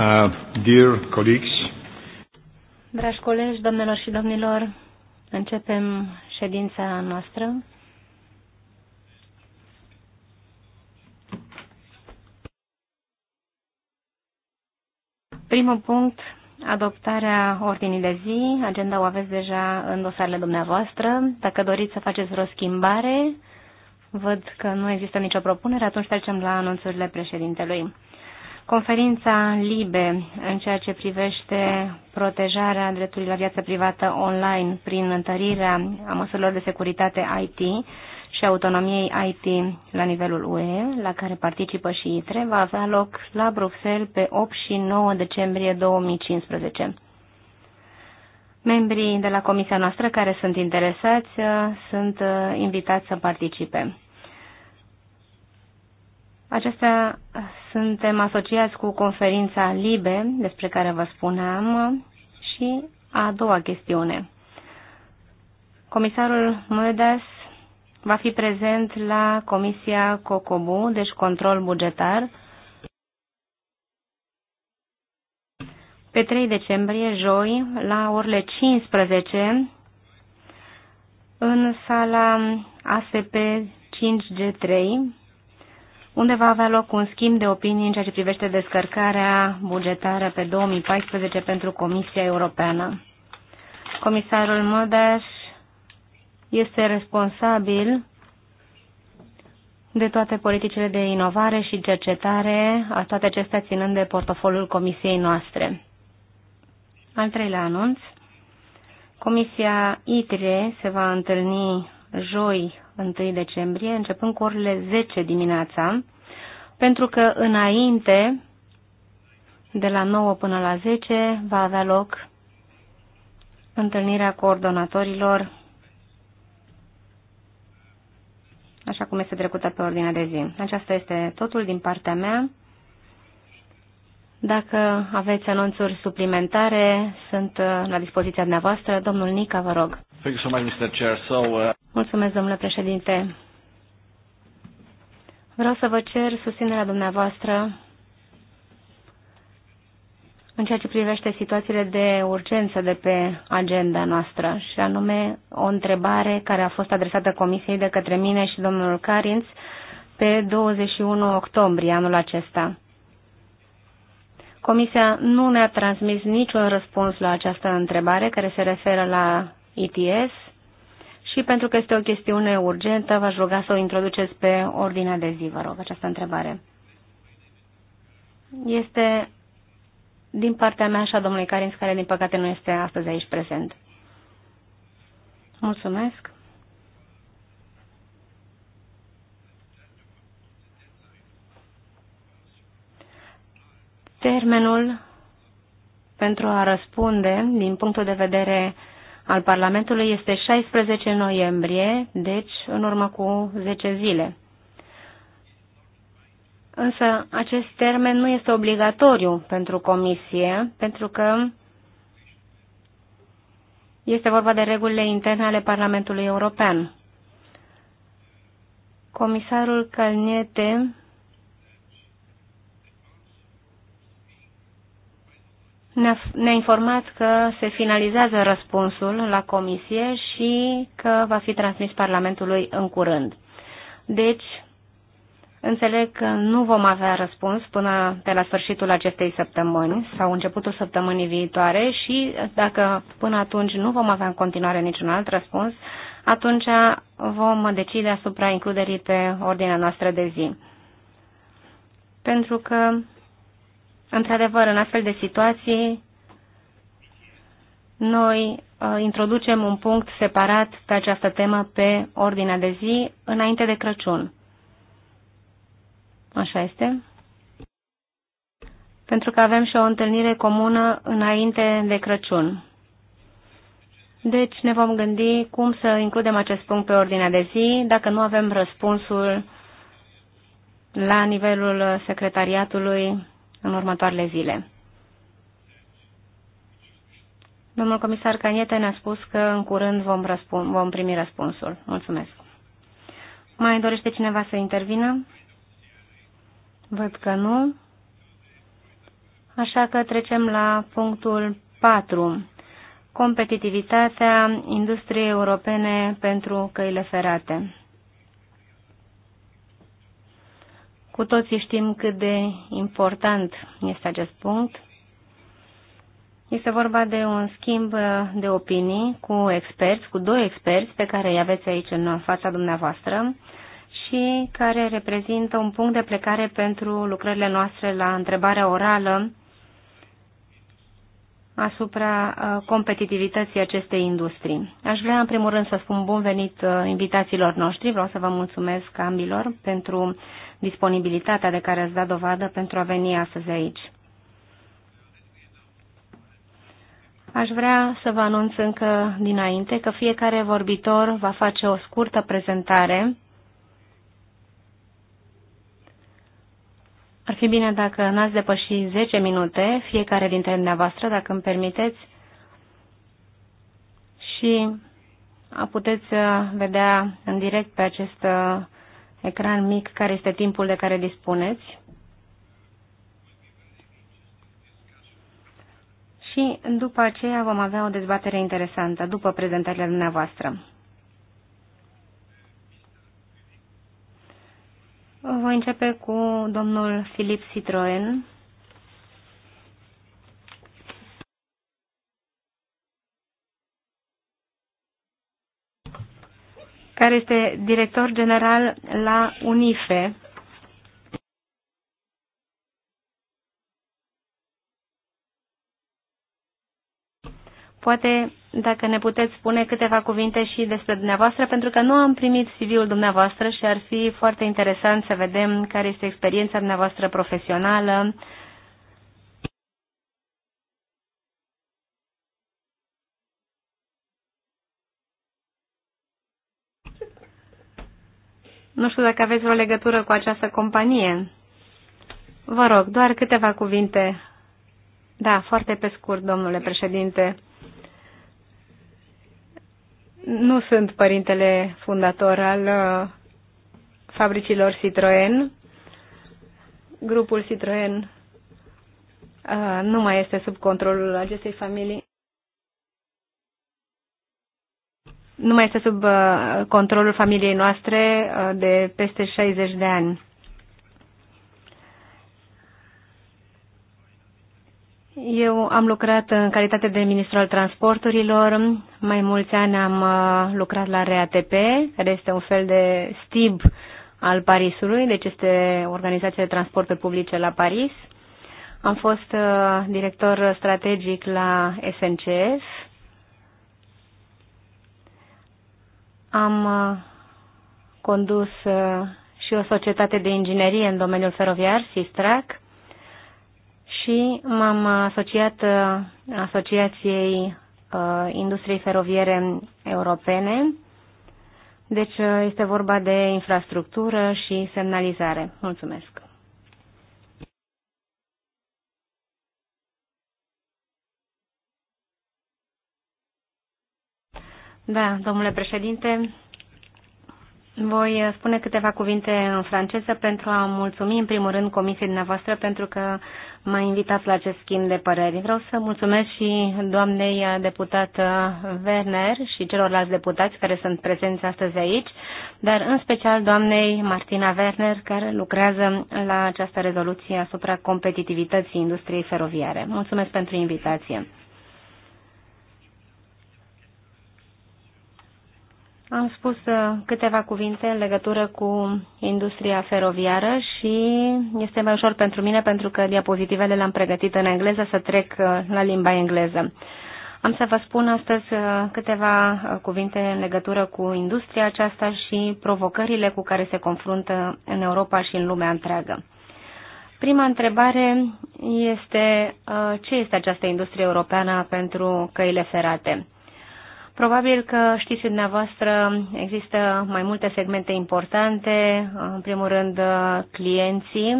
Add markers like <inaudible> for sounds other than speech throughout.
Uh, dear colleagues, Dragi colegi, domnilor și domnilor, începem ședința noastră. Primul punct, adoptarea ordinii de zi. Agenda o aveți deja în dosarele dumneavoastră. Dacă doriți să faceți vreo schimbare, văd că nu există nicio propunere, atunci trecem la anunțurile președintelui. Conferința LIBE în ceea ce privește protejarea dreptului la viață privată online prin întărirea a măsurilor de securitate IT și autonomiei IT la nivelul UE, la care participă și ITRE, va avea loc la Bruxelles pe 8 și 9 decembrie 2015. Membrii de la comisia noastră care sunt interesați uh, sunt uh, invitați să participe. Acestea suntem asociați cu conferința LIBE, despre care vă spuneam, și a doua chestiune. Comisarul Moedas va fi prezent la Comisia COCOBU, deci control bugetar, pe 3 decembrie, joi, la orele 15, în sala ASP 5G3, unde va avea loc un schimb de opinii în ceea ce privește descărcarea bugetară pe 2014 pentru Comisia Europeană. Comisarul Mădaș este responsabil de toate politicile de inovare și cercetare, a toate acestea ținând de portofoliul comisiei noastre. Al treilea anunț. Comisia ITRE se va întâlni joi 1 decembrie, începând cu orele 10 dimineața, pentru că înainte, de la 9 până la 10, va avea loc întâlnirea coordonatorilor, așa cum este trecută pe ordinea de zi. Aceasta este totul din partea mea. Dacă aveți anunțuri suplimentare, sunt uh, la dispoziția dumneavoastră. Domnul Nica, vă rog. Uh, Mulțumesc, domnule președinte. Vreau să vă cer susținerea dumneavoastră în ceea ce privește situațiile de urgență de pe agenda noastră, și anume o întrebare care a fost adresată Comisiei de către mine și domnul Carinț pe 21 octombrie anul acesta. Comisia nu ne-a transmis niciun răspuns la această întrebare care se referă la ITS și pentru că este o chestiune urgentă, v-aș ruga să o introduceți pe ordinea de zi, vă rog, această întrebare. Este din partea mea și a domnului Carins, care din păcate nu este astăzi aici prezent. Mulțumesc. Termenul pentru a răspunde din punctul de vedere al Parlamentului este 16 noiembrie, deci în urmă cu 10 zile. Însă acest termen nu este obligatoriu pentru comisie, pentru că este vorba de regulile interne ale Parlamentului European. Comisarul Calniete ne-a, ne informat că se finalizează răspunsul la comisie și că va fi transmis Parlamentului în curând. Deci, înțeleg că nu vom avea răspuns până pe la sfârșitul acestei săptămâni sau începutul săptămânii viitoare și dacă până atunci nu vom avea în continuare niciun alt răspuns, atunci vom decide asupra includerii pe ordinea noastră de zi. Pentru că Într-adevăr, în astfel de situații, noi uh, introducem un punct separat pe această temă pe ordinea de zi înainte de Crăciun. Așa este? Pentru că avem și o întâlnire comună înainte de Crăciun. Deci ne vom gândi cum să includem acest punct pe ordinea de zi dacă nu avem răspunsul la nivelul secretariatului în următoarele zile. Domnul comisar Caniete ne-a spus că în curând vom, răspun, vom primi răspunsul. Mulțumesc. Mai dorește cineva să intervină? Văd că nu. Așa că trecem la punctul 4. Competitivitatea industriei europene pentru căile ferate. Cu toții știm cât de important este acest punct. Este vorba de un schimb de opinii cu experți, cu doi experți pe care îi aveți aici în fața dumneavoastră și care reprezintă un punct de plecare pentru lucrările noastre la întrebarea orală asupra uh, competitivității acestei industrii. Aș vrea, în primul rând, să spun bun venit uh, invitațiilor noștri. Vreau să vă mulțumesc ambilor pentru disponibilitatea de care ați dat dovadă pentru a veni astăzi aici. Aș vrea să vă anunț încă dinainte că fiecare vorbitor va face o scurtă prezentare. Ar fi bine dacă n-ați depăși 10 minute, fiecare dintre dumneavoastră, dacă îmi permiteți, și puteți uh, vedea în direct pe acest uh, ecran mic care este timpul de care dispuneți. Și după aceea vom avea o dezbatere interesantă, după prezentarea dumneavoastră. Voi începe cu domnul Filip Citroen care este director general la UNIFE. Poate dacă ne puteți spune câteva cuvinte și despre dumneavoastră, pentru că nu am primit CV-ul dumneavoastră și ar fi foarte interesant să vedem care este experiența dumneavoastră profesională, Nu știu dacă aveți o legătură cu această companie. Vă rog, doar câteva cuvinte. Da, foarte pe scurt, domnule președinte. Nu sunt părintele fundator al uh, fabricilor Citroen. Grupul Citroen uh, nu mai este sub controlul acestei familii nu mai este sub uh, controlul familiei noastre uh, de peste 60 de ani. Eu am lucrat în calitate de ministru al transporturilor. Mai mulți ani am uh, lucrat la RATP, care este un fel de STIB al Parisului, deci este Organizația de Transporturi Publice la Paris. Am fost director strategic la SNCF, Am uh, condus uh, și o societate de inginerie în domeniul feroviar, SISTRAC, și m-am uh, asociat Asociației Industriei Feroviere Europene. Deci este vorba de infrastructură și semnalizare. Mulțumesc! Da, domnule președinte, voi spune câteva cuvinte în franceză pentru a mulțumi în primul rând comisiei dumneavoastră pentru că m-a invitat la acest schimb de păreri. Vreau să mulțumesc și doamnei deputat Werner și celorlalți deputați care sunt prezenți astăzi aici, dar în special doamnei Martina Werner care lucrează la această rezoluție asupra competitivității industriei feroviare. Mulțumesc pentru invitație. Am spus uh, câteva cuvinte în legătură cu industria feroviară și este mai ușor pentru mine pentru că diapozitivele le-am pregătit în engleză să trec uh, la limba engleză. Am să vă spun astăzi uh, câteva cuvinte în legătură cu industria aceasta și provocările cu care se confruntă în Europa și în lumea întreagă. Prima întrebare este ce este această industrie europeană pentru căile ferate? Probabil că știți dumneavoastră, există mai multe segmente importante, în primul rând uh, clienții,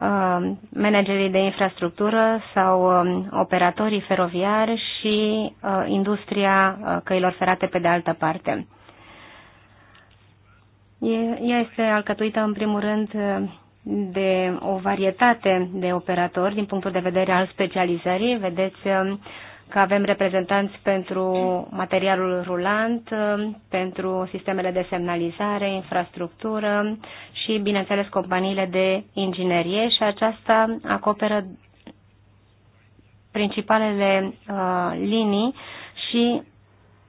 uh, managerii de infrastructură sau um, operatorii feroviari și uh, industria căilor ferate pe de altă parte. Ea este alcătuită în primul rând de o varietate de operatori din punctul de vedere al specializării. Vedeți um, că avem reprezentanți pentru materialul rulant, pentru sistemele de semnalizare, infrastructură și, bineînțeles, companiile de inginerie și aceasta acoperă principalele uh, linii și,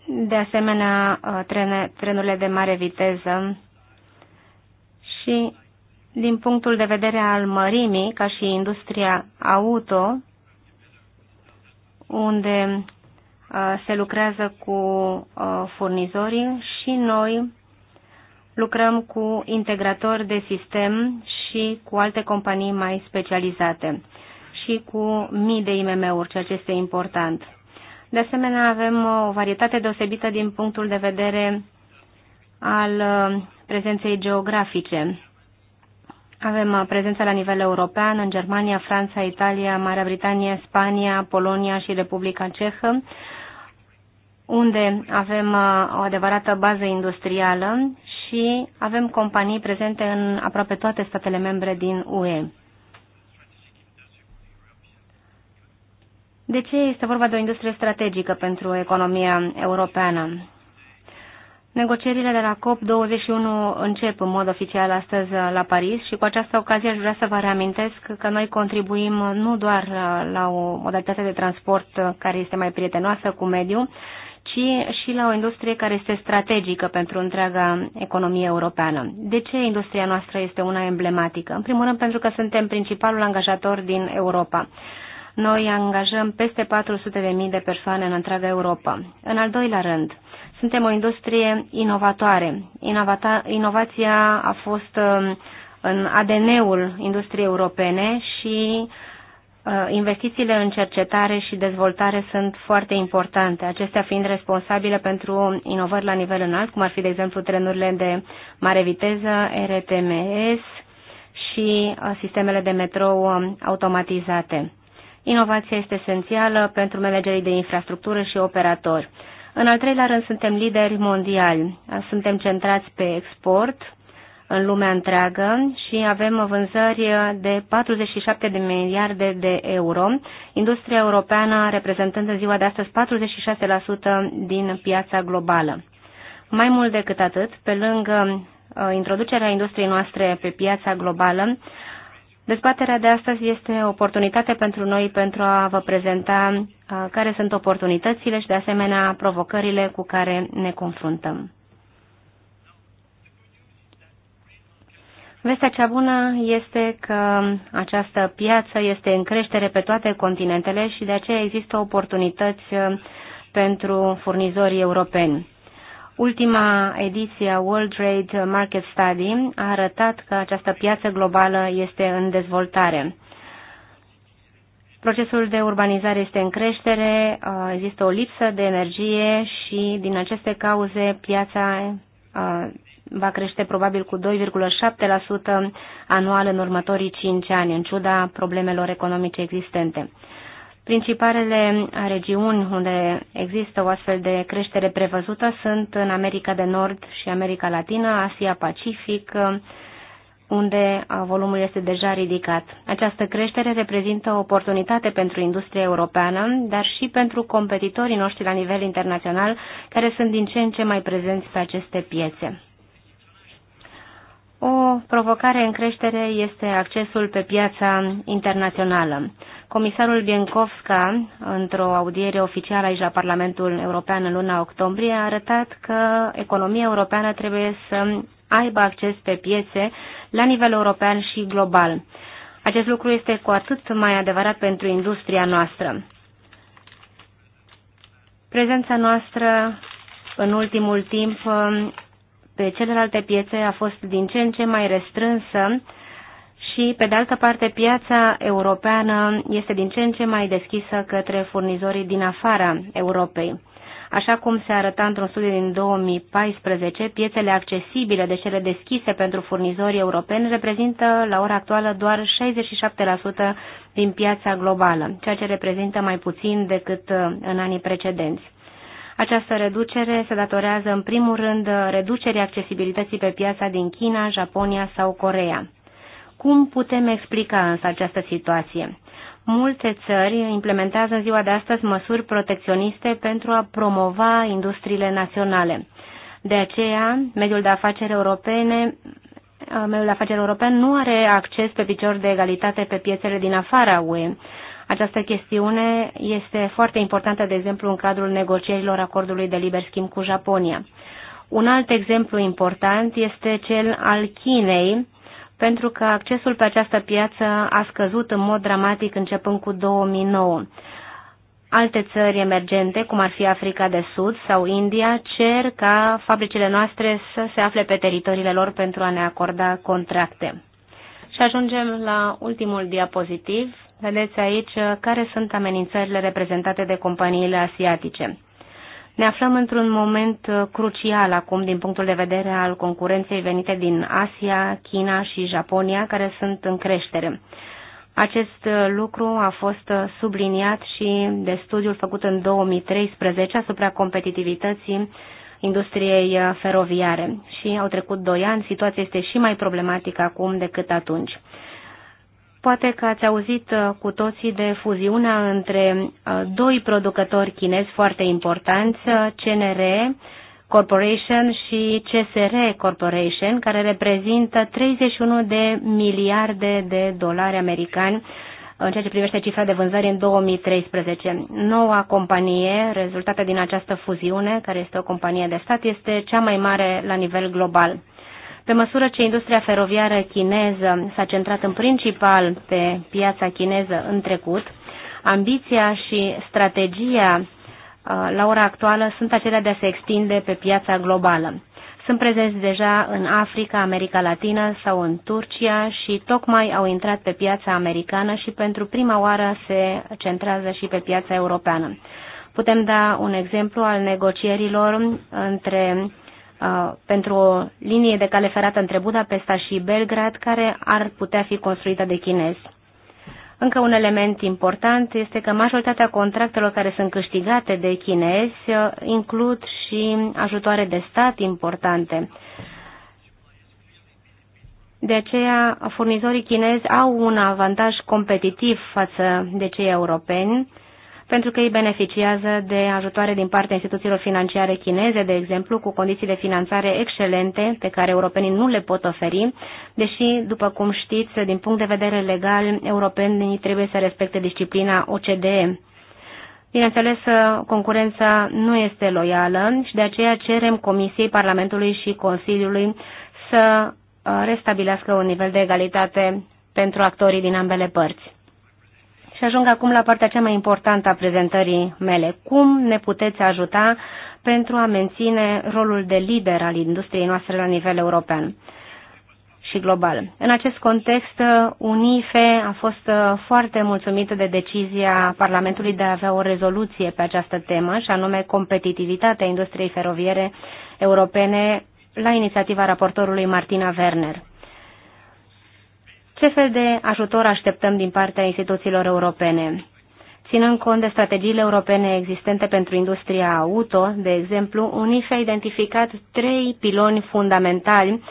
de asemenea, uh, trene, trenurile de mare viteză și, din punctul de vedere al mărimii, ca și industria auto, unde uh, se lucrează cu uh, furnizorii și noi lucrăm cu integratori de sistem și cu alte companii mai specializate și cu mii de IMM-uri, ceea ce este important. De asemenea, avem uh, o varietate deosebită din punctul de vedere al prezenței geografice. Avem uh, prezența la nivel european în Germania, Franța, Italia, Marea Britanie, Spania, Polonia și Republica Cehă, unde avem uh, o adevărată bază industrială și avem companii prezente în aproape toate statele membre din UE. De ce este vorba de o industrie strategică pentru economia europeană? Negocierile de la COP21 încep în mod oficial astăzi la Paris și cu această ocazie aș vrea să vă reamintesc că noi contribuim nu doar la o modalitate de transport care este mai prietenoasă cu mediul, ci și la o industrie care este strategică pentru întreaga economie europeană. De ce industria noastră este una emblematică? În primul rând pentru că suntem principalul angajator din Europa. Noi angajăm peste 400.000 de persoane în întreaga Europa. În al doilea rând, suntem o industrie inovatoare. Inovata, inovația a fost um, în ADN-ul industriei europene și uh, investițiile în cercetare și dezvoltare sunt foarte importante, acestea fiind responsabile pentru inovări la nivel înalt, cum ar fi, de exemplu, trenurile de mare viteză, RTMS și uh, sistemele de metrou um, automatizate. Inovația este esențială pentru managerii de infrastructură și operatori. În al treilea rând, suntem lideri mondiali. Suntem centrați pe export în lumea întreagă și avem vânzări de 47 de miliarde de euro, industria europeană reprezentând în ziua de astăzi 46% din piața globală. Mai mult decât atât, pe lângă uh, introducerea industriei noastre pe piața globală, Dezbaterea de astăzi este o oportunitate pentru noi pentru a vă prezenta uh, care sunt oportunitățile și, de asemenea, provocările cu care ne confruntăm. Vestea cea bună este că această piață este în creștere pe toate continentele și de aceea există oportunități uh, pentru furnizorii europeni. Ultima ediție a World Trade Market Study a arătat că această piață globală este în dezvoltare. Procesul de urbanizare este în creștere, există o lipsă de energie și din aceste cauze piața va crește probabil cu 2,7% anual în următorii 5 ani, în ciuda problemelor economice existente. Principalele regiuni unde există o astfel de creștere prevăzută sunt în America de Nord și America Latină, Asia Pacific, unde volumul este deja ridicat. Această creștere reprezintă o oportunitate pentru industria europeană, dar și pentru competitorii noștri la nivel internațional, care sunt din ce în ce mai prezenți pe aceste piețe. O provocare în creștere este accesul pe piața internațională. Comisarul Biencovska, într-o audiere oficială aici la Parlamentul European în luna octombrie, a arătat că economia europeană trebuie să aibă acces pe piețe la nivel european și global. Acest lucru este cu atât mai adevărat pentru industria noastră. Prezența noastră în ultimul timp pe celelalte piețe a fost din ce în ce mai restrânsă și, pe de altă parte, piața europeană este din ce în ce mai deschisă către furnizorii din afara Europei. Așa cum se arăta într-un studiu din 2014, piețele accesibile de cele deschise pentru furnizorii europeni reprezintă la ora actuală doar 67% din piața globală, ceea ce reprezintă mai puțin decât uh, în anii precedenți. Această reducere se datorează în primul rând reducerii accesibilității pe piața din China, Japonia sau Corea. Cum putem explica însă această situație? Multe țări implementează în ziua de astăzi măsuri protecționiste pentru a promova industriile naționale. De aceea, mediul de afaceri europene mediul de afaceri european nu are acces pe picior de egalitate pe piețele din afara UE. Această chestiune este foarte importantă, de exemplu, în cadrul negocierilor acordului de liber schimb cu Japonia. Un alt exemplu important este cel al Chinei, pentru că accesul pe această piață a scăzut în mod dramatic începând cu 2009. Alte țări emergente, cum ar fi Africa de Sud sau India, cer ca fabricile noastre să se afle pe teritoriile lor pentru a ne acorda contracte. Și ajungem la ultimul diapozitiv. Vedeți aici care sunt amenințările reprezentate de companiile asiatice. Ne aflăm într-un moment uh, crucial acum din punctul de vedere al concurenței venite din Asia, China și Japonia, care sunt în creștere. Acest uh, lucru a fost uh, subliniat și de studiul făcut în 2013 asupra competitivității industriei feroviare. Și au trecut doi ani, situația este și mai problematică acum decât atunci. Poate că ați auzit uh, cu toții de fuziunea între uh, doi producători chinezi foarte importanți, uh, CNR Corporation și CSR Corporation, care reprezintă 31 de miliarde de dolari americani în ceea ce privește cifra de vânzări în 2013. Noua companie rezultată din această fuziune, care este o companie de stat, este cea mai mare la nivel global. Pe măsură ce industria feroviară chineză s-a centrat în principal pe piața chineză în trecut, ambiția și strategia uh, la ora actuală sunt acelea de a se extinde pe piața globală. Sunt prezenți deja în Africa, America Latină sau în Turcia și tocmai au intrat pe piața americană și pentru prima oară se centrează și pe piața europeană. Putem da un exemplu al negocierilor între Uh, pentru o linie de cale ferată între Budapesta și Belgrad care ar putea fi construită de chinezi. Încă un element important este că majoritatea contractelor care sunt câștigate de chinezi uh, includ și ajutoare de stat importante. De aceea, furnizorii chinezi au un avantaj competitiv față de cei europeni pentru că ei beneficiază de ajutoare din partea instituțiilor financiare chineze, de exemplu, cu condiții de finanțare excelente pe care europenii nu le pot oferi, deși, după cum știți, din punct de vedere legal, europenii trebuie să respecte disciplina OCDE. Bineînțeles, concurența nu este loială și de aceea cerem Comisiei Parlamentului și Consiliului să uh, restabilească un nivel de egalitate pentru actorii din ambele părți. Și ajung acum la partea cea mai importantă a prezentării mele. Cum ne puteți ajuta pentru a menține rolul de lider al industriei noastre la nivel european? și global. În acest context, UNIFE a fost uh, foarte mulțumită de decizia Parlamentului de a avea o rezoluție pe această temă, și anume competitivitatea industriei feroviere europene, la inițiativa raportorului Martina Werner. Ce fel de ajutor așteptăm din partea instituțiilor europene? Ținând cont de strategiile europene existente pentru industria auto, de exemplu, UNIF a identificat trei piloni fundamentali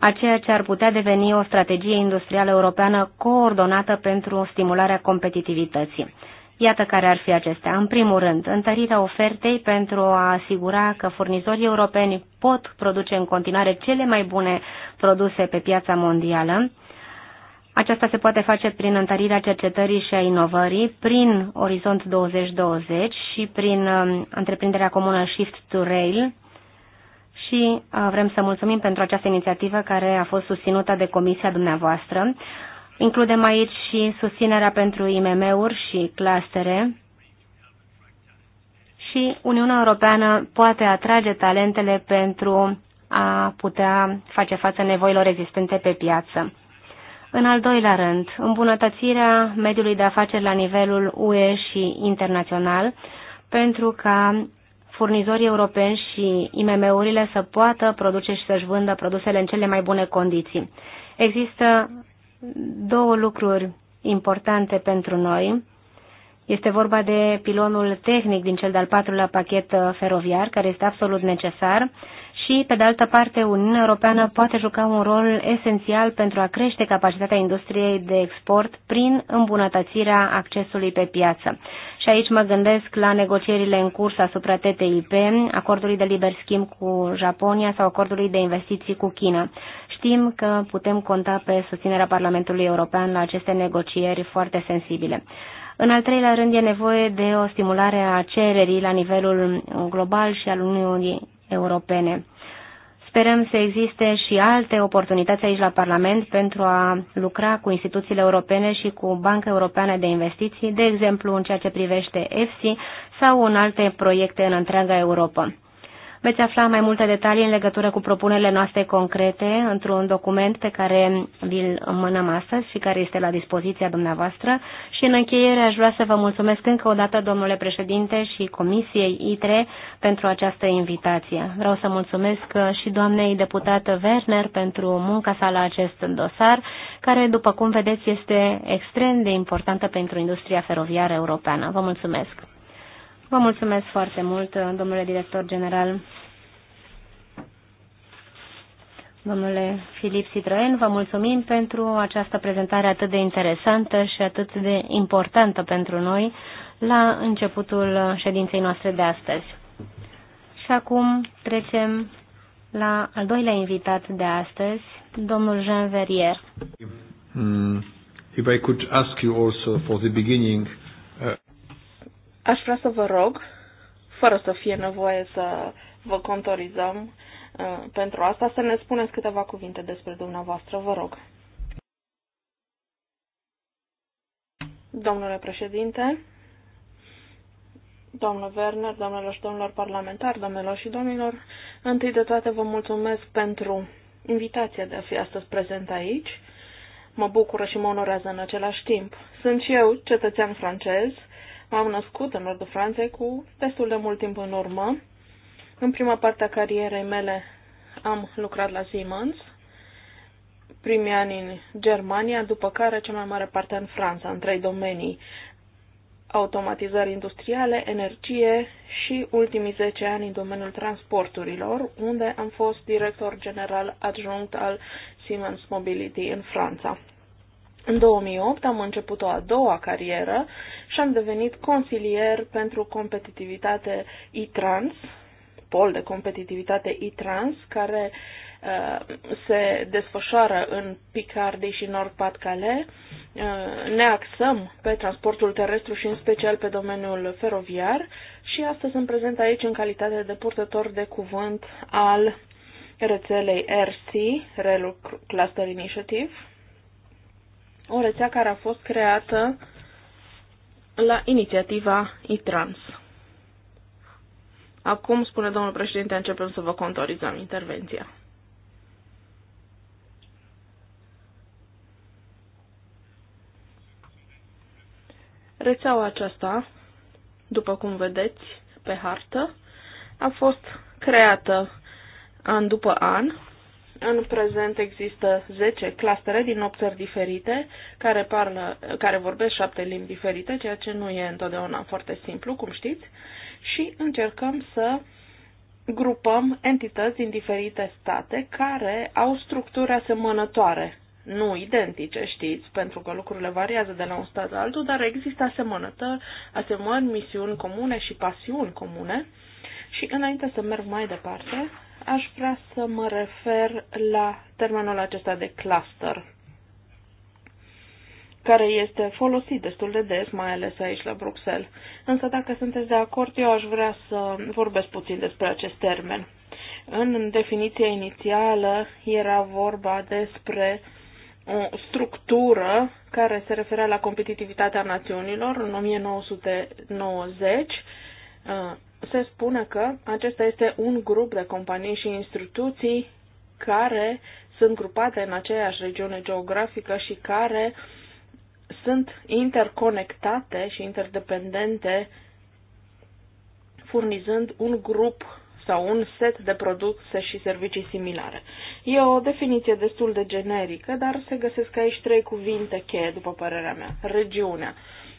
a ceea ce ar putea deveni o strategie industrială europeană coordonată pentru stimularea competitivității. Iată care ar fi acestea. În primul rând, întărirea ofertei pentru a asigura că furnizorii europeni pot produce în continuare cele mai bune produse pe piața mondială, aceasta se poate face prin întărirea cercetării și a inovării, prin Orizont 2020 și prin um, întreprinderea comună Shift to Rail. Și uh, vrem să mulțumim pentru această inițiativă care a fost susținută de comisia dumneavoastră. Includem aici și susținerea pentru IMM-uri și clastere. Și Uniunea Europeană poate atrage talentele pentru a putea face față nevoilor existente pe piață. În al doilea rând, îmbunătățirea mediului de afaceri la nivelul UE și internațional pentru ca furnizorii europeni și IMM-urile să poată produce și să-și vândă produsele în cele mai bune condiții. Există două lucruri importante pentru noi. Este vorba de pilonul tehnic din cel de-al patrulea pachet uh, feroviar, care este absolut necesar, și, pe de altă parte, Uniunea Europeană poate juca un rol esențial pentru a crește capacitatea industriei de export prin îmbunătățirea accesului pe piață. Și aici mă gândesc la negocierile în curs asupra TTIP, acordului de liber schimb cu Japonia sau acordului de investiții cu China. Știm că putem conta pe susținerea Parlamentului European la aceste negocieri foarte sensibile. În al treilea rând, e nevoie de o stimulare a cererii la nivelul global și al Uniunii Europene. Sperăm să existe și alte oportunități aici la Parlament pentru a lucra cu instituțiile europene și cu Banca Europeană de Investiții, de exemplu în ceea ce privește EFSI sau în alte proiecte în întreaga Europa. Veți afla mai multe detalii în legătură cu propunerile noastre concrete într-un document pe care vi-l mânăm astăzi și care este la dispoziția dumneavoastră. Și în încheiere aș vrea să vă mulțumesc încă o dată, domnule președinte și Comisiei ITRE, pentru această invitație. Vreau să mulțumesc și doamnei deputată Werner pentru munca sa la acest dosar, care, după cum vedeți, este extrem de importantă pentru industria feroviară europeană. Vă mulțumesc! Vă mulțumesc foarte mult, domnule director general. Domnule Filip Citroen, vă mulțumim pentru această prezentare atât de interesantă și atât de importantă pentru noi la începutul ședinței noastre de astăzi. Și acum trecem la al doilea invitat de astăzi, domnul Jean Verrier. Mm, if I could ask you also for the beginning Aș vrea să vă rog, fără să fie nevoie să vă contorizăm uh, pentru asta, să ne spuneți câteva cuvinte despre dumneavoastră, vă rog. Domnule președinte, domnul Werner, domnilor și domnilor parlamentari, domnilor și domnilor, întâi de toate vă mulțumesc pentru invitația de a fi astăzi prezent aici. Mă bucură și mă onorează în același timp. Sunt și eu cetățean francez, M-am născut în nordul Franței cu destul de mult timp în urmă. În prima parte a carierei mele am lucrat la Siemens, primii ani în Germania, după care cea mai mare parte în Franța, în trei domenii, automatizări industriale, energie și ultimii 10 ani în domeniul transporturilor, unde am fost director general adjunct al Siemens Mobility în Franța. În 2008 am început o a doua carieră și am devenit consilier pentru competitivitate e-trans, pol de competitivitate e-trans, care uh, se desfășoară în Picardie și Nord-Pas-de-Calais. Uh, ne axăm pe transportul terestru și în special pe domeniul feroviar și astăzi sunt prezent aici în calitate de purtător de cuvânt al rețelei RC, Rail Cluster Initiative, o rețea care a fost creată la inițiativa ITRANS. Acum, spune domnul președinte, începem să vă contorizăm intervenția. Rețeaua aceasta, după cum vedeți pe hartă, a fost creată an după an în prezent există 10 clustere din 8 țări diferite care, parlă, care vorbesc 7 limbi diferite, ceea ce nu e întotdeauna foarte simplu, cum știți, și încercăm să grupăm entități din diferite state care au structuri asemănătoare, nu identice, știți, pentru că lucrurile variază de la un stat la altul, dar există asemănătări, asemăn, misiuni comune și pasiuni comune. Și înainte să merg mai departe, Aș vrea să mă refer la termenul acesta de cluster, care este folosit destul de des, mai ales aici la Bruxelles. Însă dacă sunteți de acord, eu aș vrea să vorbesc puțin despre acest termen. În definiția inițială era vorba despre o structură care se referea la competitivitatea națiunilor în 1990 se spune că acesta este un grup de companii și instituții care sunt grupate în aceeași regiune geografică și care sunt interconectate și interdependente, furnizând un grup sau un set de produse și servicii similare. E o definiție destul de generică, dar se găsesc aici trei cuvinte cheie, după părerea mea. Regiunea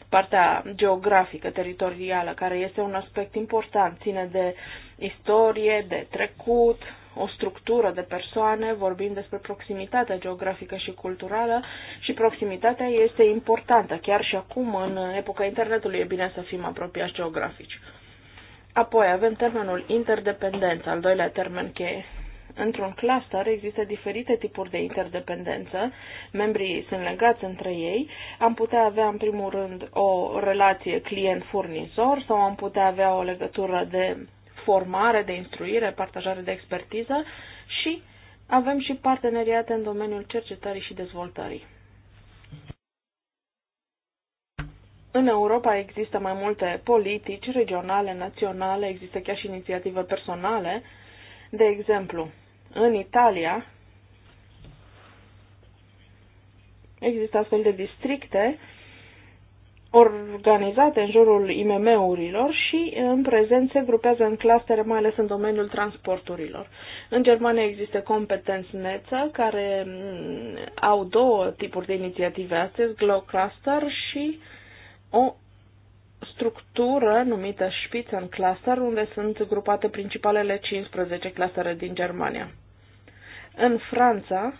partea geografică, teritorială, care este un aspect important, ține de istorie, de trecut, o structură de persoane, vorbim despre proximitatea geografică și culturală și proximitatea este importantă, chiar și acum, în epoca internetului, e bine să fim apropiați geografici. Apoi avem termenul interdependență, al doilea termen cheie. Într-un cluster există diferite tipuri de interdependență, membrii sunt legați între ei, am putea avea în primul rând o relație client-furnizor sau am putea avea o legătură de formare, de instruire, partajare de expertiză și avem și parteneriate în domeniul cercetării și dezvoltării. În Europa există mai multe politici regionale, naționale, există chiar și inițiative personale. De exemplu, în Italia există astfel de districte organizate în jurul IMM-urilor și în prezent se grupează în clastere, mai ales în domeniul transporturilor. În Germania există competențneță, care mm, au două tipuri de inițiative astăzi, Glow Cluster și o structură numită Spitzencluster, unde sunt grupate principalele 15 clastere din Germania. În Franța,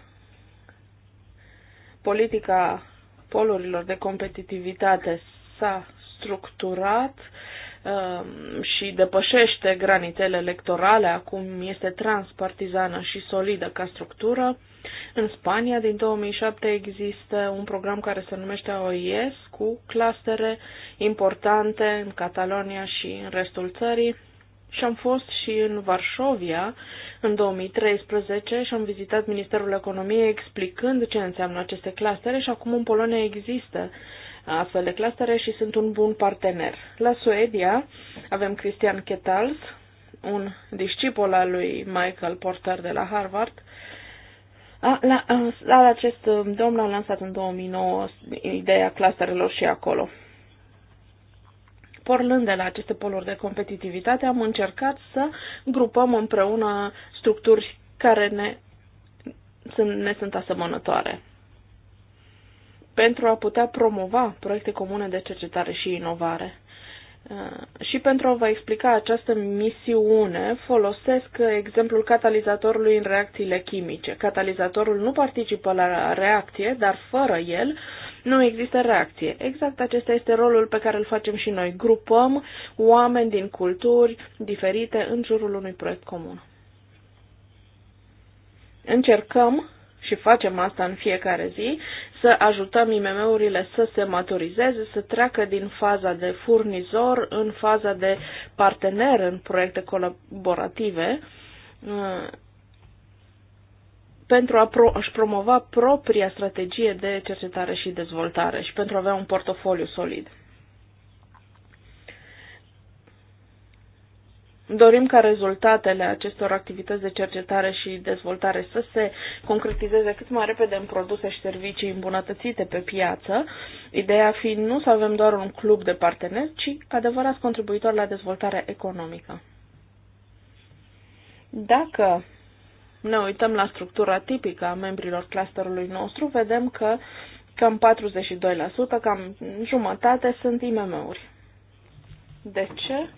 politica polurilor de competitivitate s-a structurat um, și depășește granițele electorale, acum este transpartizană și solidă ca structură. În Spania, din 2007, există un program care se numește OIS cu clastere importante în Catalonia și în restul țării și am fost și în Varșovia în 2013 și am vizitat Ministerul Economiei explicând ce înseamnă aceste clastere și acum în Polonia există astfel de clastere și sunt un bun partener. La Suedia avem Cristian Ketals, un discipol al lui Michael Porter de la Harvard, la, la acest um, domn a lansat în 2009 ideea clusterelor și acolo porlând de la aceste poluri de competitivitate, am încercat să grupăm împreună structuri care ne sunt, ne sunt asemănătoare pentru a putea promova proiecte comune de cercetare și inovare. Uh, și pentru a vă explica această misiune, folosesc exemplul catalizatorului în reacțiile chimice. Catalizatorul nu participă la reacție, dar fără el nu există reacție. Exact acesta este rolul pe care îl facem și noi. Grupăm oameni din culturi diferite în jurul unui proiect comun. Încercăm și facem asta în fiecare zi, să ajutăm IMM-urile să se maturizeze, să treacă din faza de furnizor în faza de partener în proiecte colaborative pentru a pro- promova propria strategie de cercetare și dezvoltare și pentru a avea un portofoliu solid. Dorim ca rezultatele acestor activități de cercetare și dezvoltare să se concretizeze cât mai repede în produse și servicii îmbunătățite pe piață, ideea fiind nu să avem doar un club de parteneri, ci adevărați contribuitori la dezvoltarea economică. Dacă ne uităm la structura tipică a membrilor clusterului nostru, vedem că cam 42%, cam jumătate sunt IMM-uri. De ce?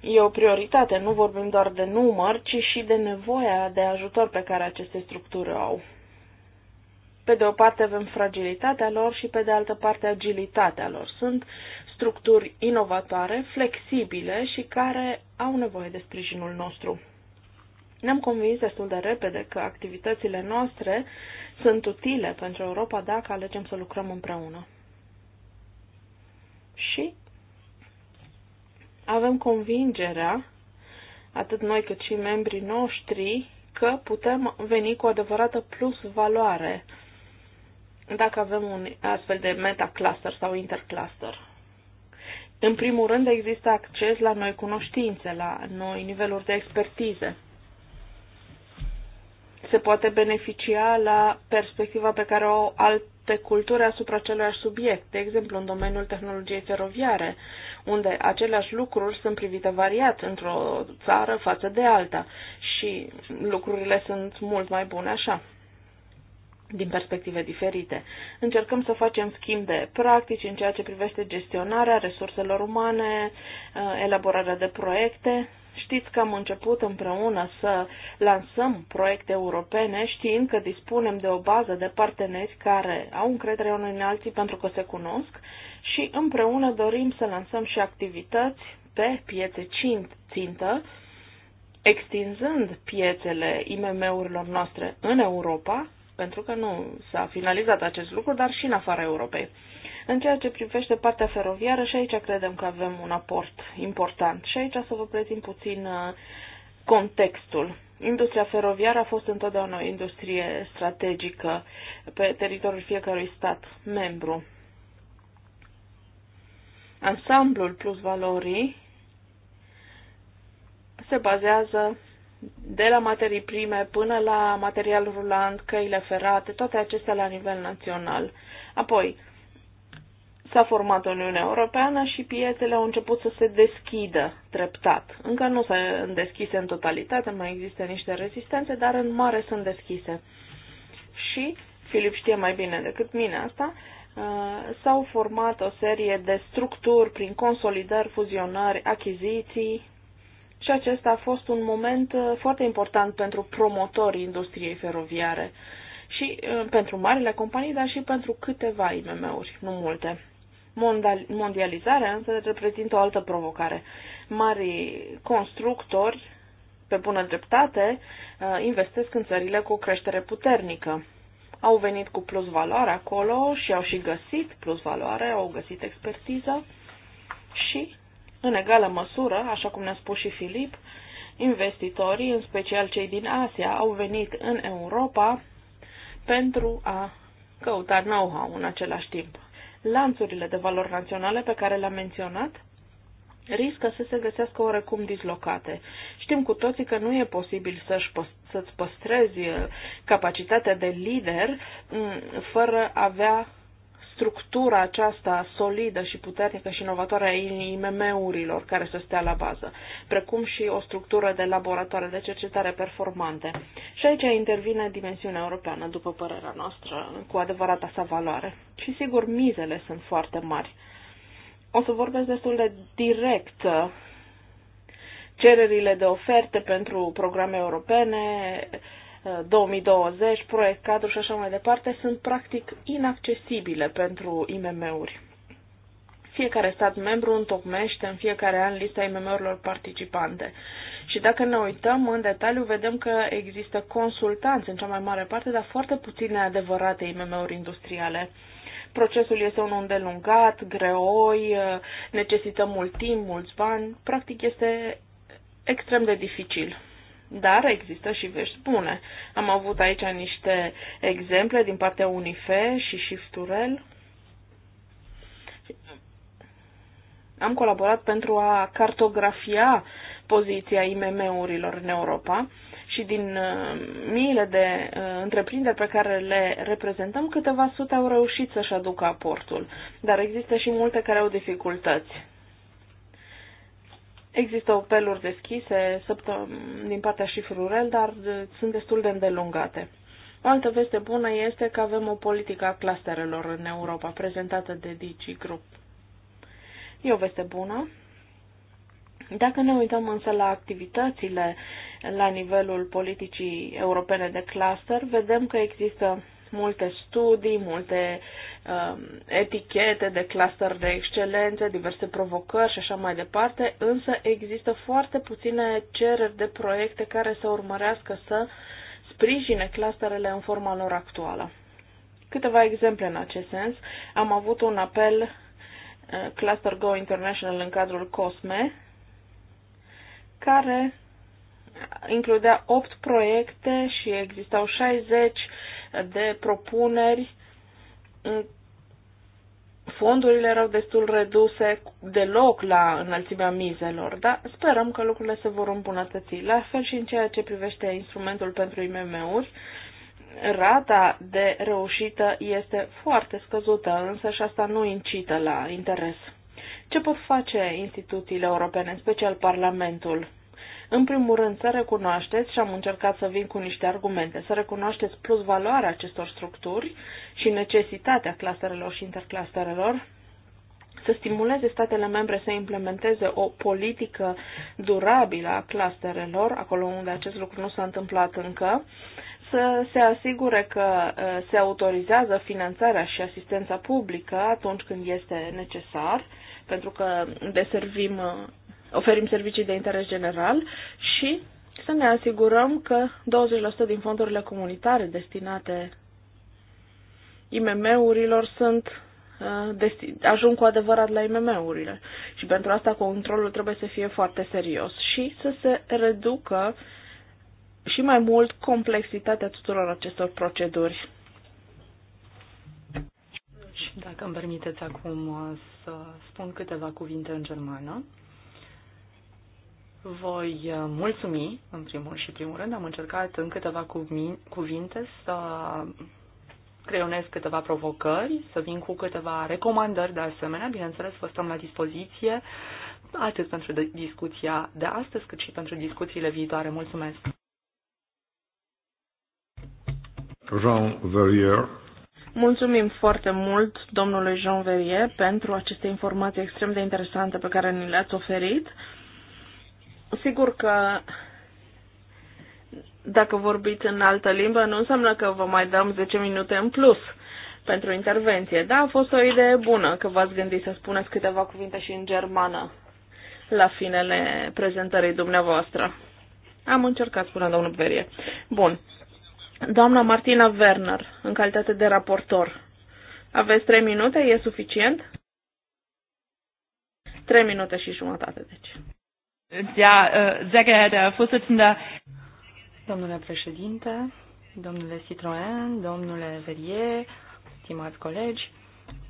E o prioritate, nu vorbim doar de număr, ci și de nevoia de ajutor pe care aceste structuri au. Pe de o parte avem fragilitatea lor și pe de altă parte agilitatea lor. Sunt structuri inovatoare, flexibile și care au nevoie de sprijinul nostru. Ne-am convins destul de repede că activitățile noastre sunt utile pentru Europa dacă alegem să lucrăm împreună. Și avem convingerea, atât noi cât și membrii noștri, că putem veni cu o adevărată plus valoare dacă avem un astfel de metacluster sau intercluster. În primul rând, există acces la noi cunoștințe, la noi niveluri de expertize se poate beneficia la perspectiva pe care o au alte culturi asupra aceluiași subiect, de exemplu în domeniul tehnologiei feroviare, unde aceleași lucruri sunt privite variat într-o țară față de alta și lucrurile sunt mult mai bune așa din perspective diferite. Încercăm să facem schimb de practici în ceea ce privește gestionarea resurselor umane, elaborarea de proiecte Știți că am început împreună să lansăm proiecte europene știind că dispunem de o bază de parteneri care au încredere unii în alții pentru că se cunosc și împreună dorim să lansăm și activități pe piețe țintă, extinzând piețele IMM-urilor noastre în Europa, pentru că nu s-a finalizat acest lucru, dar și în afara Europei. În ceea ce privește partea feroviară, și aici credem că avem un aport important. Și aici să vă prezint puțin uh, contextul. Industria feroviară a fost întotdeauna o industrie strategică pe teritoriul fiecărui stat membru. Ansamblul plus valorii se bazează de la materii prime până la material rulant, căile ferate, toate acestea la nivel național. Apoi, S-a format Uniunea Europeană și piețele au început să se deschidă treptat. Încă nu se deschise în totalitate, mai există niște rezistențe, dar în mare sunt deschise. Și, Filip știe mai bine decât mine asta, uh, s-au format o serie de structuri prin consolidări, fuzionări, achiziții și acesta a fost un moment uh, foarte important pentru promotorii industriei feroviare și uh, pentru marile companii, dar și pentru câteva IMM-uri, nu multe. Mondializarea însă reprezintă o altă provocare. Mari constructori, pe bună dreptate, uh, investesc în țările cu creștere puternică. Au venit cu plus valoare acolo și au și găsit plus valoare, au găsit expertiză și, în egală măsură, așa cum ne-a spus și Filip, investitorii, în special cei din Asia, au venit în Europa pentru a căuta know-how în același timp lanțurile de valori naționale pe care le-am menționat riscă să se găsească orecum dislocate. Știm cu toții că nu e posibil să-și păstrezi uh, capacitatea de lider mm, fără a avea structura aceasta solidă și puternică și inovatoare a IMM-urilor care să stea la bază, precum și o structură de laboratoare de cercetare performante. Și aici intervine dimensiunea europeană, după părerea noastră, cu adevărata sa valoare. Și sigur, mizele sunt foarte mari. O să vorbesc destul de direct uh, cererile de oferte pentru programe europene, 2020, proiect cadru și așa mai departe, sunt practic inaccesibile pentru IMM-uri. Fiecare stat membru întocmește în fiecare an lista IMM-urilor participante. Și dacă ne uităm în detaliu, vedem că există consultanți în cea mai mare parte, dar foarte puține adevărate IMM-uri industriale. Procesul este unul îndelungat, greoi, necesită mult timp, mulți bani, practic este extrem de dificil. Dar există și vești bune. Am avut aici niște exemple din partea UNIFE și Shifturel. Am colaborat pentru a cartografia poziția IMM-urilor în Europa și din uh, miile de uh, întreprinderi pe care le reprezentăm, câteva sute au reușit să-și aducă aportul, dar există și multe care au dificultăți. Există opeluri deschise din partea și Frurel, dar uh, sunt destul de îndelungate. O altă veste bună este că avem o politică a clusterelor în Europa, prezentată de Digi Group. E o veste bună. Dacă ne uităm însă la activitățile la nivelul politicii europene de cluster, vedem că există multe studii, multe uh, etichete de cluster de excelență, diverse provocări și așa mai departe, însă există foarte puține cereri de proiecte care să urmărească să sprijine clusterele în forma lor actuală. Câteva exemple în acest sens. Am avut un apel uh, Cluster Go International în cadrul COSME, care includea 8 proiecte și existau 60 de propuneri. Fondurile erau destul reduse deloc la înălțimea mizelor, dar sperăm că lucrurile se vor îmbunătăți. La fel și în ceea ce privește instrumentul pentru IMM-uri, rata de reușită este foarte scăzută, însă și asta nu incită la interes. Ce pot face instituțiile europene, în special Parlamentul? În primul rând, să recunoașteți, și am încercat să vin cu niște argumente, să recunoașteți plus valoarea acestor structuri și necesitatea clusterelor și interclusterelor, să stimuleze statele membre să implementeze o politică durabilă a clusterelor, acolo unde acest lucru nu s-a întâmplat încă, să se asigure că ă, se autorizează finanțarea și asistența publică atunci când este necesar, pentru că deservim ă, oferim servicii de interes general și să ne asigurăm că 20% din fondurile comunitare destinate IMM-urilor sunt uh, ajung cu adevărat la IMM-urile. Și pentru asta controlul trebuie să fie foarte serios și să se reducă și mai mult complexitatea tuturor acestor proceduri. Și deci, dacă îmi permiteți acum uh, să spun câteva cuvinte în germană voi uh, mulțumi, în primul și primul rând. Am încercat în câteva cuvinte să creionez câteva provocări, să vin cu câteva recomandări de asemenea. Bineînțeles, vă stăm la dispoziție atât pentru discuția de astăzi, cât și pentru discuțiile viitoare. Mulțumesc! Jean Verrier. Mulțumim foarte mult domnului Jean Verrier pentru aceste informații extrem de interesante pe care ni le-ați oferit. Sigur că dacă vorbiți în altă limbă, nu înseamnă că vă mai dăm 10 minute în plus pentru intervenție. Da, a fost o idee bună că v-ați gândit să spuneți câteva cuvinte și în germană la finele prezentării dumneavoastră. Am încercat, spunea domnul Berie. Bun. Doamna Martina Werner, în calitate de raportor. Aveți trei minute? E suficient? Trei minute și jumătate, deci. Ja, äh, sehr geehrter Herr Vorsitzender. Domnule președinte, domnule Citroen, domnule Verier, stimați colegi,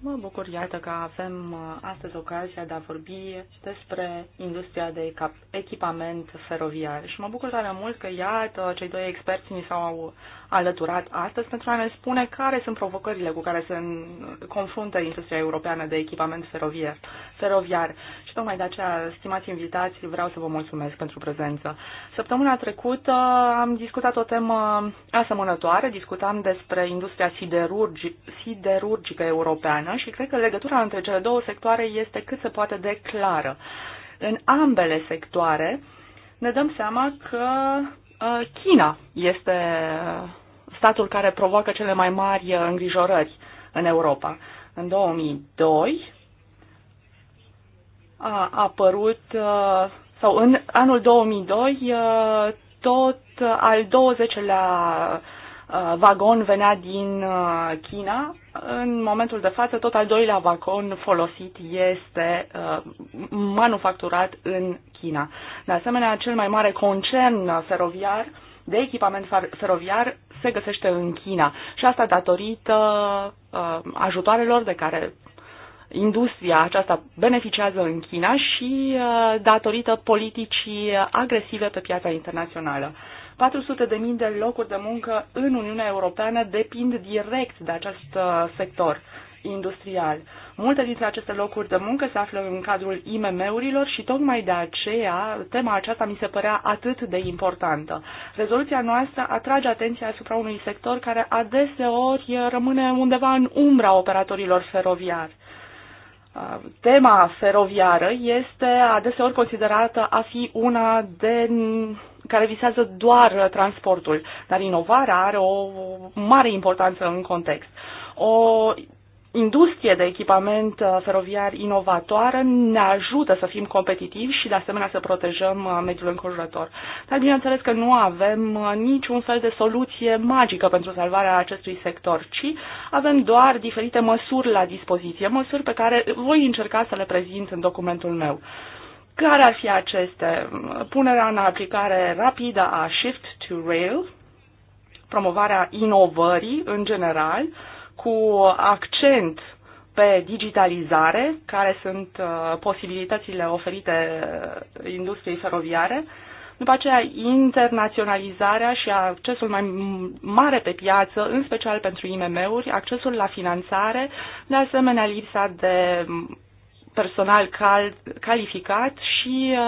mă bucur, iată, că avem uh, astăzi ocazia de a vorbi despre industria de echipament feroviar și mă bucur tare mult că, iată, cei doi experți ni s-au alăturat astăzi pentru a ne spune care sunt provocările cu care se confruntă industria europeană de echipament feroviar. feroviar. Și tocmai de aceea, stimați invitați, vreau să vă mulțumesc pentru prezență. Săptămâna trecută am discutat o temă asemănătoare, discutam despre industria siderurgi, siderurgică europeană și cred că legătura între cele două sectoare este cât se poate de clară. În ambele sectoare ne dăm seama că uh, China este statul care provoacă cele mai mari uh, îngrijorări în Europa. În 2002 a apărut, uh, sau în anul 2002, uh, tot al 20-lea vagon venea din China. În momentul de față, tot al doilea vagon folosit este manufacturat în China. De asemenea, cel mai mare concern feroviar de echipament feroviar se găsește în China și asta datorită uh, ajutoarelor de care industria aceasta beneficiază în China și uh, datorită politicii agresive pe piața internațională. 400.000 de, de locuri de muncă în Uniunea Europeană depind direct de acest uh, sector industrial. Multe dintre aceste locuri de muncă se află în cadrul IMM-urilor și tocmai de aceea tema aceasta mi se părea atât de importantă. Rezoluția noastră atrage atenția asupra unui sector care adeseori rămâne undeva în umbra operatorilor feroviari. Tema feroviară este adeseori considerată a fi una de care visează doar transportul, dar inovarea are o mare importanță în context. O industrie de echipament uh, feroviar inovatoare ne ajută să fim competitivi și de asemenea să protejăm uh, mediul înconjurător. Dar bineînțeles că nu avem uh, niciun fel de soluție magică pentru salvarea acestui sector, ci avem doar diferite măsuri la dispoziție, măsuri pe care voi încerca să le prezint în documentul meu. Care ar fi aceste? Punerea în aplicare rapidă a Shift to Rail, promovarea inovării în general, uh, cu accent pe digitalizare, care sunt uh, posibilitățile oferite industriei feroviare, după aceea internaționalizarea și accesul mai mare pe piață, în special pentru IMM-uri, accesul la finanțare, de asemenea lipsa de personal cal, calificat și uh,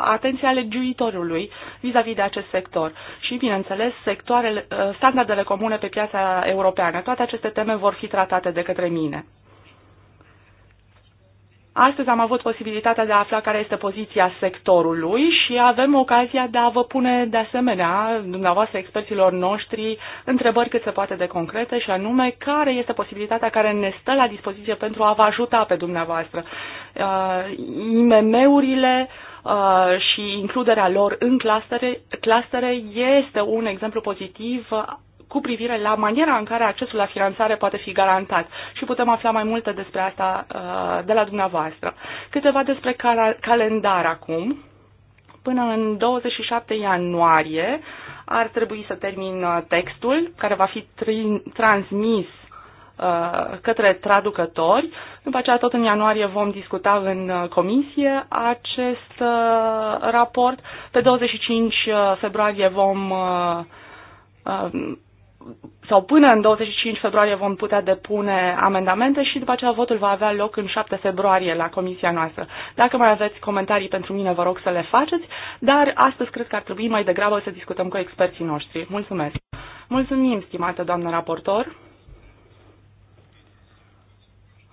atenția legiuitorului vis-a-vis de acest sector. Și, bineînțeles, sectoarele, uh, standardele comune pe piața europeană. Toate aceste teme vor fi tratate de către mine. Astăzi am avut posibilitatea de a afla care este poziția sectorului și avem ocazia de a vă pune de asemenea, dumneavoastră experților noștri, întrebări cât se poate de concrete și anume care este posibilitatea care ne stă la dispoziție pentru a vă ajuta pe dumneavoastră. Uh, IMM-urile uh, și includerea lor în clustere, este un exemplu pozitiv cu privire la maniera în care accesul la finanțare poate fi garantat și putem afla mai multe despre asta uh, de la dumneavoastră. Câteva despre calendar acum. Până în 27 ianuarie ar trebui să termin uh, textul care va fi transmis uh, către traducători. După aceea, tot în ianuarie vom discuta în comisie acest raport. Pe 25 februarie vom sau până în 25 februarie vom putea depune amendamente și după aceea votul va avea loc în 7 februarie la comisia noastră. Dacă mai aveți comentarii pentru mine, vă rog să le faceți, dar astăzi cred că ar trebui mai degrabă să discutăm cu experții noștri. Mulțumesc! Mulțumim, stimată doamnă raportor!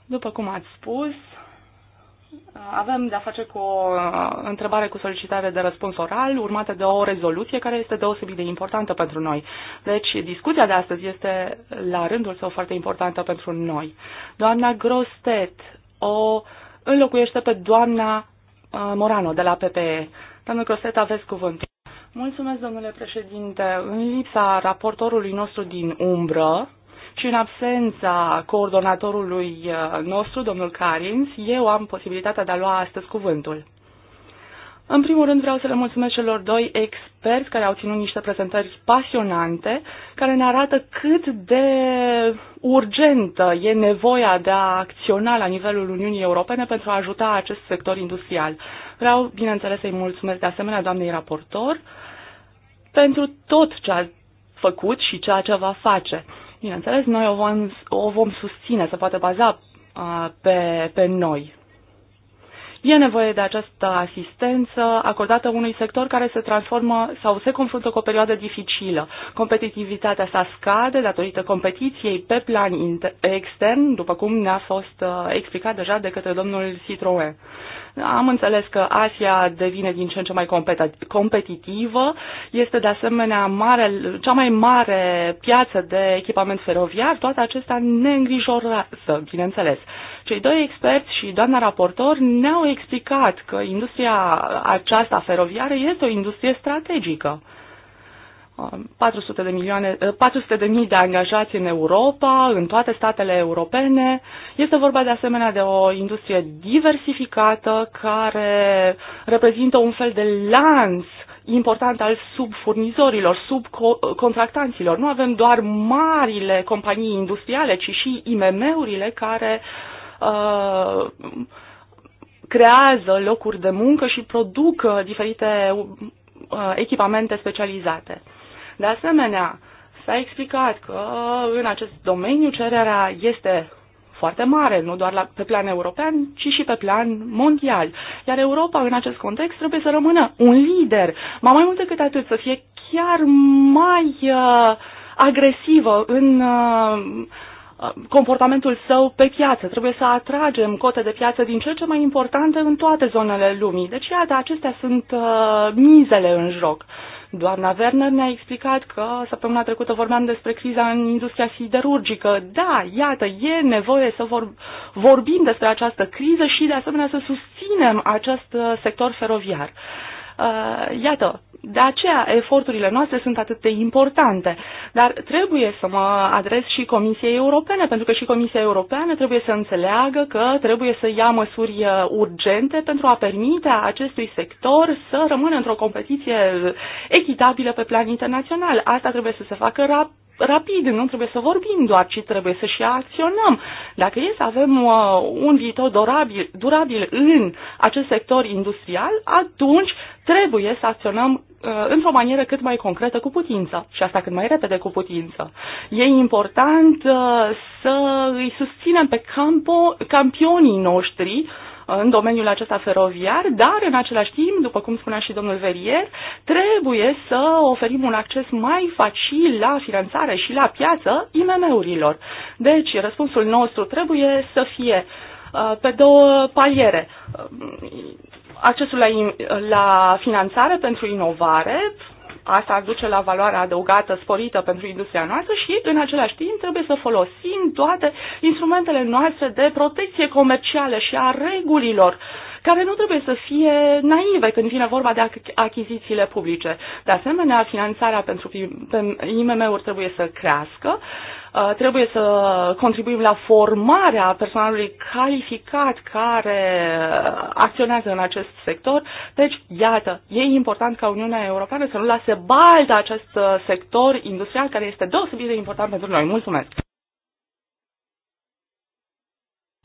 După cum ați spus, avem de-a face cu o întrebare cu solicitare de răspuns oral, urmată de o rezoluție care este deosebit de importantă pentru noi. Deci, discuția de astăzi este, la rândul său, foarte importantă pentru noi. Doamna Grostet o înlocuiește pe doamna Morano de la PPE. Doamna Grostet, aveți cuvântul. Mulțumesc, domnule președinte. În lipsa raportorului nostru din umbră, ci în absența coordonatorului uh, nostru, domnul Carins, eu am posibilitatea de a lua astăzi cuvântul. În primul rând vreau să le mulțumesc celor doi experți care au ținut niște prezentări pasionante, care ne arată cât de urgentă e nevoia de a acționa la nivelul Uniunii Europene pentru a ajuta acest sector industrial. Vreau, bineînțeles, să-i mulțumesc de asemenea doamnei raportor pentru tot ce a făcut și ceea ce va face. Bineînțeles, noi o vom, o vom susține, se poate baza pe, pe noi. E nevoie de această asistență acordată unui sector care se transformă sau se confruntă cu o perioadă dificilă. Competitivitatea sa scade datorită competiției pe plan extern, după cum ne-a fost uh, explicat deja de către domnul Citroën. Am înțeles că Asia devine din ce în ce mai competitivă, este de asemenea mare, cea mai mare piață de echipament feroviar, toate acestea ne îngrijorează, bineînțeles. Cei doi experți și doamna raportor ne-au explicat că industria aceasta feroviară este o industrie strategică. 400 um, de, milioane, 400 uh, de mii de angajați în Europa, în toate statele europene. Este vorba de asemenea de o industrie diversificată care reprezintă un fel de lanț important al subfurnizorilor, subcontractanților. Nu avem doar marile companii industriale, ci și IMM-urile care uh, Uh, creează locuri de muncă și produc uh, diferite uh, echipamente specializate. De asemenea, s-a explicat că uh, în acest domeniu cererea este foarte mare, nu doar la, pe plan european, ci și pe plan mondial. Iar Europa, în acest context, trebuie să rămână un lider, mai mai mult decât atât, să fie chiar mai uh, agresivă în uh, comportamentul său pe piață. Trebuie să atragem cote de piață din ce ce mai importante în toate zonele lumii. Deci, iată, acestea sunt uh, mizele în joc. Doamna Werner ne-a explicat că săptămâna trecută vorbeam despre criza în industria siderurgică. Da, iată, e nevoie să vor, vorbim despre această criză și de asemenea să susținem acest uh, sector feroviar. Uh, iată, de aceea eforturile noastre sunt atât de importante. Dar trebuie să mă adres și Comisiei Europene, pentru că și Comisia Europeană trebuie să înțeleagă că trebuie să ia măsuri uh, urgente pentru a permite acestui sector să rămână într-o competiție echitabilă pe plan internațional. Asta trebuie să se facă rapid rapid, nu trebuie să vorbim doar, ci trebuie să și acționăm. Dacă e să avem uh, un viitor durabil, durabil în acest sector industrial, atunci trebuie să acționăm uh, într-o manieră cât mai concretă cu putință și asta cât mai repede cu putință. E important uh, să îi susținem pe campo, campionii noștri uh, în domeniul acesta feroviar, dar în același timp, după cum spunea și domnul Verier, trebuie să oferim un acces mai facil la finanțare și la piață IMM-urilor. Deci, răspunsul nostru trebuie să fie uh, pe două paliere. Uh, accesul la, la finanțare pentru inovare, Asta aduce la valoarea adăugată sporită pentru industria noastră și, în același timp, trebuie să folosim toate instrumentele noastre de protecție comercială și a regulilor uh, care nu trebuie să fie naive când vine vorba de achizițiile publice. De asemenea, finanțarea pentru IMM-uri trebuie să crească, uh, trebuie să contribuim la formarea personalului calificat care acționează în acest sector. Deci, iată, e important ca Uniunea Europeană să nu lase baltă acest uh, sector industrial care este deosebit de important pentru noi. Mulțumesc!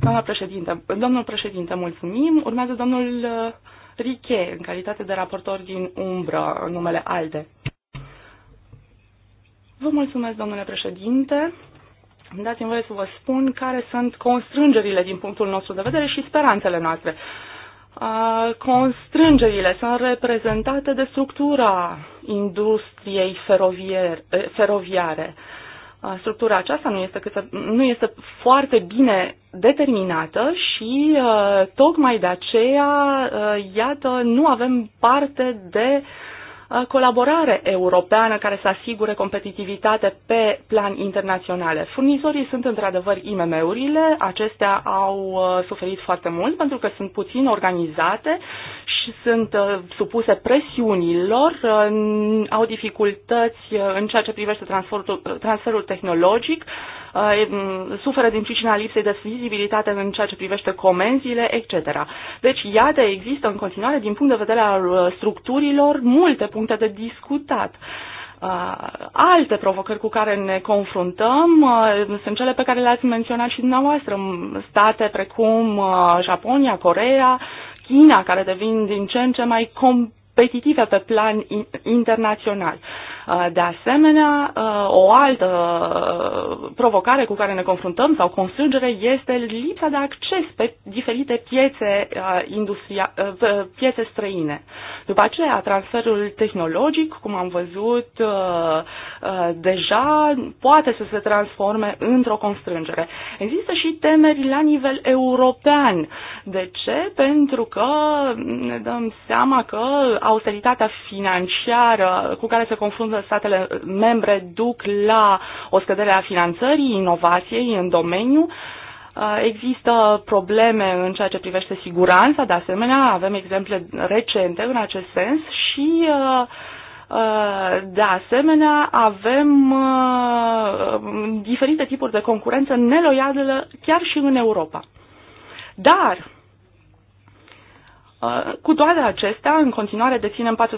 Doamna președinte, domnul președinte, mulțumim. Urmează domnul uh, Riche, în calitate de raportor din umbră, în numele ALDE. Vă mulțumesc, domnule președinte. Dați-mi voie să vă spun care sunt constrângerile din punctul nostru de vedere și speranțele noastre. Uh, constrângerile sunt reprezentate de structura industriei feroviere, eh, feroviare structura aceasta nu este, cât să, nu este foarte bine determinată și tocmai de aceea, iată, nu avem parte de colaborare europeană care să asigure competitivitate pe plan internațional. Furnizorii sunt într-adevăr IMM-urile, acestea au uh, suferit foarte mult pentru că sunt puțin organizate sunt uh, supuse presiunilor, uh, au dificultăți uh, în ceea ce privește transferul, transferul tehnologic, mm, suferă din pricina lipsei de vizibilitate în ceea ce privește comenzile, etc. Deci, iată, există în continuare, din punct de vedere al structurilor, multe puncte de discutat alte provocări cu care ne confruntăm sunt cele pe care le-ați menționat și dumneavoastră, state precum Japonia, Corea, China, care devin din ce în ce mai competitive pe plan internațional. De asemenea, o altă provocare cu care ne confruntăm sau constrângere este lipsa de acces pe diferite piețe, industria, piețe străine. După aceea, transferul tehnologic, cum am văzut deja, poate să se transforme într-o constrângere. Există și temeri la nivel european. De ce? Pentru că ne dăm seama că austeritatea financiară cu care se confruntă Uh, statele membre duc la o scădere a finanțării, inovației în domeniu. Uh, există probleme în ceea ce privește siguranța, de asemenea, avem exemple recente în acest sens și uh, de asemenea, avem diferite tipuri de concurență neloială chiar și în Europa. Dar Uh, cu toate acestea, în continuare deținem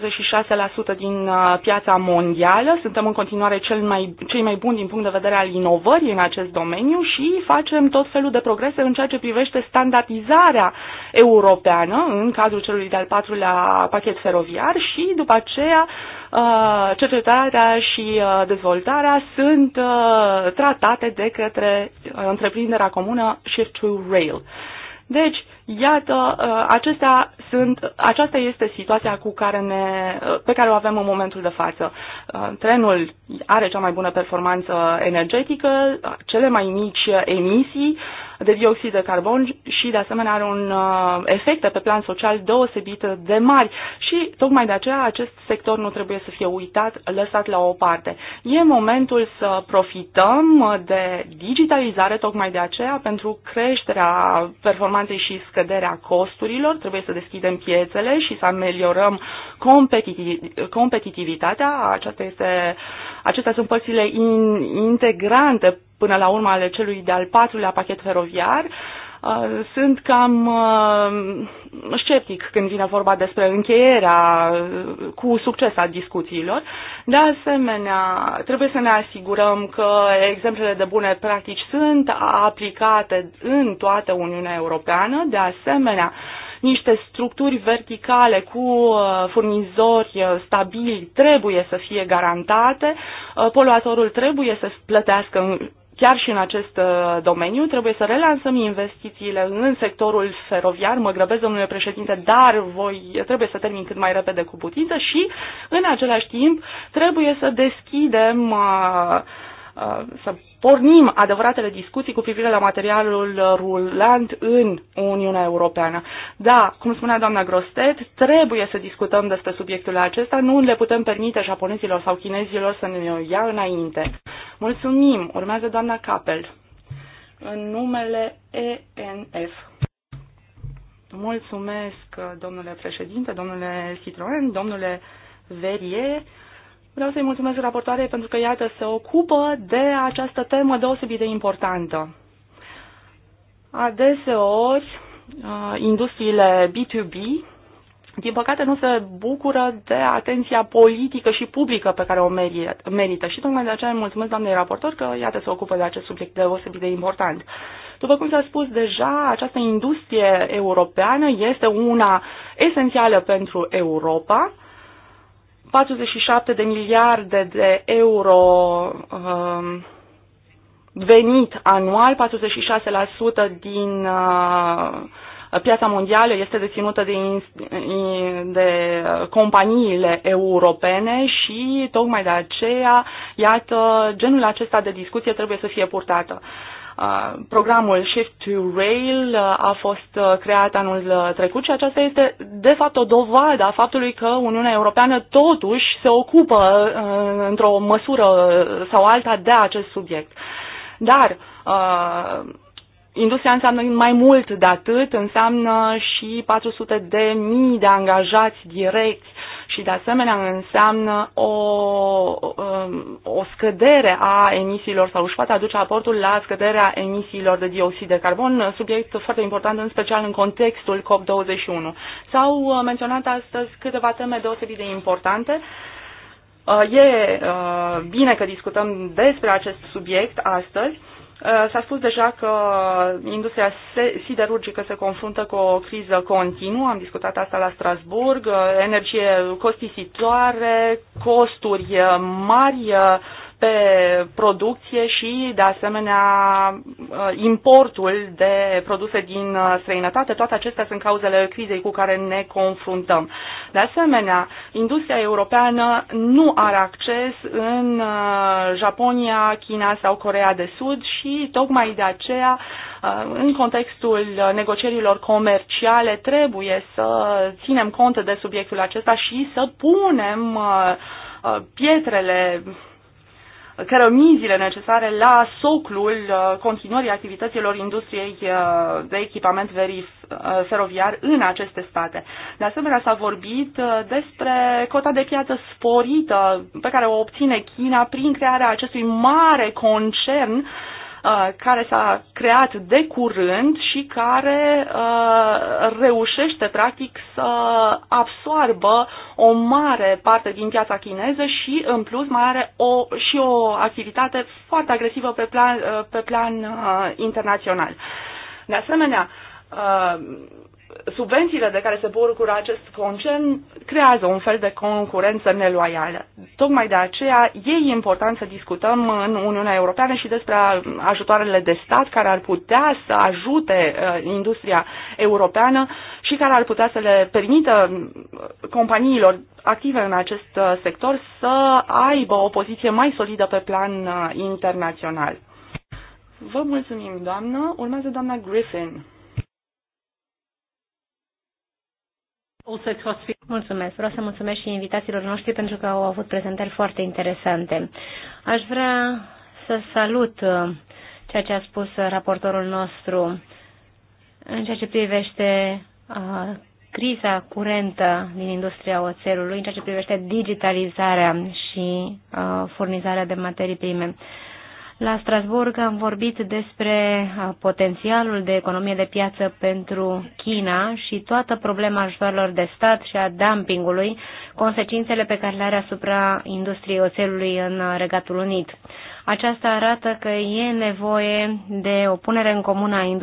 46% din uh, piața mondială, suntem în continuare cel mai, cei mai buni din punct de vedere al inovării în acest domeniu și facem tot felul de progrese în ceea ce privește standardizarea europeană în cadrul celui de-al patrulea pachet feroviar și după aceea uh, cercetarea și dezvoltarea sunt tratate de către întreprinderea comună Shift to Rail. Deci, Iată, uh, acestea sunt, aceasta este situația cu care ne, uh, pe care o avem în momentul de față. Uh, trenul are cea mai bună performanță energetică, cele mai mici emisii, de dioxid de carbon și de asemenea are un uh, efect pe plan social deosebit de mari și tocmai de aceea acest sector nu trebuie să fie uitat, lăsat la o parte. E momentul să profităm de digitalizare tocmai de aceea pentru creșterea performanței și scăderea costurilor, trebuie să deschidem piețele și să ameliorăm competitivitatea. Aceasta este, acestea sunt părțile in, integrante până la urmă ale celui de-al patrulea pachet feroviar, uh, sunt cam uh, sceptic când vine vorba despre încheierea uh, cu succes a discuțiilor. De asemenea, trebuie să ne asigurăm că exemplele de bune practici sunt aplicate în toată Uniunea Europeană. De asemenea, niște structuri verticale cu furnizori stabili trebuie să fie garantate, poluatorul trebuie să plătească chiar și în acest uh, domeniu trebuie să relansăm investițiile în sectorul feroviar. Mă grăbesc, domnule președinte, dar voi trebuie să termin cât mai repede cu putință și, în același timp, trebuie să deschidem uh, Uh, să pornim adevăratele discuții cu privire la materialul rulant în Uniunea Europeană. Da, cum spunea doamna Grostet, trebuie să discutăm despre subiectul acesta, nu le putem permite japonezilor sau chinezilor să ne ia înainte. Mulțumim! Urmează doamna Capel în numele ENF. Mulțumesc, domnule președinte, domnule Citroen, domnule Verie. Vreau să-i mulțumesc raportoare pentru că, iată, se ocupă de această temă deosebit de importantă. Adeseori, uh, industriile B2B, din păcate, nu se bucură de atenția politică și publică pe care o merită. Și tocmai de aceea îi mulțumesc doamnei raportor că, iată, se ocupă de acest subiect deosebit de important. După cum s-a spus deja, această industrie europeană este una esențială pentru Europa, 47 de miliarde de euro um, venit anual, 46% din uh, piața mondială este deținută de, de companiile europene și tocmai de aceea, iată, genul acesta de discuție trebuie să fie purtată. Uh, Programul Shift to Rail uh, a fost uh, creat anul uh, trecut și aceasta este de fapt o dovadă a faptului că Uniunea Europeană totuși se ocupă într-o măsură sau alta de acest subiect. Dar Industria înseamnă mai mult de atât, înseamnă și 400 de mii de angajați direcți și de asemenea înseamnă o, um, o scădere a emisiilor sau își poate aduce aportul la scăderea emisiilor de dioxid de carbon, subiect foarte important în special în contextul COP21. S-au uh, menționat astăzi câteva teme deosebit de importante. Uh, e uh, bine că discutăm despre acest subiect astăzi. Uh, s-a spus deja că industria siderurgică se confruntă cu o criză continuă, am discutat asta la Strasburg, uh, energie costisitoare, costuri uh, mari, pe producție și, de asemenea, uh, importul de produse din uh, străinătate. Toate acestea sunt cauzele crizei cu care ne confruntăm. De asemenea, industria europeană nu are acces în uh, Japonia, China sau Corea de Sud și tocmai de aceea în contextul negocierilor comerciale trebuie să ținem cont de subiectul acesta și să punem pietrele cărămizile necesare la soclul uh, continuării activităților industriei uh, de echipament uh, feroviar în aceste state. De asemenea, s-a vorbit despre cota de piață sporită pe care o obține China prin crearea acestui mare concern uh, Uh, care s-a creat de curând și care uh, reușește practic să absoarbă o mare parte din piața chineză și în plus mai are o, și o activitate foarte agresivă pe plan, uh, pe plan internațional. De asemenea, subvențiile de care se bucură acest concern creează un fel de concurență neloială. Tocmai de aceea e important să discutăm în Uniunea Europeană și despre ajutoarele de stat care ar putea să ajute uh, industria europeană și care ar putea să le permită uh, companiilor active în acest uh, sector să aibă o poziție mai solidă pe plan internațional. Vă mulțumim, doamnă. Urmează doamna Griffin. Mulțumesc. Vreau să mulțumesc și invitațiilor noștri pentru că au avut prezentări foarte interesante. Aș vrea să salut uh, ceea ce a spus raportorul nostru în ceea ce privește uh, criza curentă din industria oțelului, în ceea ce privește digitalizarea și uh, furnizarea de materii prime. La Strasburg am vorbit despre uh, potențialul de economie de piață pentru China și toată problema ajutorilor de stat și a dumpingului, consecințele pe care le are asupra industriei oțelului în Regatul Unit. Aceasta arată că e nevoie de o punere în comun a,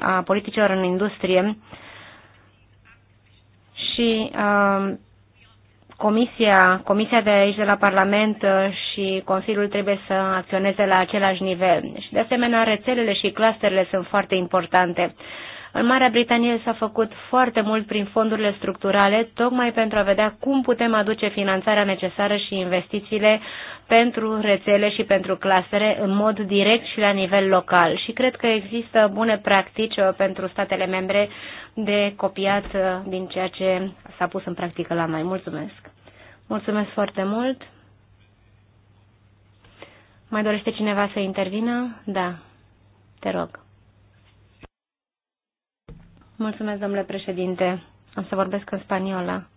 a politicilor în industrie și uh, Comisia, comisia de aici de la Parlament uh, și Consiliul trebuie să acționeze la același nivel. Și de asemenea, rețelele și clusterele sunt foarte importante. În Marea Britanie s-a făcut foarte mult prin fondurile structurale, tocmai pentru a vedea cum putem aduce finanțarea necesară și investițiile pentru rețele și pentru clasere în mod direct și la nivel local. Și cred că există bune practici uh, pentru statele membre de copiat uh, din ceea ce s-a pus în practică la mai. Mulțumesc! Mulțumesc foarte mult! Mai dorește cineva să intervină? Da. Te rog. Mulțumesc, domnule președinte. Am să vorbesc în spaniolă.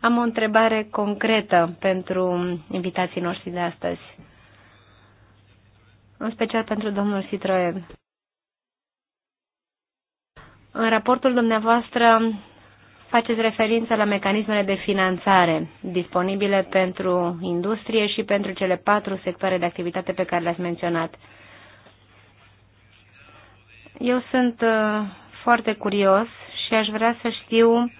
Am o întrebare concretă pentru invitații noștri de astăzi, în special pentru domnul Citroen. În raportul dumneavoastră faceți referință la mecanismele de finanțare disponibile pentru industrie și pentru cele patru sectoare de activitate pe care le-ați menționat. Eu sunt uh, foarte curios și aș vrea să știu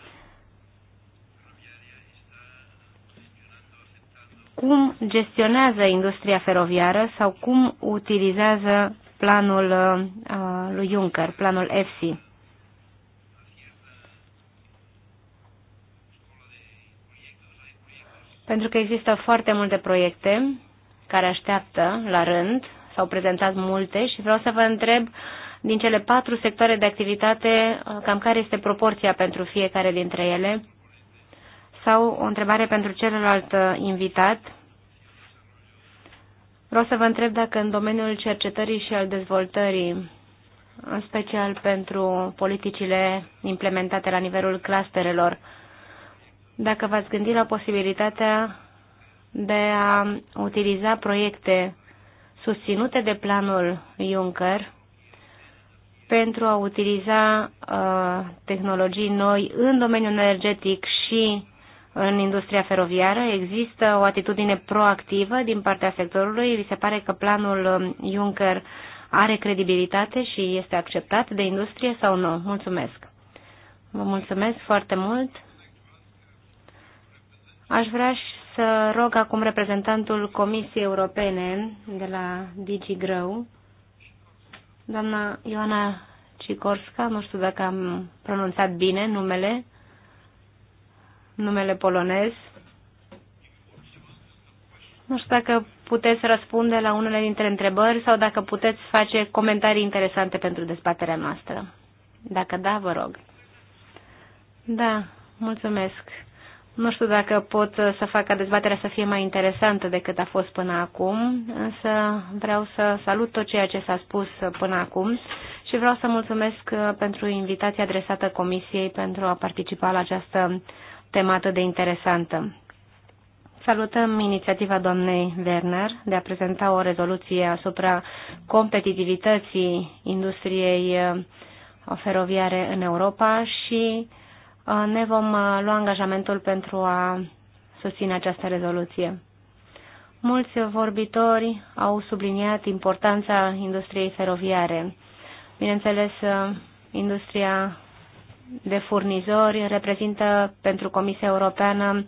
cum gestionează industria feroviară sau cum utilizează planul uh, lui Juncker, planul EFSI. Pentru că există foarte multe proiecte care așteaptă la rând, s-au prezentat multe și vreau să vă întreb uh, din cele patru sectoare de activitate, uh, cam care este proporția pentru fiecare dintre ele? Sau o întrebare pentru celălalt uh, invitat. Vreau să vă întreb dacă în domeniul cercetării și al dezvoltării, în special pentru politicile implementate la nivelul clusterelor, dacă v-ați gândit la posibilitatea de a utiliza proiecte susținute de planul Juncker pentru a utiliza uh, tehnologii noi în domeniul energetic și în industria feroviară. Există o atitudine proactivă din partea sectorului. Vi se pare că planul um, Juncker are credibilitate și este acceptat de industrie sau nu? Mulțumesc! Vă mulțumesc foarte mult! Aș vrea și să rog acum reprezentantul Comisiei Europene de la DigiGrow Doamna Ioana Cicorska, nu știu dacă am pronunțat bine numele, numele polonez. Nu știu dacă puteți răspunde la unele dintre întrebări sau dacă puteți face comentarii interesante pentru dezbaterea noastră. Dacă da, vă rog. Da, mulțumesc. Nu știu dacă pot să fac ca dezbaterea să fie mai interesantă decât a fost până acum, însă vreau să salut tot ceea ce s-a spus până acum și vreau să mulțumesc pentru invitația adresată Comisiei pentru a participa la această temă atât de interesantă. Salutăm inițiativa doamnei Werner de a prezenta o rezoluție asupra competitivității industriei uh, feroviare în Europa și Uh, ne vom uh, lua angajamentul pentru a susține această rezoluție. Mulți vorbitori au subliniat importanța industriei feroviare. Bineînțeles, uh, industria de furnizori reprezintă pentru Comisia Europeană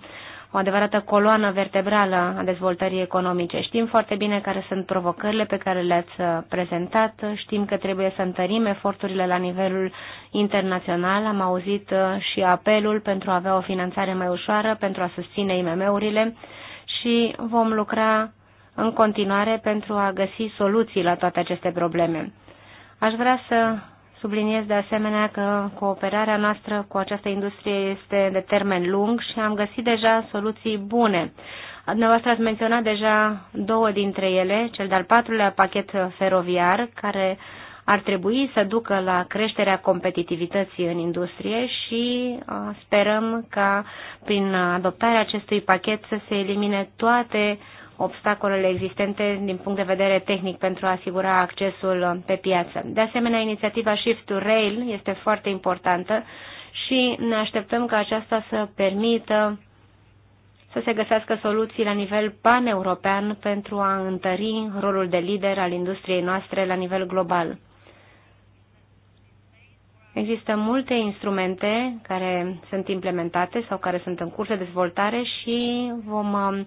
o adevărată coloană vertebrală a dezvoltării economice. Știm foarte bine care sunt provocările pe care le-ați uh, prezentat, știm că trebuie să întărim eforturile la nivelul internațional, am auzit uh, și apelul pentru a avea o finanțare mai ușoară, pentru a susține IMM-urile și vom lucra în continuare pentru a găsi soluții la toate aceste probleme. Aș vrea să Subliniez de asemenea că cooperarea noastră cu această industrie este de termen lung și am găsit deja soluții bune. Dumneavoastră ați menționat deja două dintre ele, cel de-al patrulea pachet feroviar, care ar trebui să ducă la creșterea competitivității în industrie și uh, sperăm ca prin adoptarea acestui pachet să se elimine toate obstacolele existente din punct de vedere tehnic pentru a asigura accesul uh, pe piață. De asemenea, inițiativa Shift to Rail este foarte importantă și ne așteptăm ca aceasta să permită să se găsească soluții la nivel paneuropean pentru a întări rolul de lider al industriei noastre la nivel global. Există multe instrumente care sunt implementate sau care sunt în curs de dezvoltare și vom uh,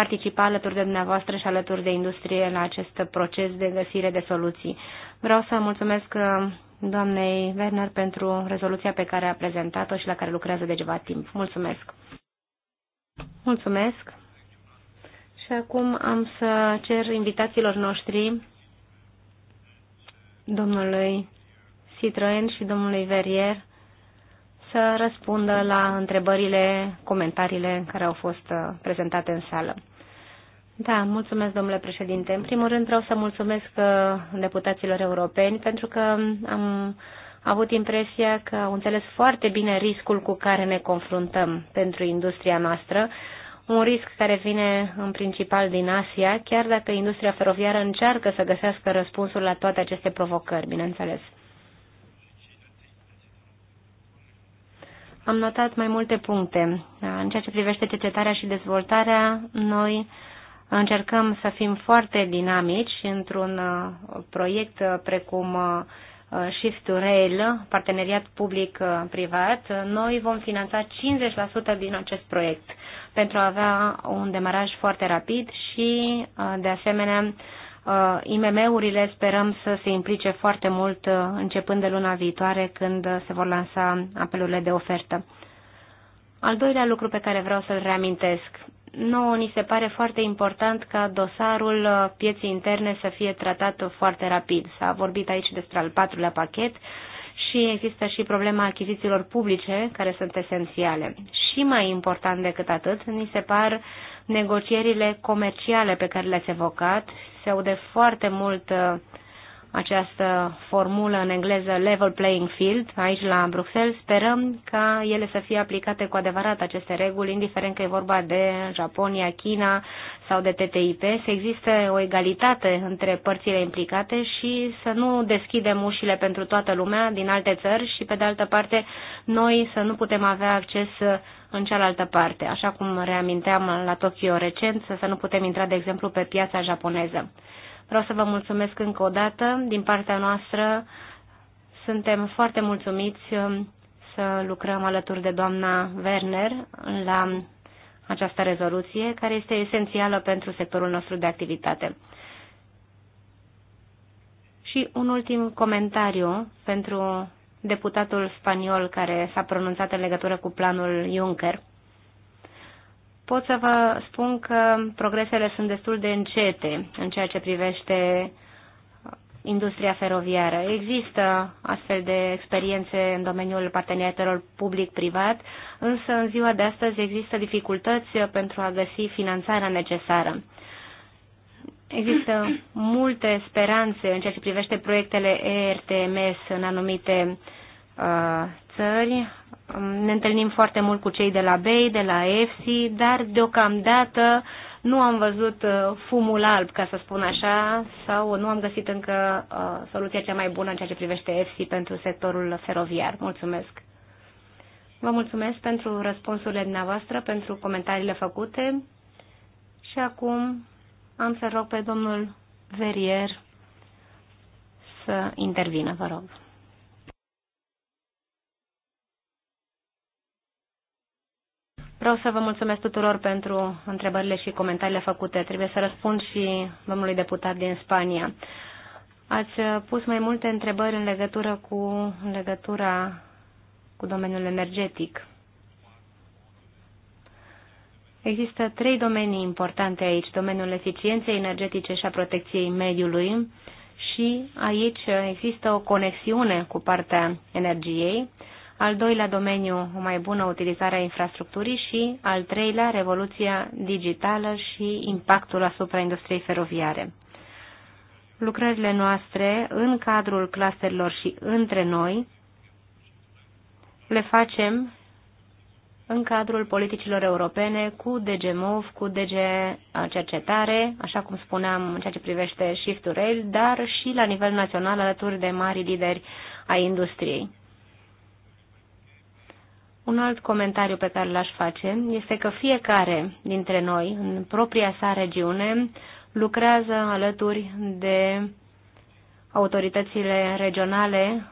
participa alături de dumneavoastră și alături de industrie la acest proces de găsire de soluții. Vreau să mulțumesc uh, doamnei Werner pentru rezoluția pe care a prezentat-o și la care lucrează de ceva timp. Mulțumesc! Mulțumesc! Și acum am să cer invitațiilor noștri, domnului Citroen și domnului Verrier, să răspundă la întrebările, comentariile care au fost uh, prezentate în sală. Da, mulțumesc, domnule președinte. În primul rând vreau să mulțumesc uh, deputaților europeni pentru că um, am avut impresia că au înțeles foarte bine riscul cu care ne confruntăm pentru industria noastră, un risc care vine în principal din Asia, chiar dacă industria feroviară încearcă să găsească răspunsul la toate aceste provocări, bineînțeles. am notat mai multe puncte. În ceea ce privește cercetarea și dezvoltarea, noi încercăm să fim foarte dinamici într-un uh, proiect uh, precum uh, Shift to Rail, parteneriat public-privat. Noi vom finanța 50% din acest proiect pentru a avea un demaraj foarte rapid și, de asemenea, Uh, IMM-urile sperăm să se implice foarte mult uh, începând de luna viitoare când se vor lansa apelurile de ofertă. Al doilea lucru pe care vreau să-l reamintesc. Nouă ni se pare foarte important ca dosarul uh, pieții interne să fie tratat foarte rapid. S-a vorbit aici despre al patrulea pachet și există și problema achizițiilor publice care sunt esențiale. Și mai important decât atât, ni se par negocierile comerciale pe care le-ați evocat se aude foarte mult uh, această formulă în engleză level playing field aici la Bruxelles. Sperăm ca ele să fie aplicate cu adevărat aceste reguli, indiferent că e vorba de Japonia, China sau de TTIP, să existe o egalitate între părțile implicate și să nu deschidem ușile pentru toată lumea din alte țări și, pe de altă parte, noi să nu putem avea acces în cealaltă parte, așa cum reaminteam la Tokyo recent, să nu putem intra, de exemplu, pe piața japoneză. Vreau să vă mulțumesc încă o dată. Din partea noastră suntem foarte mulțumiți um, să lucrăm alături de doamna Werner la această rezoluție, care este esențială pentru sectorul nostru de activitate. Și un ultim comentariu pentru deputatul spaniol care s-a pronunțat în legătură cu planul Juncker, pot să vă spun că progresele sunt destul de încete în ceea ce privește uh, industria feroviară. Există astfel de experiențe în domeniul parteneriatelor public-privat, însă în ziua de astăzi există dificultăți pentru a găsi finanțarea necesară. Există multe speranțe în ceea ce privește proiectele ERTMS în anumite Uh, țări. Um, ne întâlnim foarte mult cu cei de la BEI, de la EFSI, dar deocamdată nu am văzut uh, fumul alb, ca să spun așa, sau nu am găsit încă uh, soluția cea mai bună în ceea ce privește EFSI pentru sectorul feroviar. Mulțumesc! Vă mulțumesc pentru răspunsurile dumneavoastră, pentru comentariile făcute și acum am să rog pe domnul Verier să intervină, vă rog. Vreau să vă mulțumesc tuturor pentru întrebările și comentariile făcute. Trebuie să răspund și domnului deputat din Spania. Ați pus mai multe întrebări în legătură cu în legătura cu domeniul energetic. Există trei domenii importante aici, domeniul eficienței energetice și a protecției mediului și aici există o conexiune cu partea energiei al doilea domeniu, o mai bună utilizare a infrastructurii și al treilea, revoluția digitală și impactul asupra industriei feroviare. Lucrările noastre în cadrul clusterilor și între noi le facem în cadrul politicilor europene cu DG MOV, cu DG Cercetare, așa cum spuneam în ceea ce privește Shift to Rail, dar și la nivel național alături de mari lideri ai industriei. Un alt comentariu pe care l-aș face este că fiecare dintre noi, în propria sa regiune, lucrează alături de autoritățile regionale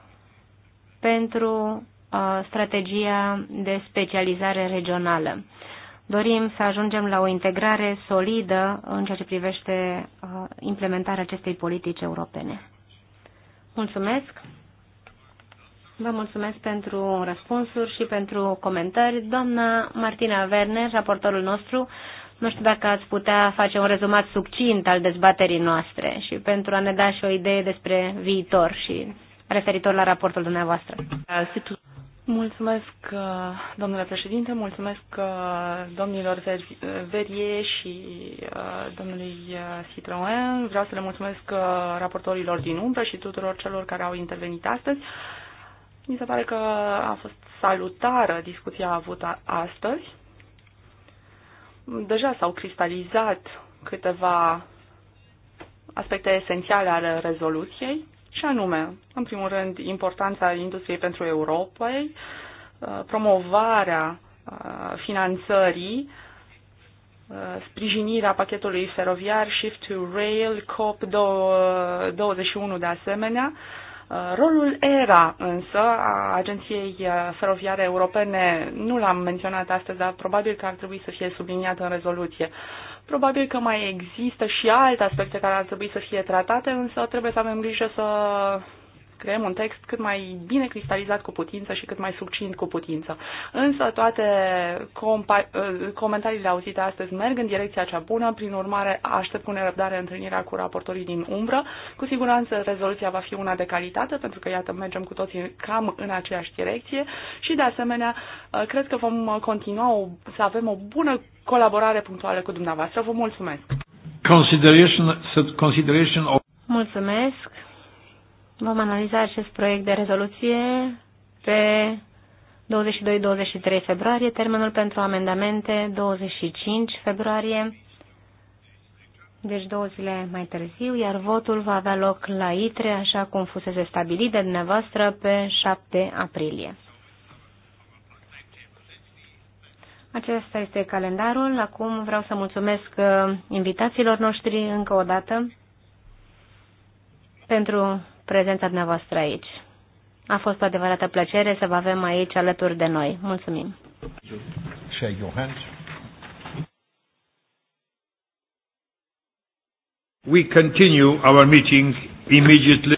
pentru uh, strategia de specializare regională. Dorim să ajungem la o integrare solidă în ceea ce privește uh, implementarea acestei politici europene. Mulțumesc! Vă mulțumesc pentru răspunsuri și pentru comentarii. Doamna Martina Werner, raportorul nostru, nu știu dacă ați putea face un rezumat succint al dezbaterii noastre și pentru a ne da și o idee despre viitor și referitor la raportul dumneavoastră. Mulțumesc, uh, domnule președinte, mulțumesc uh, domnilor Verie și uh, domnului Citroen. Vreau să le mulțumesc raportorilor din umbră și tuturor celor care au intervenit astăzi. Mi se pare că a fost salutară discuția avută astăzi. Deja s-au cristalizat câteva aspecte esențiale ale rezoluției, și anume, în primul rând, importanța industriei pentru Europei, promovarea uh, finanțării, uh, sprijinirea pachetului feroviar Shift to Rail, COP21 de asemenea Rolul ERA, însă, a Agenției Feroviare Europene, nu l-am menționat astăzi, dar probabil că ar trebui să fie subliniat în rezoluție. Probabil că mai există și alte aspecte care ar trebui să fie tratate, însă trebuie să avem grijă să creăm un text cât mai bine cristalizat cu putință și cât mai succint cu putință. Însă toate uh, comentariile auzite astăzi merg în direcția cea bună, prin urmare aștept cu nerăbdare întâlnirea cu raportorii din umbră. Cu siguranță rezoluția va fi una de calitate, pentru că iată mergem cu toții cam în aceeași direcție și de asemenea uh, cred că vom continua o, să avem o bună colaborare punctuală cu dumneavoastră. Vă mulțumesc! Consideration, consideration of... Mulțumesc! Vom analiza acest proiect de rezoluție pe 22-23 februarie, termenul pentru amendamente 25 februarie, deci două zile mai târziu, iar votul va avea loc la ITRE, așa cum fusese stabilit de dumneavoastră, pe 7 aprilie. Acesta este calendarul. Acum vreau să mulțumesc uh, invitațiilor noștri încă o dată pentru prezența dumneavoastră aici. A fost o adevărată plăcere să vă avem aici alături de noi. Mulțumim! We continue our meeting immediately.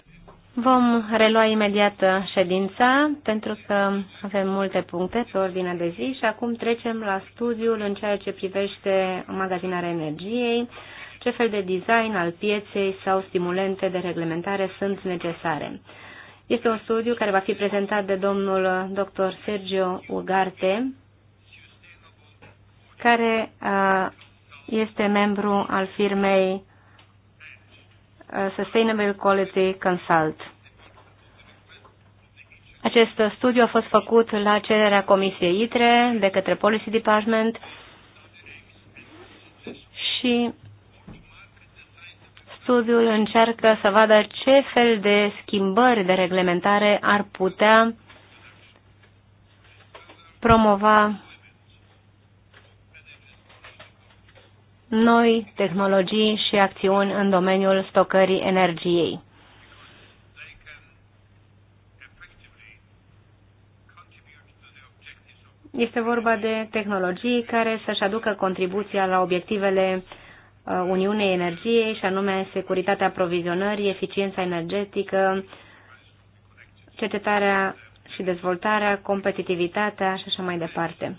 Vom relua imediat ședința pentru că avem multe puncte pe ordinea de zi și acum trecem la studiul în ceea ce privește magazinarea energiei ce fel de design al pieței sau stimulente de reglementare sunt necesare. Este un studiu care va fi prezentat de domnul dr. Sergio Ugarte, care este membru al firmei Sustainable Quality Consult. Acest studiu a fost făcut la cererea Comisiei ITRE de către Policy Department și Studiul încearcă să vadă ce fel de schimbări de reglementare ar putea promova noi tehnologii și acțiuni în domeniul stocării energiei. Este vorba de tehnologii care să-și aducă contribuția la obiectivele Uh, Uniunei Energiei și anume securitatea aprovizionării, eficiența energetică, cercetarea și dezvoltarea, competitivitatea și așa mai departe.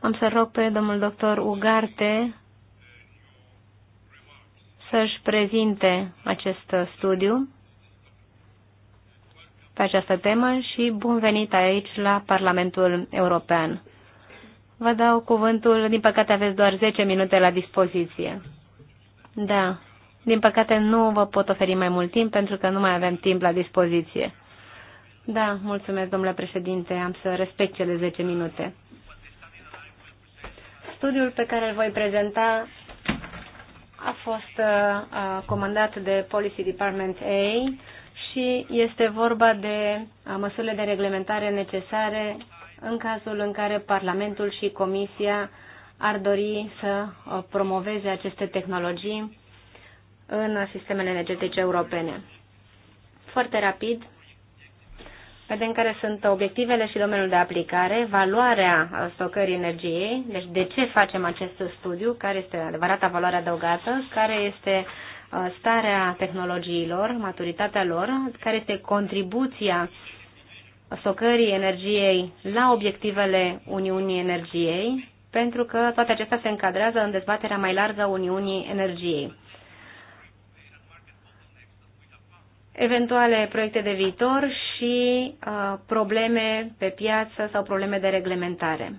Am să rog pe domnul doctor Ugarte să-și prezinte acest studiu pe această temă și bun venit aici la Parlamentul European. Vă dau cuvântul, din păcate aveți doar 10 minute la dispoziție. Da, din păcate nu vă pot oferi mai mult timp pentru că nu mai avem timp la dispoziție. Da, mulțumesc, domnule președinte, am să respect cele 10 minute. Studiul pe care îl voi prezenta a fost uh, uh comandat de Policy Department A și este vorba de uh, măsurile de reglementare necesare în cazul în care Parlamentul și Comisia ar dori să uh, promoveze aceste tehnologii în sistemele energetice europene. Foarte rapid, vedem care sunt obiectivele și domeniul de aplicare, valoarea uh, stocării energiei, deci de ce facem acest studiu, care este adevărata valoare adăugată, care este uh, starea tehnologiilor, maturitatea lor, care este contribuția uh, stocării energiei la obiectivele Uniunii Energiei, pentru că toate acestea se încadrează în dezbaterea mai largă a Uniunii Energiei. Eventuale proiecte de viitor și uh, probleme pe piață sau probleme de reglementare.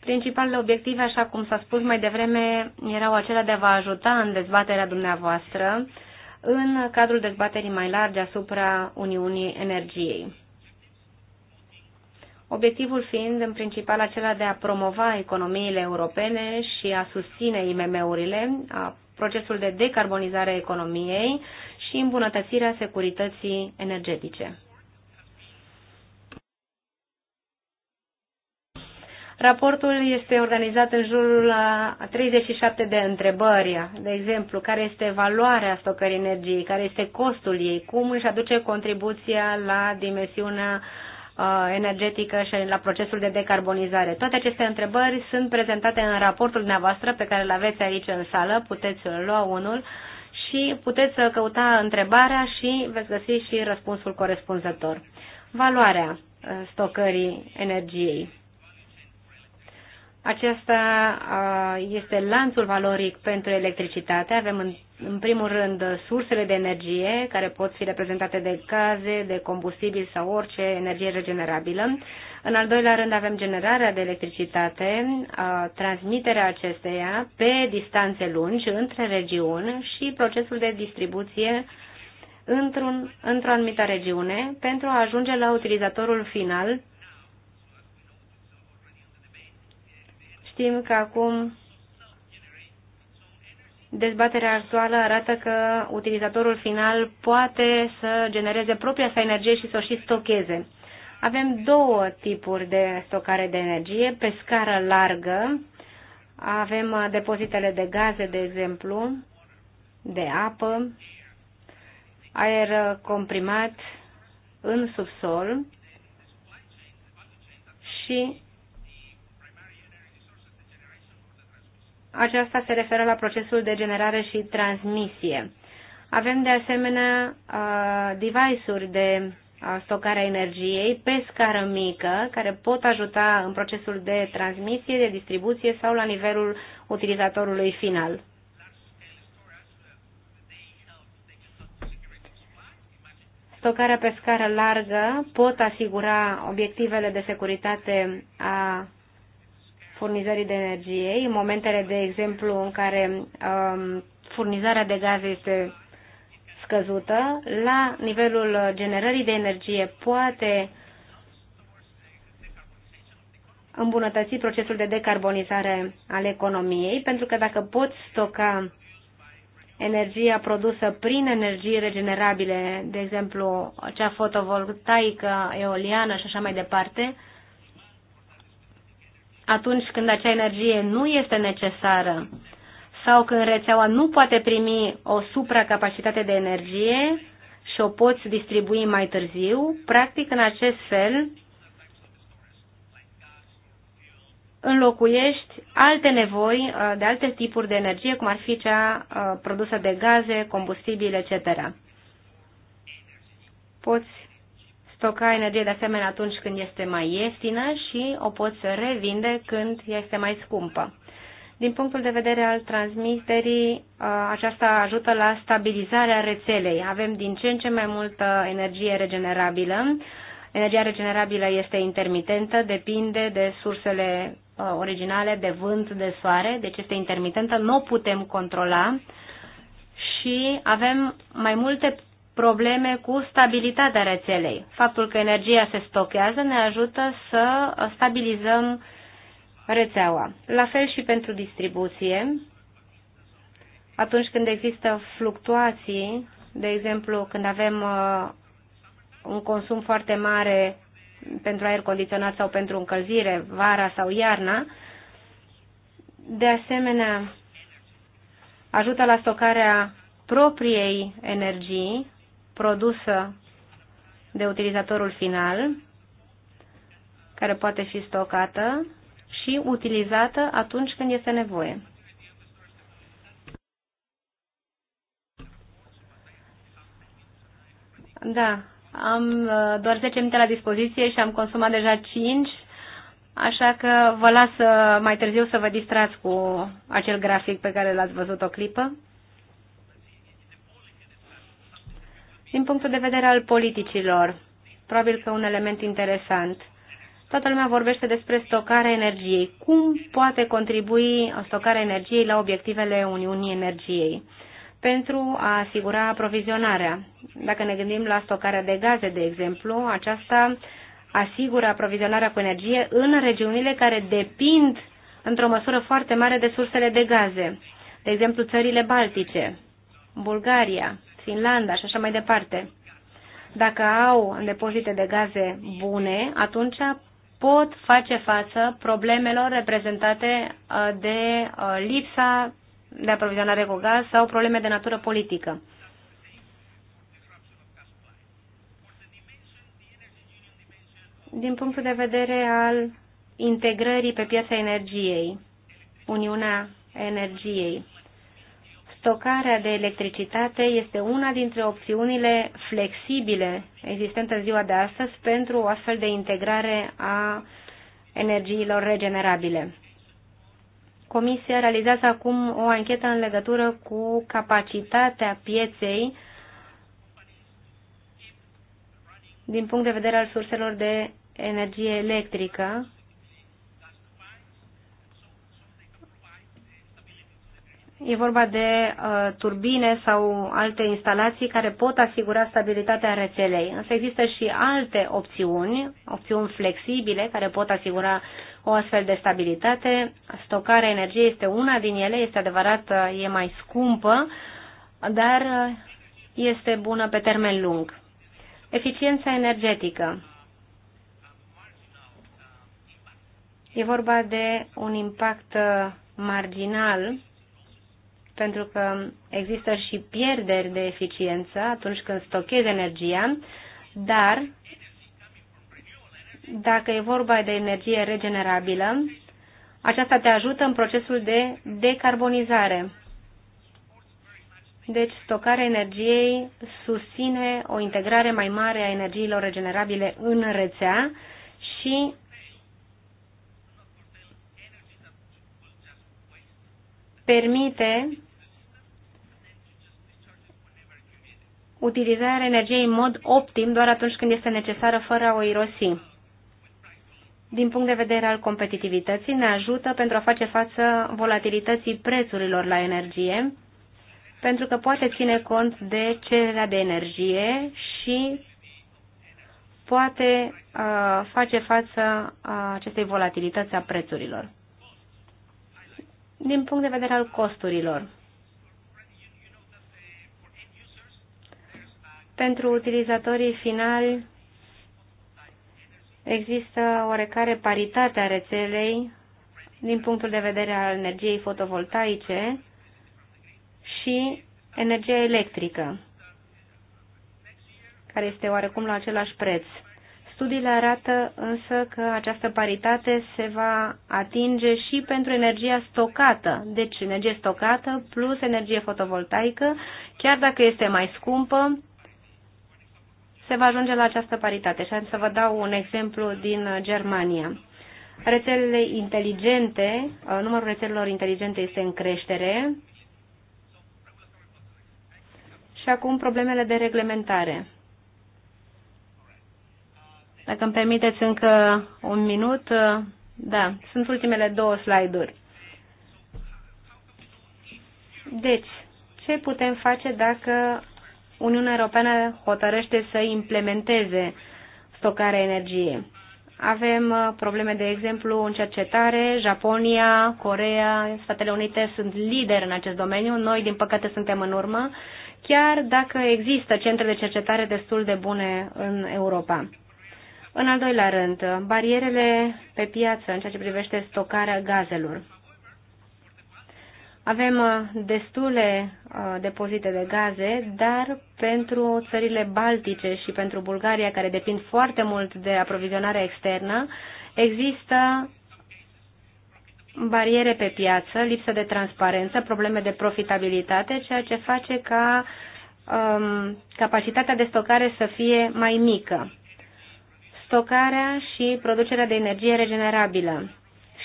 Principalele obiective, așa cum s-a spus mai devreme, erau acelea de a vă ajuta în dezbaterea dumneavoastră uh, în cadrul dezbaterii mai largi asupra Uniunii Energiei. Obiectivul fiind în principal acela de a promova economiile europene și a susține IMM-urile, procesul de decarbonizare a economiei și îmbunătățirea securității energetice. Raportul este organizat în jurul a 37 de întrebări, de exemplu, care este valoarea stocării energiei, care este costul ei, cum își aduce contribuția la dimensiunea uh, energetică și la procesul de decarbonizare. Toate aceste întrebări sunt prezentate în raportul dumneavoastră pe care îl aveți aici în sală, puteți lua unul și puteți uh, căuta întrebarea și veți găsi și răspunsul corespunzător. Valoarea uh, stocării energiei. Acesta este lanțul valoric pentru electricitate. Avem în primul rând sursele de energie care pot fi reprezentate de gaze, de combustibil sau orice energie regenerabilă. În al doilea rând avem generarea de electricitate, transmiterea acesteia pe distanțe lungi între regiuni și procesul de distribuție într-un, într-o anumită regiune pentru a ajunge la utilizatorul final Știm că acum dezbaterea actuală arată că utilizatorul final poate să genereze propria sa energie și să o și stocheze. Avem două tipuri de stocare de energie. Pe scară largă avem uh, depozitele de gaze, de exemplu, de apă, aer uh, comprimat în subsol și Aceasta se referă la procesul de generare și transmisie. Avem de asemenea uh, device-uri de uh, a energiei pe scară mică, care pot ajuta în procesul de transmisie, de distribuție sau la nivelul utilizatorului final. Stocarea pe scară largă pot asigura obiectivele de securitate a furnizării de energie, în momentele, de exemplu, în care um, furnizarea de gaze este scăzută, la nivelul generării de energie poate îmbunătăți procesul de decarbonizare al economiei, pentru că dacă poți stoca energia produsă prin energii regenerabile, de exemplu cea fotovoltaică, eoliană și așa mai departe, atunci când acea energie nu este necesară sau când rețeaua nu poate primi o supracapacitate de energie și o poți distribui mai târziu, practic în acest fel înlocuiești alte nevoi uh, de alte tipuri de energie, cum ar fi cea uh, produsă de gaze, combustibile, etc. Poți stoca energie de asemenea atunci când este mai ieftină și o poți revinde când este mai scumpă. Din punctul de vedere al transmiterii, uh, aceasta ajută la stabilizarea rețelei. Avem din ce în ce mai multă energie regenerabilă. Energia regenerabilă este intermitentă, depinde de sursele uh, originale, de vânt, de soare, deci este intermitentă, nu o putem controla și avem mai multe probleme cu stabilitatea rețelei. Faptul că energia se stochează ne ajută să stabilizăm rețeaua. La fel și pentru distribuție. Atunci când există fluctuații, de exemplu când avem uh, un consum foarte mare pentru aer condiționat sau pentru încălzire, vara sau iarna, de asemenea ajută la stocarea propriei energii produsă de utilizatorul final, care poate fi stocată și utilizată atunci când este nevoie. Da, am uh, doar 10 minute la dispoziție și am consumat deja 5, așa că vă las uh, mai târziu să vă distrați cu acel grafic pe care l-ați văzut o clipă. din punctul de vedere al politicilor, probabil că un element interesant. Toată lumea vorbește despre stocarea energiei. Cum poate contribui stocarea energiei la obiectivele Uniunii Energiei? pentru a asigura aprovizionarea. Dacă ne gândim la stocarea de gaze, de exemplu, aceasta asigură aprovizionarea cu energie în regiunile care depind într-o măsură foarte mare de sursele de gaze, de exemplu țările Baltice, Bulgaria, Finlanda și așa mai departe, dacă au depozite de gaze bune, atunci pot face față problemelor reprezentate uh, de uh, lipsa de aprovizionare cu gaz sau probleme de natură politică. Din punctul de vedere al integrării pe piața energiei, Uniunea Energiei. Stocarea de electricitate este una dintre opțiunile flexibile existente în ziua de astăzi pentru o astfel de integrare a energiilor regenerabile. Comisia realizează acum o anchetă în legătură cu capacitatea pieței din punct de vedere al surselor de energie electrică E vorba de uh, turbine sau alte instalații care pot asigura stabilitatea rețelei. Însă există și alte opțiuni, opțiuni flexibile care pot asigura o astfel de stabilitate. Stocarea energiei este una din ele, este adevărat, uh, e mai scumpă, dar uh, este bună pe termen lung. Eficiența energetică. E vorba de un impact uh, marginal pentru că există și pierderi de eficiență atunci când stochezi energia, dar dacă e vorba de energie regenerabilă, aceasta te ajută în procesul de decarbonizare. Deci, stocarea energiei susține o integrare mai mare a energiilor regenerabile în rețea și permite utilizarea energiei în mod optim doar atunci când este necesară fără a o irosi. Din punct de vedere al competitivității, ne ajută pentru a face față volatilității prețurilor la energie, pentru că poate ține cont de cererea de energie și poate uh, face față uh, acestei volatilități a prețurilor. Din punct de vedere al costurilor, Pentru utilizatorii finali există oarecare paritate a rețelei din punctul de vedere al energiei fotovoltaice și energia electrică, care este oarecum la același preț. Studiile arată însă că această paritate se va atinge și pentru energia stocată, deci energie stocată plus energie fotovoltaică, chiar dacă este mai scumpă, se va ajunge la această paritate. Și am să vă dau un exemplu din Germania. Rețelele inteligente, uh, numărul rețelelor inteligente este în creștere și acum problemele de reglementare. Dacă îmi permiteți încă un minut, uh, da, sunt ultimele două slide-uri. Deci, ce putem face dacă Uniunea Europeană hotărăște să implementeze stocarea energiei. Avem uh, probleme, de exemplu, în cercetare. Japonia, Corea, Statele Unite sunt lideri în acest domeniu. Noi, din păcate, suntem în urmă, chiar dacă există centre de cercetare destul de bune în Europa. În al doilea rând, barierele pe piață în ceea ce privește stocarea gazelor. Avem uh, destule uh, depozite de gaze, dar pentru țările baltice și pentru Bulgaria, care depind foarte mult de aprovizionarea externă, există bariere pe piață, lipsă de transparență, probleme de profitabilitate, ceea ce face ca um, capacitatea de stocare să fie mai mică. Stocarea și producerea de energie regenerabilă.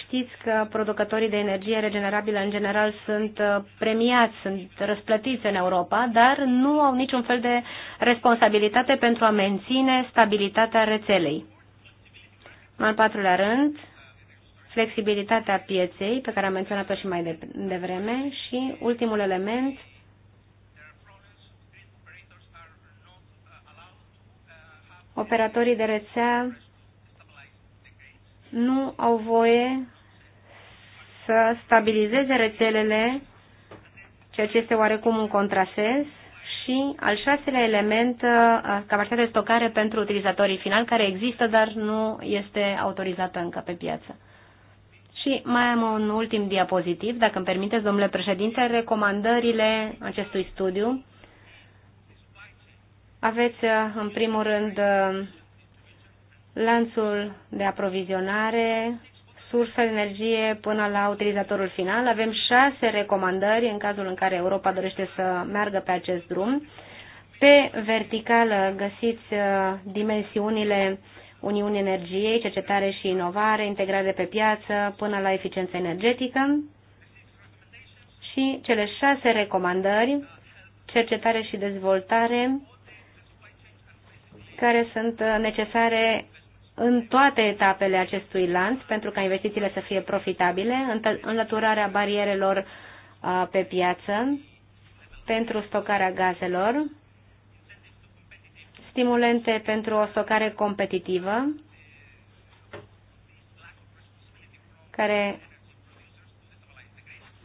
Știți că producătorii de energie regenerabilă în general sunt uh, premiați, sunt răsplătiți în Europa, dar nu au niciun fel de responsabilitate pentru a menține stabilitatea rețelei. În al patrulea rând, flexibilitatea pieței, pe care am menționat-o și mai devreme, și ultimul element, operatorii de rețea nu au voie să stabilizeze rețelele, ceea ce este oarecum un contrasens, și al șaselea element, uh, capacitatea de stocare pentru utilizatorii finali, care există, dar nu este autorizată încă pe piață. Și mai am un ultim diapozitiv, dacă îmi permiteți, domnule președinte, recomandările acestui studiu. Aveți, uh, în primul rând, uh, lanțul de aprovizionare, sursa de energie până la utilizatorul final. Avem șase recomandări în cazul în care Europa dorește să meargă pe acest drum. Pe verticală uh, găsiți uh, dimensiunile Uniunii Energiei, cercetare și inovare, integrare pe piață până la eficiență energetică și cele șase recomandări, cercetare și dezvoltare, care sunt uh, necesare în toate etapele acestui lanț pentru ca investițiile să fie profitabile, înlăturarea barierelor pe piață pentru stocarea gazelor, stimulente pentru o stocare competitivă, care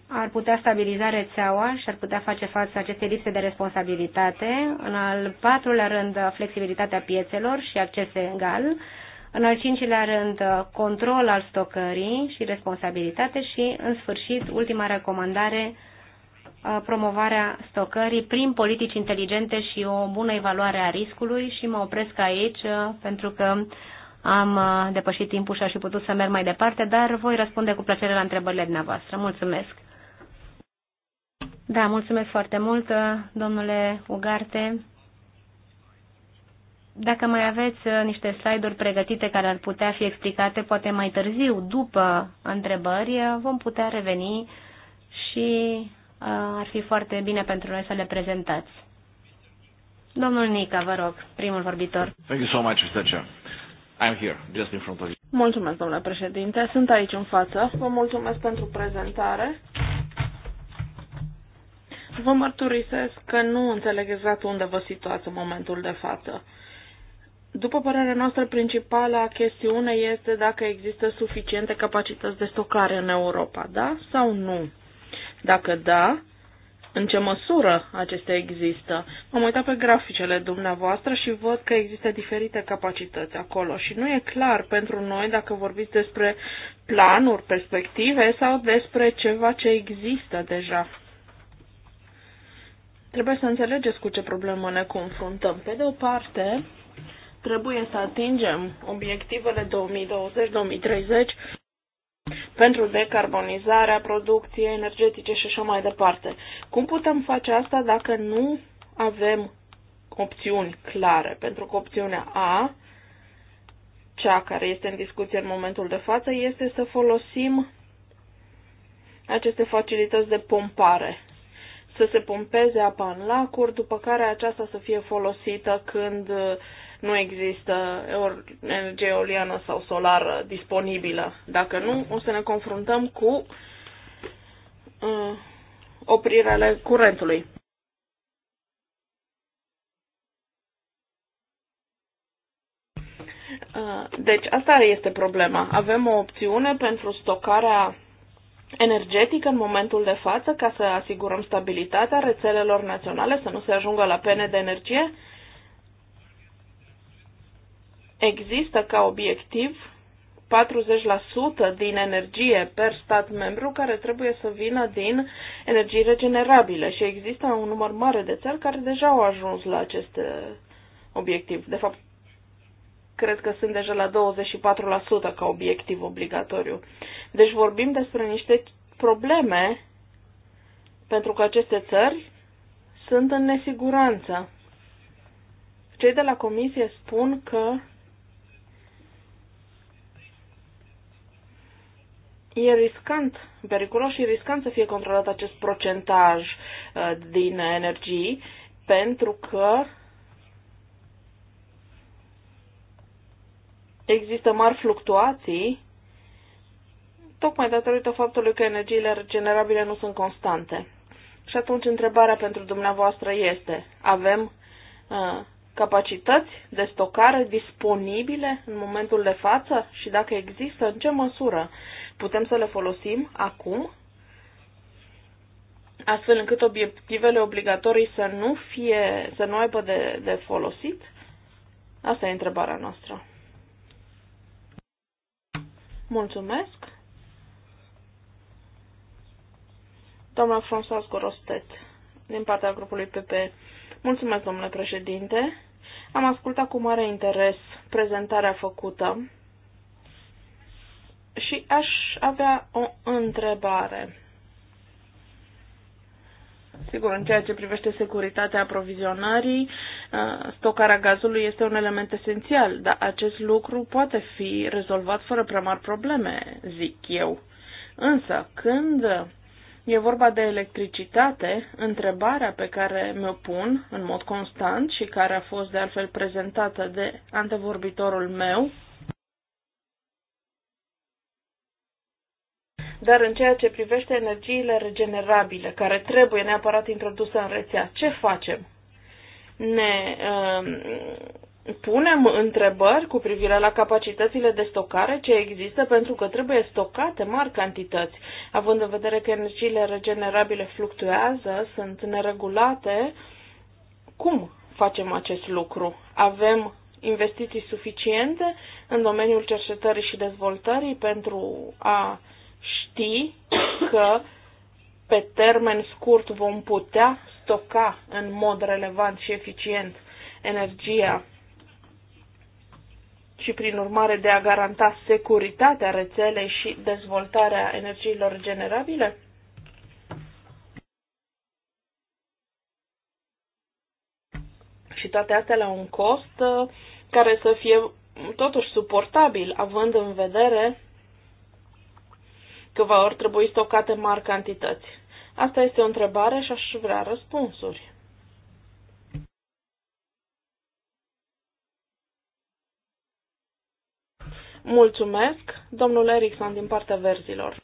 ar putea stabiliza rețeaua și ar putea face față acestei lipse de responsabilitate. În al patrulea rând, flexibilitatea piețelor și acces egal. În al cincilea rând, uh, control al stocării și responsabilitate și, în sfârșit, ultima recomandare, uh, promovarea stocării prin politici inteligente și o bună evaluare a riscului și mă opresc aici uh, pentru că am depășit timpul și aș fi putut să merg mai departe, dar voi răspunde cu plăcere la întrebările dumneavoastră. Mulțumesc! Da, mulțumesc foarte mult, domnule Ugarte. Dacă mai aveți uh, niște slide-uri pregătite care ar putea fi explicate, poate mai târziu, după întrebări, uh, vom putea reveni și uh, ar fi foarte bine pentru noi să le prezentați. Domnul Nica, vă rog, primul vorbitor. Thank you so much, Mr. Chair. I'm here, just in front of you. Mulțumesc, domnule președinte. Sunt aici în față. Vă mulțumesc pentru prezentare. Vă mărturisesc că nu înțeleg exact unde vă situați în momentul de față. După părerea noastră, principala chestiune este dacă există suficiente capacități de stocare în Europa, da sau nu? Dacă da, în ce măsură acestea există? am uitat pe graficele dumneavoastră și văd că există diferite capacități acolo și nu e clar pentru noi dacă vorbiți despre planuri, perspective sau despre ceva ce există deja. Trebuie să înțelegeți cu ce problemă ne confruntăm. Pe de o parte, Trebuie să atingem obiectivele 2020-2030 pentru decarbonizarea producției energetice și așa mai departe. Cum putem face asta dacă nu avem opțiuni clare? Pentru că opțiunea A, cea care este în discuție în momentul de față, este să folosim aceste facilități de pompare. Să se pompeze apa în lacuri, după care aceasta să fie folosită când uh, nu există energie eoliană sau solară disponibilă. Dacă nu, o să ne confruntăm cu uh, oprirea curentului. Uh, deci asta este problema. Avem o opțiune pentru stocarea energetică în momentul de față ca să asigurăm stabilitatea rețelelor naționale, să nu se ajungă la pene de energie există ca obiectiv 40% din energie per stat membru care trebuie să vină din energii regenerabile și există un număr mare de țări care deja au ajuns la acest uh, obiectiv. De fapt, cred că sunt deja la 24% ca obiectiv obligatoriu. Deci vorbim despre niște probleme pentru că aceste țări sunt în nesiguranță. Cei de la comisie spun că E riscant, periculos și riscant să fie controlat acest procentaj uh, din energii, pentru că există mari fluctuații tocmai datorită faptului că energiile regenerabile nu sunt constante. Și atunci întrebarea pentru dumneavoastră este, avem uh, capacități de stocare disponibile în momentul de față și dacă există, în ce măsură? putem să le folosim acum, astfel încât obiectivele obligatorii să nu, fie, să nu aibă de, de folosit? Asta e întrebarea noastră. Mulțumesc. Doamna François Gorostet, din partea grupului PP. Mulțumesc, domnule președinte. Am ascultat cu mare interes prezentarea făcută și aș avea o întrebare. Sigur, în ceea ce privește securitatea aprovizionării, uh, stocarea gazului este un element esențial, dar acest lucru poate fi rezolvat fără prea mari probleme, zic eu. Însă, când e vorba de electricitate, întrebarea pe care mi-o pun în mod constant și care a fost de altfel prezentată de antevorbitorul meu, Dar în ceea ce privește energiile regenerabile, care trebuie neapărat introduse în rețea, ce facem? Ne uh, punem întrebări cu privire la capacitățile de stocare ce există, pentru că trebuie stocate mari cantități, având în vedere că energiile regenerabile fluctuează, sunt neregulate. Cum facem acest lucru? Avem investiții suficiente în domeniul cercetării și dezvoltării pentru a ști că pe termen scurt vom putea stoca în mod relevant și eficient energia și prin urmare de a garanta securitatea rețelei și dezvoltarea energiilor generabile? Și toate astea la un cost uh, care să fie totuși suportabil, având în vedere câteva ori trebui stocate mari cantități? Asta este o întrebare și aș vrea răspunsuri. Mulțumesc, domnul Erickson, din partea verzilor.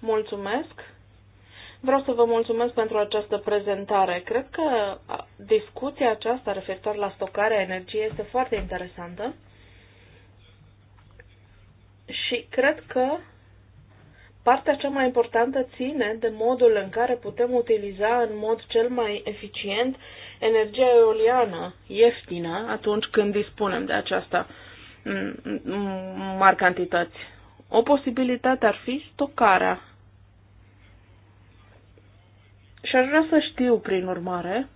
Mulțumesc. Vreau să vă mulțumesc pentru această prezentare. Cred că discuția aceasta referitor la stocarea energiei este foarte interesantă și cred că partea cea mai importantă ține de modul în care putem utiliza în mod cel mai eficient energia eoliană ieftină atunci când dispunem de aceasta mari cantități. O posibilitate ar fi stocarea și aș vrea să știu, prin urmare,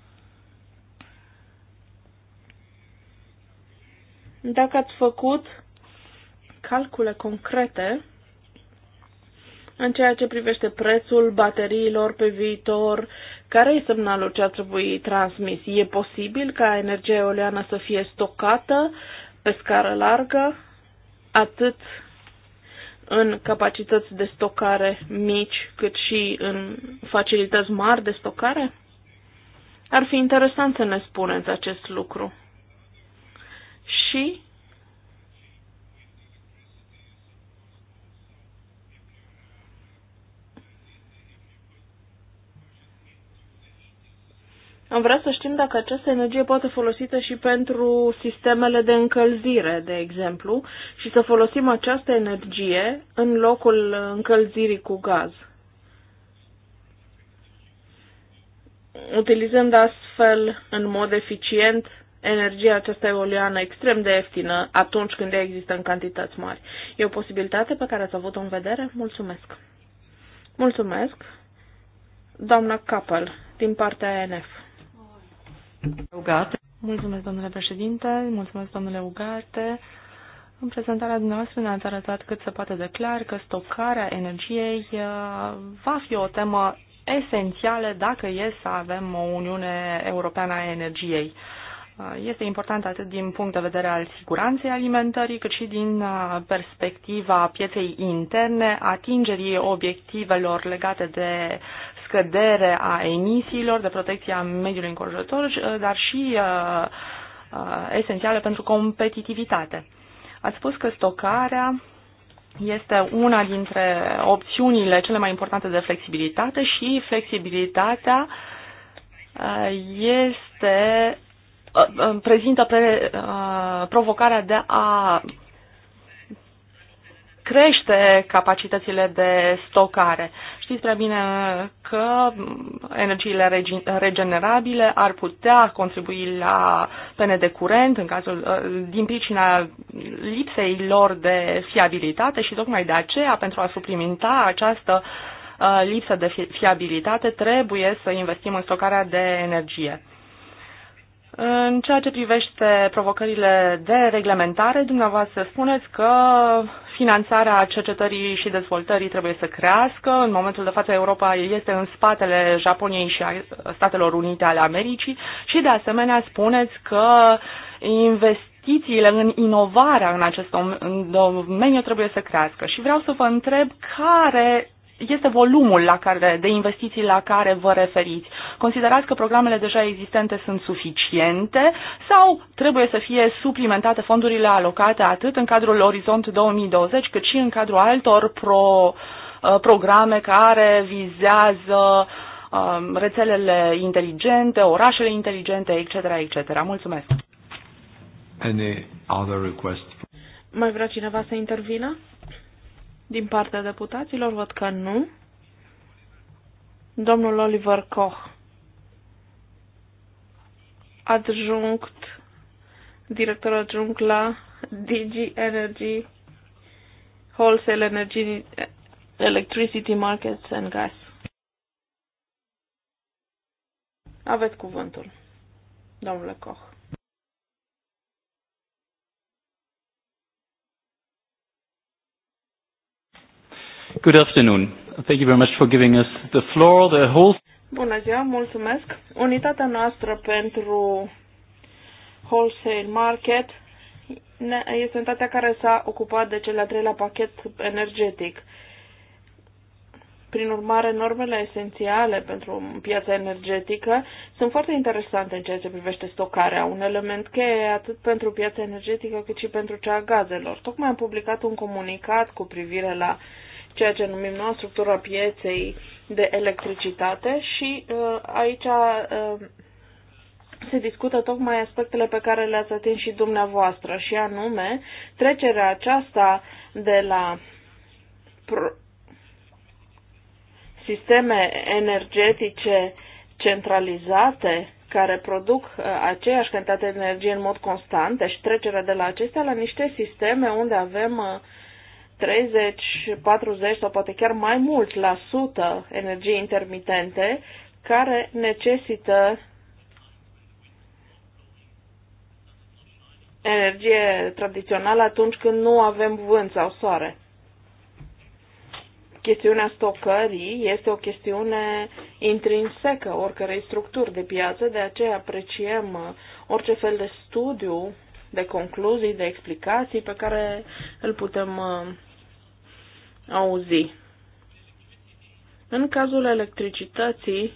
dacă ați făcut calcule concrete în ceea ce privește prețul bateriilor pe viitor, care e semnalul ce a trebui transmis? E posibil ca energia eoliană să fie stocată pe scară largă, atât în capacități de stocare mici, cât și în facilități mari de stocare? Ar fi interesant să ne spuneți acest lucru. Și Am vrea să știm dacă această energie poate folosită și pentru sistemele de încălzire, de exemplu, și să folosim această energie în locul încălzirii cu gaz. Utilizând astfel în mod eficient energia aceasta eoliană extrem de ieftină atunci când ea există în cantități mari. E o posibilitate pe care ați avut-o în vedere? Mulțumesc! Mulțumesc! Doamna Capel, din partea ANF. Mulțumesc, domnule președinte, mulțumesc, domnule Ugarte. În prezentarea dumneavoastră ne-ați arătat cât se poate de clar că stocarea energiei uh, va fi o temă esențială dacă e să avem o Uniune Europeană a Energiei. Uh, este important atât din punct de vedere al siguranței alimentării, cât și din uh, perspectiva pieței interne, atingerii obiectivelor legate de scădere a emisiilor, de protecție a mediului înconjurător, uh, dar și uh, uh, esențiale pentru competitivitate. Ați spus că stocarea este una dintre opțiunile cele mai importante de flexibilitate și flexibilitatea este prezintă pre, provocarea de a crește capacitățile de stocare. Știți prea bine că energiile regenerabile ar putea contribui la pene de curent în cazul, uh, din pricina lipsei lor de fiabilitate și tocmai de aceea, pentru a suplimenta această uh, lipsă de fiabilitate, trebuie să investim în stocarea de energie. În ceea ce privește provocările de reglementare, dumneavoastră spuneți că finanțarea cercetării și dezvoltării trebuie să crească. În momentul de față, Europa este în spatele Japoniei și Statelor Unite ale Americii și, de asemenea, spuneți că investițiile în inovarea în acest domeniu trebuie să crească. Și vreau să vă întreb care este volumul la care, de investiții la care vă referiți? Considerați că programele deja existente sunt suficiente sau trebuie să fie suplimentate fondurile alocate atât în cadrul Orizont 2020 cât și în cadrul altor pro, uh, programe care vizează um, rețelele inteligente, orașele inteligente, etc. etc. Mulțumesc! Any other request? Mai vrea cineva să intervină? Din partea deputaților văd că nu. Domnul Oliver Koch, adjunct, director adjunct la DG Energy, Wholesale Energy, Electricity Markets and Gas. Aveți cuvântul, domnule Koch. Good afternoon. Thank you very much for giving us the floor, the whole... Bună ziua, mulțumesc. Unitatea noastră pentru wholesale market este unitatea care s-a ocupat de cel de-al treilea pachet energetic. Prin urmare, normele esențiale pentru piața energetică sunt foarte interesante în ceea ce privește stocarea, un element cheie atât pentru piața energetică cât și pentru cea a gazelor. Tocmai am publicat un comunicat cu privire la uh, ceea ce numim noi structura pieței de electricitate și uh, aici uh, se discută tocmai aspectele pe care le-ați atins și dumneavoastră și anume trecerea aceasta de la sisteme energetice centralizate care produc uh, aceeași cantitate de energie în mod constant, deci trecerea de la acestea la niște sisteme unde avem uh, 30, 40 sau poate chiar mai mult la sută energie intermitente care necesită energie tradițională atunci când nu avem vânt sau soare. Chestiunea stocării este o chestiune intrinsecă oricărei structuri de piață, de aceea apreciem orice fel de studiu de concluzii, de explicații pe care îl putem uh, auzi. În cazul electricității,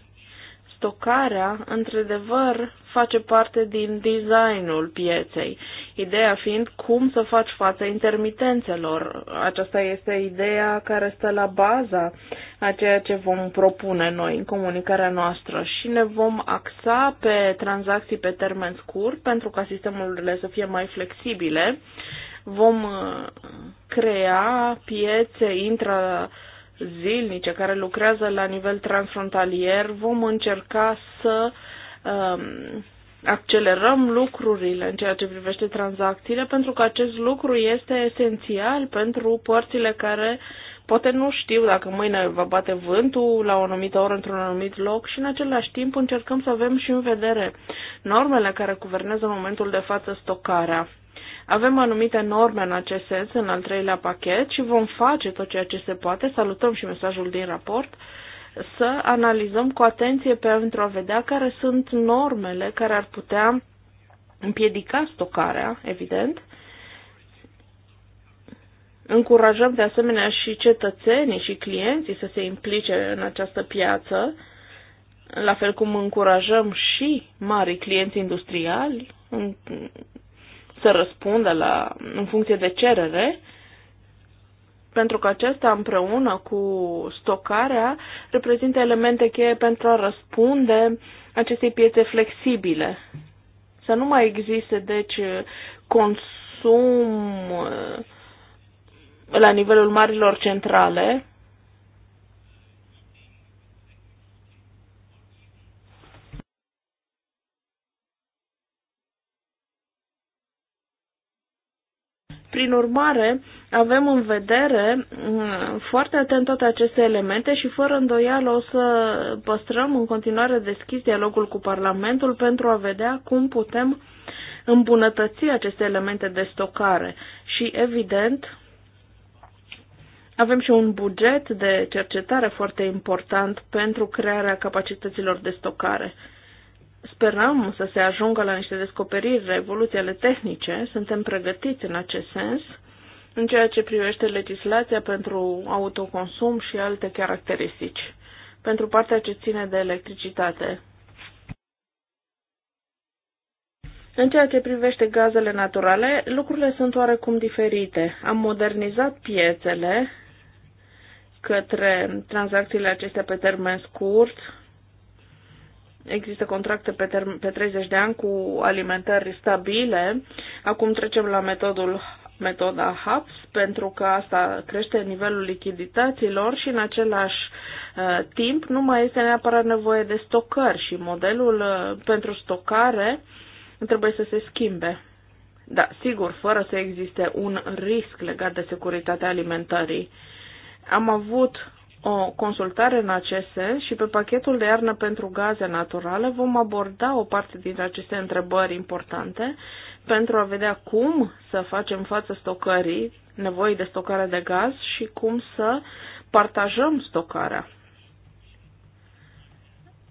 stocarea, într-adevăr, face parte din designul pieței. Ideea fiind cum să faci față intermitențelor. Aceasta este ideea care stă la baza a ceea ce vom propune noi în comunicarea noastră și ne vom axa pe tranzacții pe termen scurt pentru ca sistemurile să fie mai flexibile. Vom uh, crea piețe intra zilnice care lucrează la nivel transfrontalier, vom încerca să um, accelerăm lucrurile în ceea ce privește tranzacțiile, pentru că acest lucru este esențial pentru părțile care poate nu știu dacă mâine va bate vântul la o anumită oră într-un anumit loc și în același timp încercăm să avem și în vedere normele care guvernează în momentul de față stocarea avem anumite norme în acest sens în al treilea pachet și vom face tot ceea ce se poate, salutăm și mesajul din raport, să analizăm cu atenție pentru a vedea care sunt normele care ar putea împiedica stocarea, evident. Încurajăm de asemenea și cetățenii și clienții să se implice în această piață, la fel cum încurajăm și mari clienți industriali să răspundă la, în funcție de cerere, pentru că acesta împreună cu stocarea reprezintă elemente cheie pentru a răspunde acestei piețe flexibile. Să nu mai existe, deci, consum uh, la nivelul marilor centrale, Prin urmare, avem în vedere mm, foarte atent toate aceste elemente și fără îndoială o să păstrăm în continuare deschis dialogul cu Parlamentul pentru a vedea cum putem îmbunătăți aceste elemente de stocare. Și, evident, avem și un buget de cercetare foarte important pentru crearea capacităților de stocare. Sperăm să se ajungă la niște descoperiri revoluții ale tehnice, suntem pregătiți în acest sens, în ceea ce privește legislația pentru autoconsum și alte caracteristici, pentru partea ce ține de electricitate. În ceea ce privește gazele naturale, lucrurile sunt oarecum diferite. Am modernizat piețele către tranzacțiile acestea pe termen scurt, Există contracte pe, term- pe 30 de ani cu alimentări stabile. Acum trecem la metodul metoda HAPS pentru că asta crește nivelul lichidităților și în același uh, timp nu mai este neapărat nevoie de stocări și modelul uh, pentru stocare trebuie să se schimbe. Da, sigur, fără să existe un risc legat de securitatea alimentării. Am avut o consultare în acest sens și pe pachetul de iarnă pentru gaze naturale vom aborda o parte dintre aceste întrebări importante pentru a vedea cum să facem față stocării, nevoii de stocare de gaz și cum să partajăm stocarea.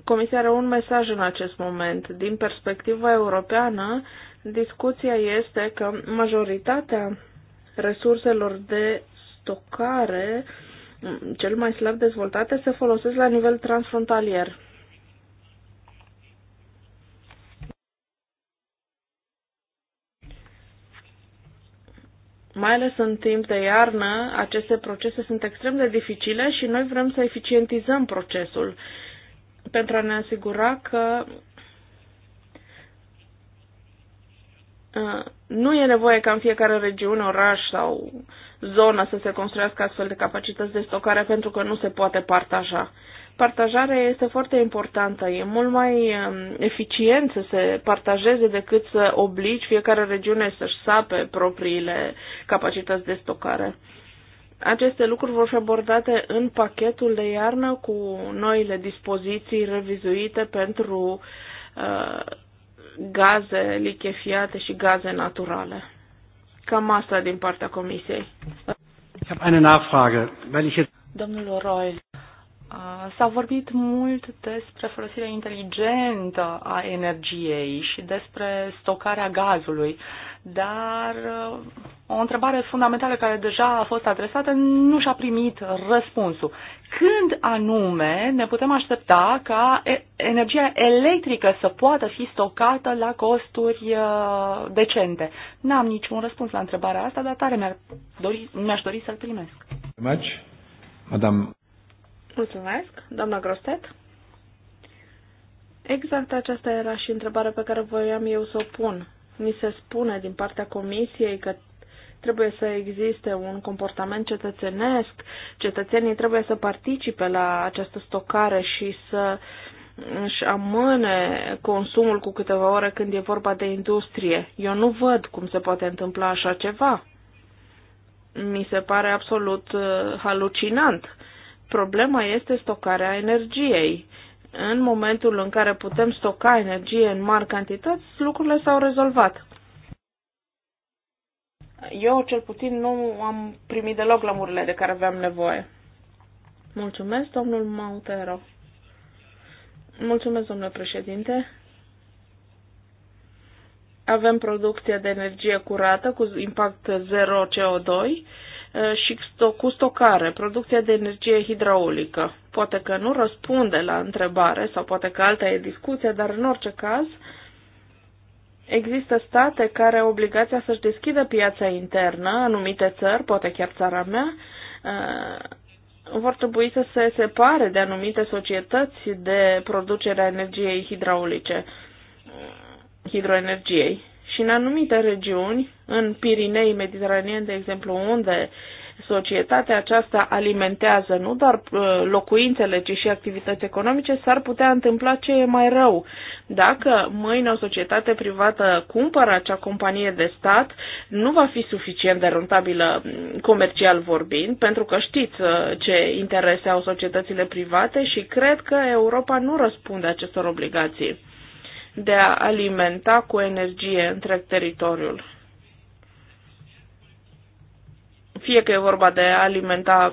Comisia are un mesaj în acest moment. Din perspectiva europeană, discuția este că majoritatea resurselor de stocare uh, cel mai slab dezvoltate se folosesc la nivel transfrontalier. Mai ales în timp de iarnă, aceste procese sunt extrem de dificile și noi vrem să eficientizăm procesul pentru a ne asigura că uh, nu e nevoie ca în fiecare regiune, oraș sau uh, zona să se construiască astfel de capacități de stocare pentru că nu se poate partaja. Partajarea este foarte importantă. E mult mai um, eficient să se partajeze decât să obligi fiecare regiune să-și sape propriile capacități de stocare. Aceste lucruri vor fi abordate în pachetul de iarnă cu noile dispoziții revizuite pentru uh, gaze lichefiate și gaze naturale. Cam asta din partea Comisiei. Domnul Roy, Uh, s-a vorbit mult despre folosirea inteligentă a energiei și despre stocarea gazului, dar uh, o întrebare fundamentală care deja a fost adresată nu și-a primit răspunsul. Când anume ne putem aștepta ca energia electrică să poată fi stocată la costuri uh, decente? N-am niciun răspuns la întrebarea asta, dar tare mi-aș dori, mi dori să-l primesc. Madame Mulțumesc, doamna Grostet. Exact aceasta era și întrebarea pe care voiam eu să o pun. Mi se spune din partea comisiei că trebuie să existe un comportament cetățenesc, cetățenii trebuie să participe la această stocare și să își amâne consumul cu câteva ore când e vorba de industrie. Eu nu văd cum se poate întâmpla așa ceva. Mi se pare absolut uh, halucinant Problema este stocarea energiei. În momentul în care putem stoca energie în mari cantități, lucrurile s-au rezolvat. Eu, cel puțin, nu am primit deloc lămurile de care aveam nevoie. Mulțumesc, domnul Mautero. Mulțumesc, domnule președinte. Avem producție de energie curată cu impact zero CO2 Uh, și cu stocare, producția de energie hidraulică. Poate că nu răspunde la întrebare sau poate că alta e discuția, dar în orice caz există state care au obligația să-și deschidă piața internă, anumite țări, poate chiar țara mea, uh, vor trebui să se separe de anumite societăți de producerea energiei hidraulice, hidroenergiei. Și în anumite regiuni, în Pirinei mediteranei, de exemplu, unde societatea aceasta alimentează nu doar uh, locuințele, ci și activități economice, s-ar putea întâmpla ce e mai rău. Dacă mâine o societate privată cumpără acea companie de stat, nu va fi suficient de rentabilă mm, comercial vorbind, pentru că știți uh, ce interese au societățile private și cred că Europa nu răspunde acestor obligații de a alimenta cu energie întreg teritoriul. Fie că e vorba de a alimenta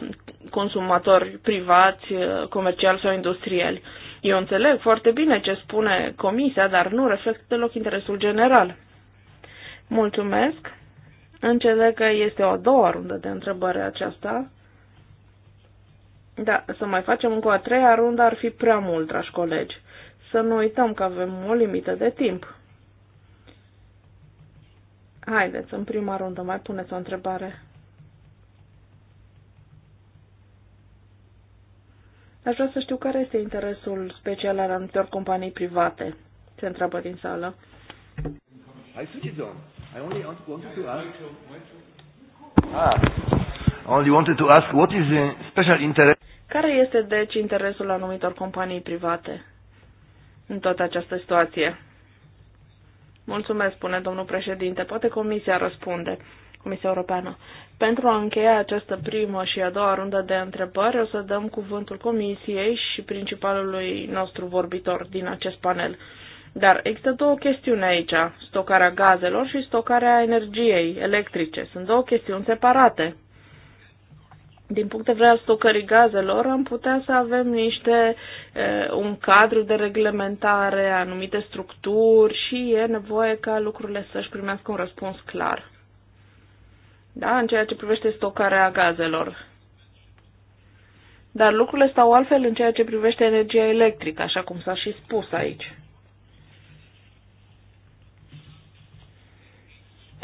consumatori privați, comerciali sau industriali. Eu înțeleg foarte bine ce spune comisia, dar nu reflectă deloc interesul general. Mulțumesc. Înțeleg că este o a doua rundă de întrebare aceasta. Da, să mai facem încă o a treia rundă ar fi prea mult, dragi colegi să nu uităm că avem o limită de timp. Haideți, în prima rundă, mai puneți o întrebare. Aș vrea să știu care este interesul special al anumitor companii private, se întreabă din sală. I switched on. I only wanted to ask. Ah, only wanted to ask what is the special interest. Care este deci interesul anumitor companii private? în toată această situație. Mulțumesc, spune domnul președinte. Poate comisia răspunde, Comisia Europeană. Pentru a încheia această primă și a doua rundă de întrebări, o să dăm cuvântul comisiei și principalului nostru vorbitor din acest panel. Dar există două chestiuni aici, stocarea gazelor și stocarea energiei electrice. Sunt două chestiuni separate din punct de vedere al stocării gazelor, am putea să avem niște, un cadru de reglementare, anumite structuri și e nevoie ca lucrurile să-și primească un răspuns clar. Da, în ceea ce privește stocarea gazelor. Dar lucrurile stau altfel în ceea ce privește energia electrică, așa cum s-a și spus aici.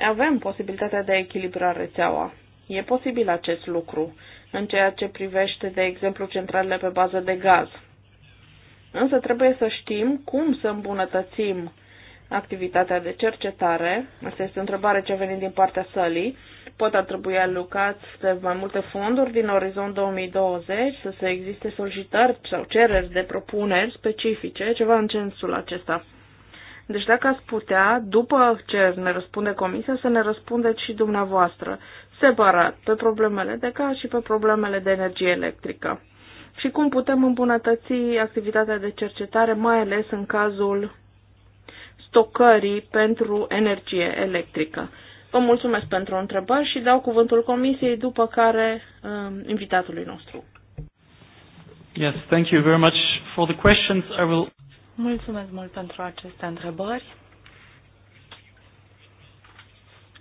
Avem posibilitatea de a echilibra rețeaua. E posibil acest lucru în ceea ce privește, de exemplu, centralele pe bază de gaz. Însă trebuie să știm cum să îmbunătățim activitatea de cercetare. Asta este o întrebare ce a venit din partea sălii. Pot ar trebui alocați mai multe fonduri din orizont 2020, să se existe solicitări sau cereri de propuneri specifice, ceva în sensul acesta. Deci dacă ați putea, după ce ne răspunde comisia, să ne răspundeți și dumneavoastră separat pe problemele de gaz și pe problemele de energie electrică și cum putem îmbunătăți activitatea de cercetare, mai ales în cazul stocării pentru energie electrică. Vă mulțumesc pentru întrebări și dau cuvântul comisiei, după care uh, invitatului nostru. Yes, thank you very much for the questions. I will... Mulțumesc mult pentru aceste întrebări.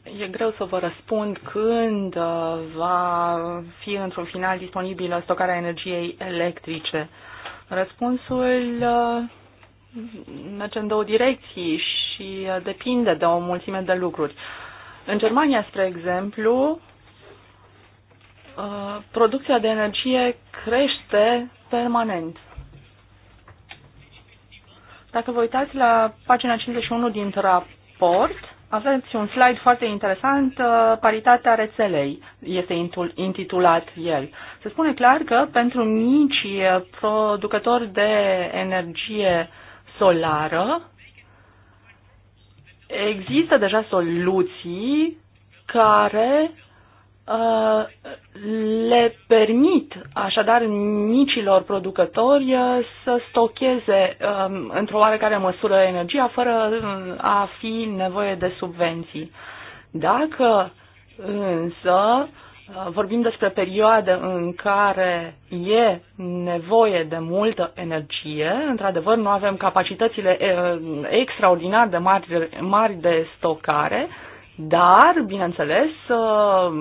E greu să vă răspund când uh, va fi într-un final disponibilă stocarea energiei electrice. Răspunsul uh, merge în două direcții și uh, depinde de o mulțime de lucruri. În Germania, spre exemplu, producția de energie crește permanent. Dacă vă uitați la pagina 51 din raport, aveți un slide foarte interesant, uh, paritatea rețelei este intitulat el. Se spune clar că pentru mici uh, producători de energie solară există deja soluții care Uh, le permit așadar micilor producători uh, să stocheze um, într-o oarecare măsură energia fără uh, a fi nevoie de subvenții. Dacă însă vorbim despre perioade în care e nevoie de multă energie, într-adevăr nu avem capacitățile extraordinar de mari, mari de stocare, dar, bineînțeles, ă,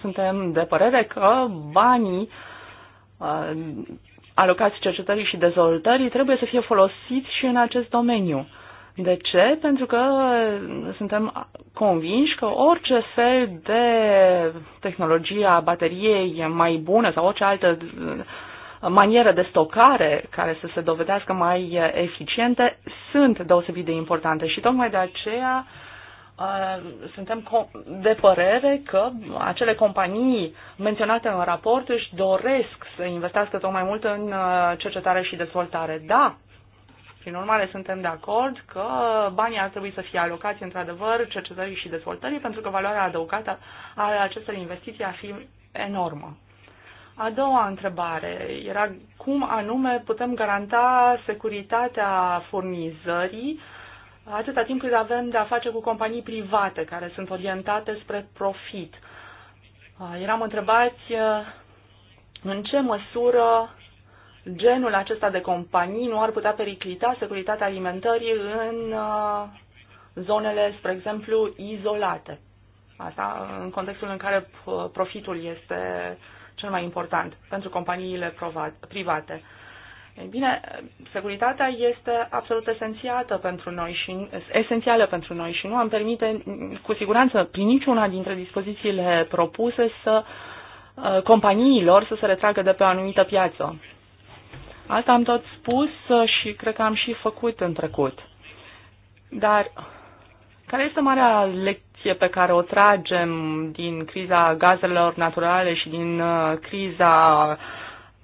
suntem de părere că banii ă, alocați cercetării și dezvoltării trebuie să fie folosiți și în acest domeniu. De ce? Pentru că suntem convinși că orice fel de tehnologie a bateriei mai bună sau orice altă ă, manieră de stocare care să se dovedească mai eficiente sunt deosebit de importante și tocmai de aceea uh, Uh, suntem de părere că acele companii menționate în raport își doresc să investească tot mai mult în uh, cercetare și dezvoltare. Da, prin urmare suntem de acord că banii ar trebui să fie alocați într-adevăr cercetării și dezvoltării pentru că valoarea adăugată a acestor investiții ar fi enormă. A doua întrebare era cum anume putem garanta securitatea furnizării atâta timp cât avem de-a face cu companii private care sunt orientate spre profit. Uh, eram întrebați uh, în ce măsură genul acesta de companii nu ar putea periclita securitatea alimentării în uh, zonele, spre exemplu, izolate. Asta în contextul în care profitul este cel mai important pentru companiile private. Ei bine, securitatea este absolut esențială pentru noi și esențială pentru noi și nu am permite cu siguranță prin niciuna dintre dispozițiile propuse să uh, companiilor să se retragă de pe o anumită piață. Asta am tot spus și cred că am și făcut în trecut. Dar care este marea lecție pe care o tragem din criza gazelor naturale și din uh, criza uh,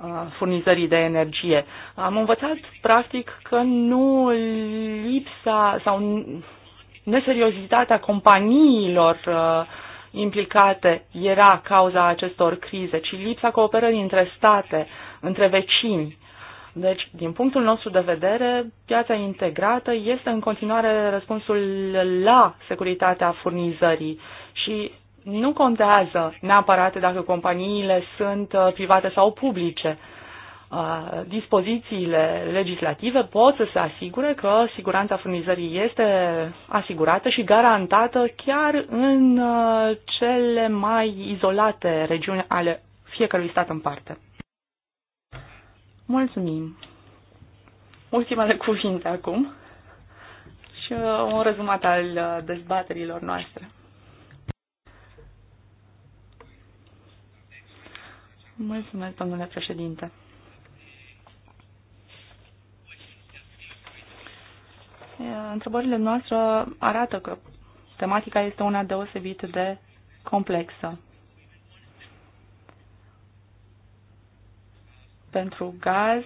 Uh, furnizării de energie. Am învățat, practic, că nu lipsa sau neseriozitatea companiilor uh, implicate era cauza acestor crize, ci lipsa cooperării între state, între vecini. Deci, din punctul nostru de vedere, piața integrată este în continuare răspunsul la securitatea furnizării și nu contează neapărat dacă companiile sunt uh, private sau publice. Uh, dispozițiile legislative pot să se asigure că siguranța furnizării este asigurată și garantată chiar în uh, cele mai izolate regiuni ale fiecărui stat în parte. Mulțumim! Ultimele cuvinte acum și un rezumat al dezbaterilor noastre. Mulțumesc, domnule președinte. Întrebările noastre arată că tematica este una deosebit de complexă. Pentru gaz,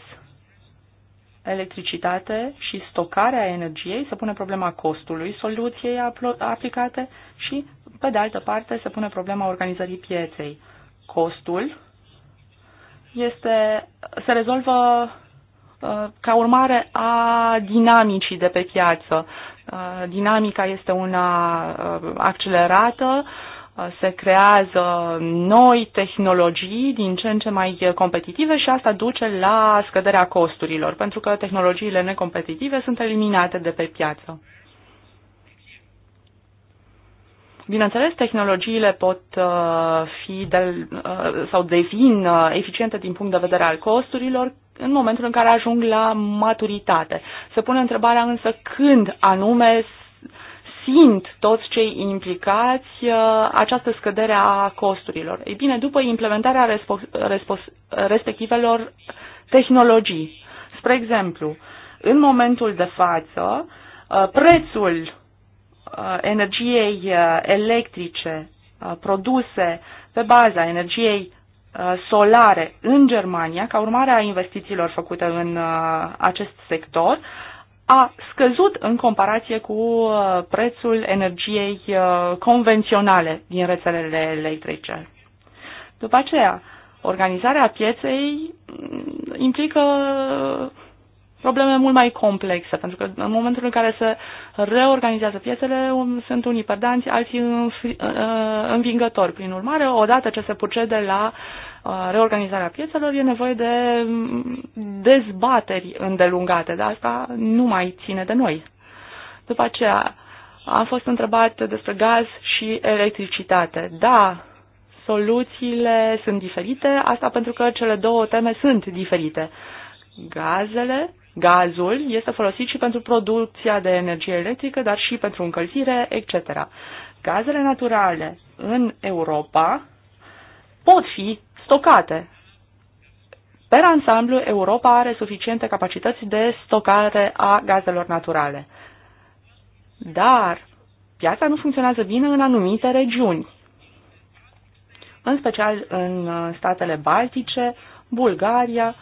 electricitate și stocarea energiei, se pune problema costului soluției aplicate și, pe de altă parte, se pune problema organizării pieței. Costul este, se rezolvă uh, ca urmare a dinamicii de pe piață. Uh, dinamica este una uh, accelerată, se creează noi tehnologii din ce în ce mai competitive și asta duce la scăderea costurilor, pentru că tehnologiile necompetitive sunt eliminate de pe piață. Bineînțeles, tehnologiile pot uh, fi de, uh, sau devin uh, eficiente din punct de vedere al costurilor în momentul în care ajung la maturitate. Se pune întrebarea însă când anume simt toți cei implicați această scădere a costurilor. Ei bine, după implementarea respectivelor tehnologii. Spre exemplu, în momentul de față, prețul Uh, energiei uh, electrice uh, produse pe baza energiei solare în Germania, ca urmare a investițiilor făcute în acest sector, a scăzut în comparație cu prețul energiei convenționale din rețelele electrice. După aceea, organizarea pieței mm, implică probleme mult mai complexe, pentru că în momentul în care se reorganizează piețele, sunt unii perdanți, alții uh, uh, învingători. Prin urmare, odată ce se procede la uh, reorganizarea piețelor, e nevoie de mm, dezbateri îndelungate, dar asta nu mai ține de noi. După aceea, am fost întrebat despre gaz și electricitate. Da, soluțiile sunt diferite, asta pentru că cele două teme sunt diferite. Gazele Gazul este folosit și pentru producția de energie electrică, dar și pentru încălzire, etc. Gazele naturale în Europa pot fi stocate. Per ansamblu, Europa are suficiente capacități de stocare a gazelor naturale. Dar piața nu funcționează bine în anumite regiuni, în special în uh, statele baltice, Bulgaria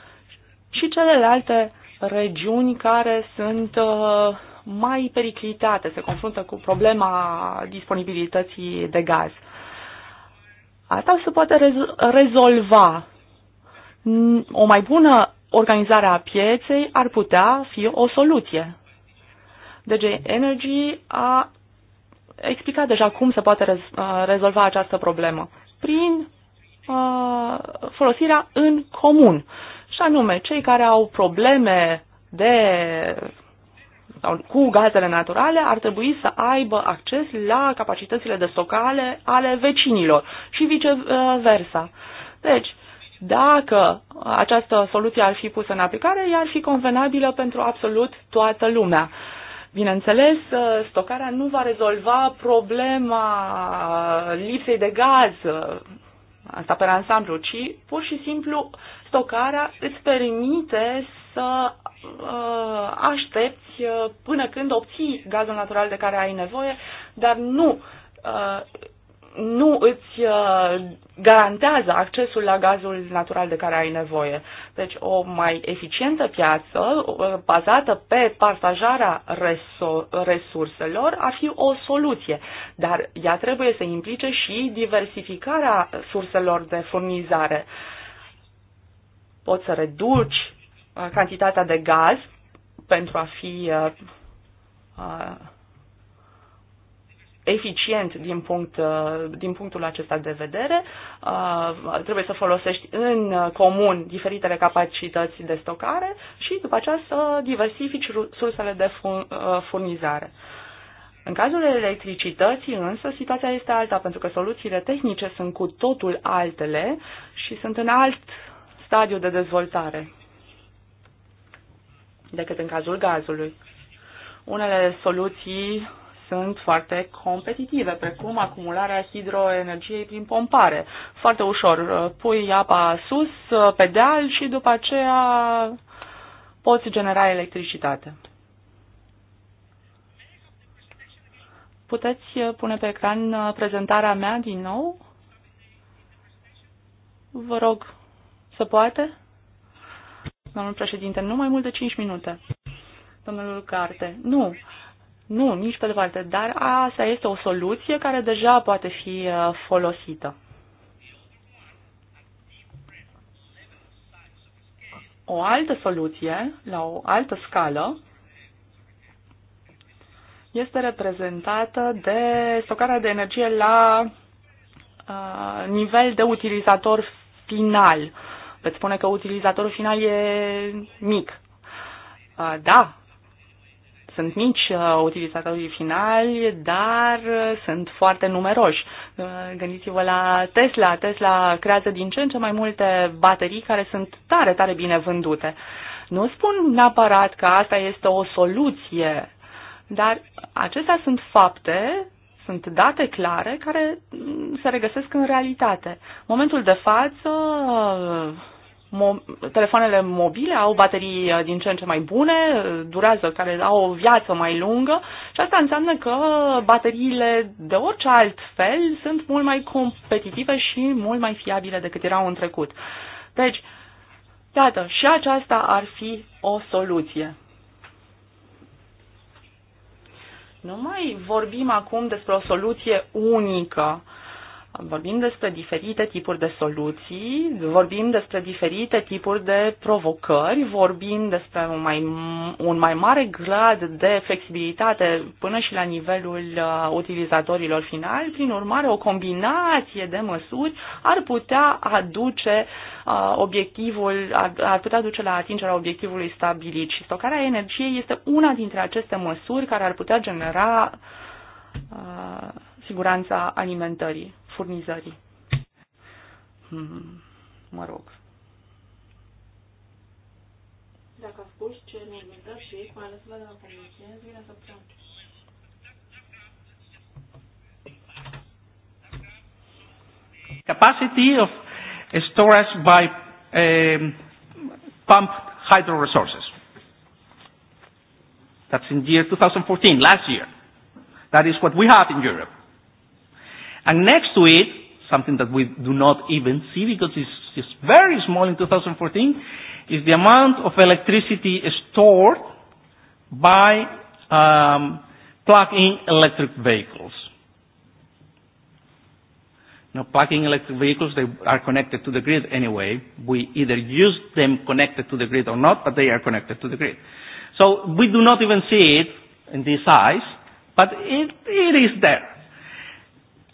și celelalte regiuni care sunt uh, mai periclitate, se confruntă cu problema disponibilității de gaz. Asta se poate rezolva. O mai bună organizare a pieței ar putea fi o soluție. DG deci, Energy a explicat deja cum se poate uh, rezolva această problemă. Prin uh, folosirea în comun și anume cei care au probleme de sau cu gazele naturale ar trebui să aibă acces la capacitățile de stocare ale vecinilor și viceversa. Deci, dacă această soluție ar fi pusă în aplicare, ea ar fi convenabilă pentru absolut toată lumea. Bineînțeles, stocarea nu va rezolva problema lipsei de gaz, asta pe ansamblu, ci pur și simplu stocarea îți permite să uh, aștepți uh, până când obții gazul natural de care ai nevoie, dar nu uh, nu îți uh, garantează accesul la gazul natural de care ai nevoie. Deci o mai eficientă piață uh, bazată pe partajarea resurselor ar fi o soluție, dar ea trebuie să implice și diversificarea surselor de furnizare. Uh, Poți să reduci uh, cantitatea de gaz pentru a fi uh, uh, eficient din, punct, din punctul acesta de vedere. Trebuie să folosești în comun diferitele capacități de stocare și după aceea să diversifici sursele de furnizare. În cazul electricității însă situația este alta pentru că soluțiile tehnice sunt cu totul altele și sunt în alt stadiu de dezvoltare decât în cazul gazului. Unele soluții sunt foarte competitive, precum acumularea hidroenergiei prin pompare. Foarte ușor, pui apa sus, pe deal și după aceea poți genera electricitate. Puteți pune pe ecran prezentarea mea din nou? Vă rog se poate? Domnul președinte, nu mai mult de 5 minute. Domnul Carte, nu. Nu, nici pe departe, dar asta este o soluție care deja poate fi uh, folosită. O altă soluție, la o altă scală, este reprezentată de stocarea de energie la uh, nivel de utilizator final. Uh, veți spune că utilizatorul final e mic. Uh, da, sunt mici uh, utilizatorii finali, dar uh, sunt foarte numeroși. Gândiți-vă la Tesla. Tesla creează din ce în ce mai multe baterii care sunt tare, tare bine vândute. Nu spun neapărat că asta este o soluție, dar acestea sunt fapte sunt date clare care se regăsesc în realitate. În momentul de față, mo- telefoanele mobile au baterii uh, din ce în ce mai bune, uh, durează, care au o viață mai lungă și asta înseamnă că bateriile de orice alt fel sunt mult mai competitive și mult mai fiabile decât erau în trecut. Deci, iată, și aceasta ar fi o soluție. Nu mai vorbim acum despre o soluție unică Vorbim despre diferite tipuri de soluții, vorbim despre diferite tipuri de provocări, vorbim despre un mai, un mai mare grad de flexibilitate până și la nivelul uh, utilizatorilor finali. Prin urmare, o combinație de măsuri ar putea aduce uh, obiectivul, ar, ar putea duce la atingerea obiectivului stabilit și stocarea energiei este una dintre aceste măsuri care ar putea genera uh, siguranța alimentării furnizării. Hmm, mă rog. Dacă a spus ce ne limită și mai ales la comisie, îți vine să putem. Capacity of storage by um, pump hydro resources. That's in year 2014, last year. That is what we have in Europe. And next to it, something that we do not even see because it's, it's very small in 2014, is the amount of electricity stored by um, plug-in electric vehicles. Now, plug-in electric vehicles, they are connected to the grid anyway. We either use them connected to the grid or not, but they are connected to the grid. So we do not even see it in this size, but it, it is there.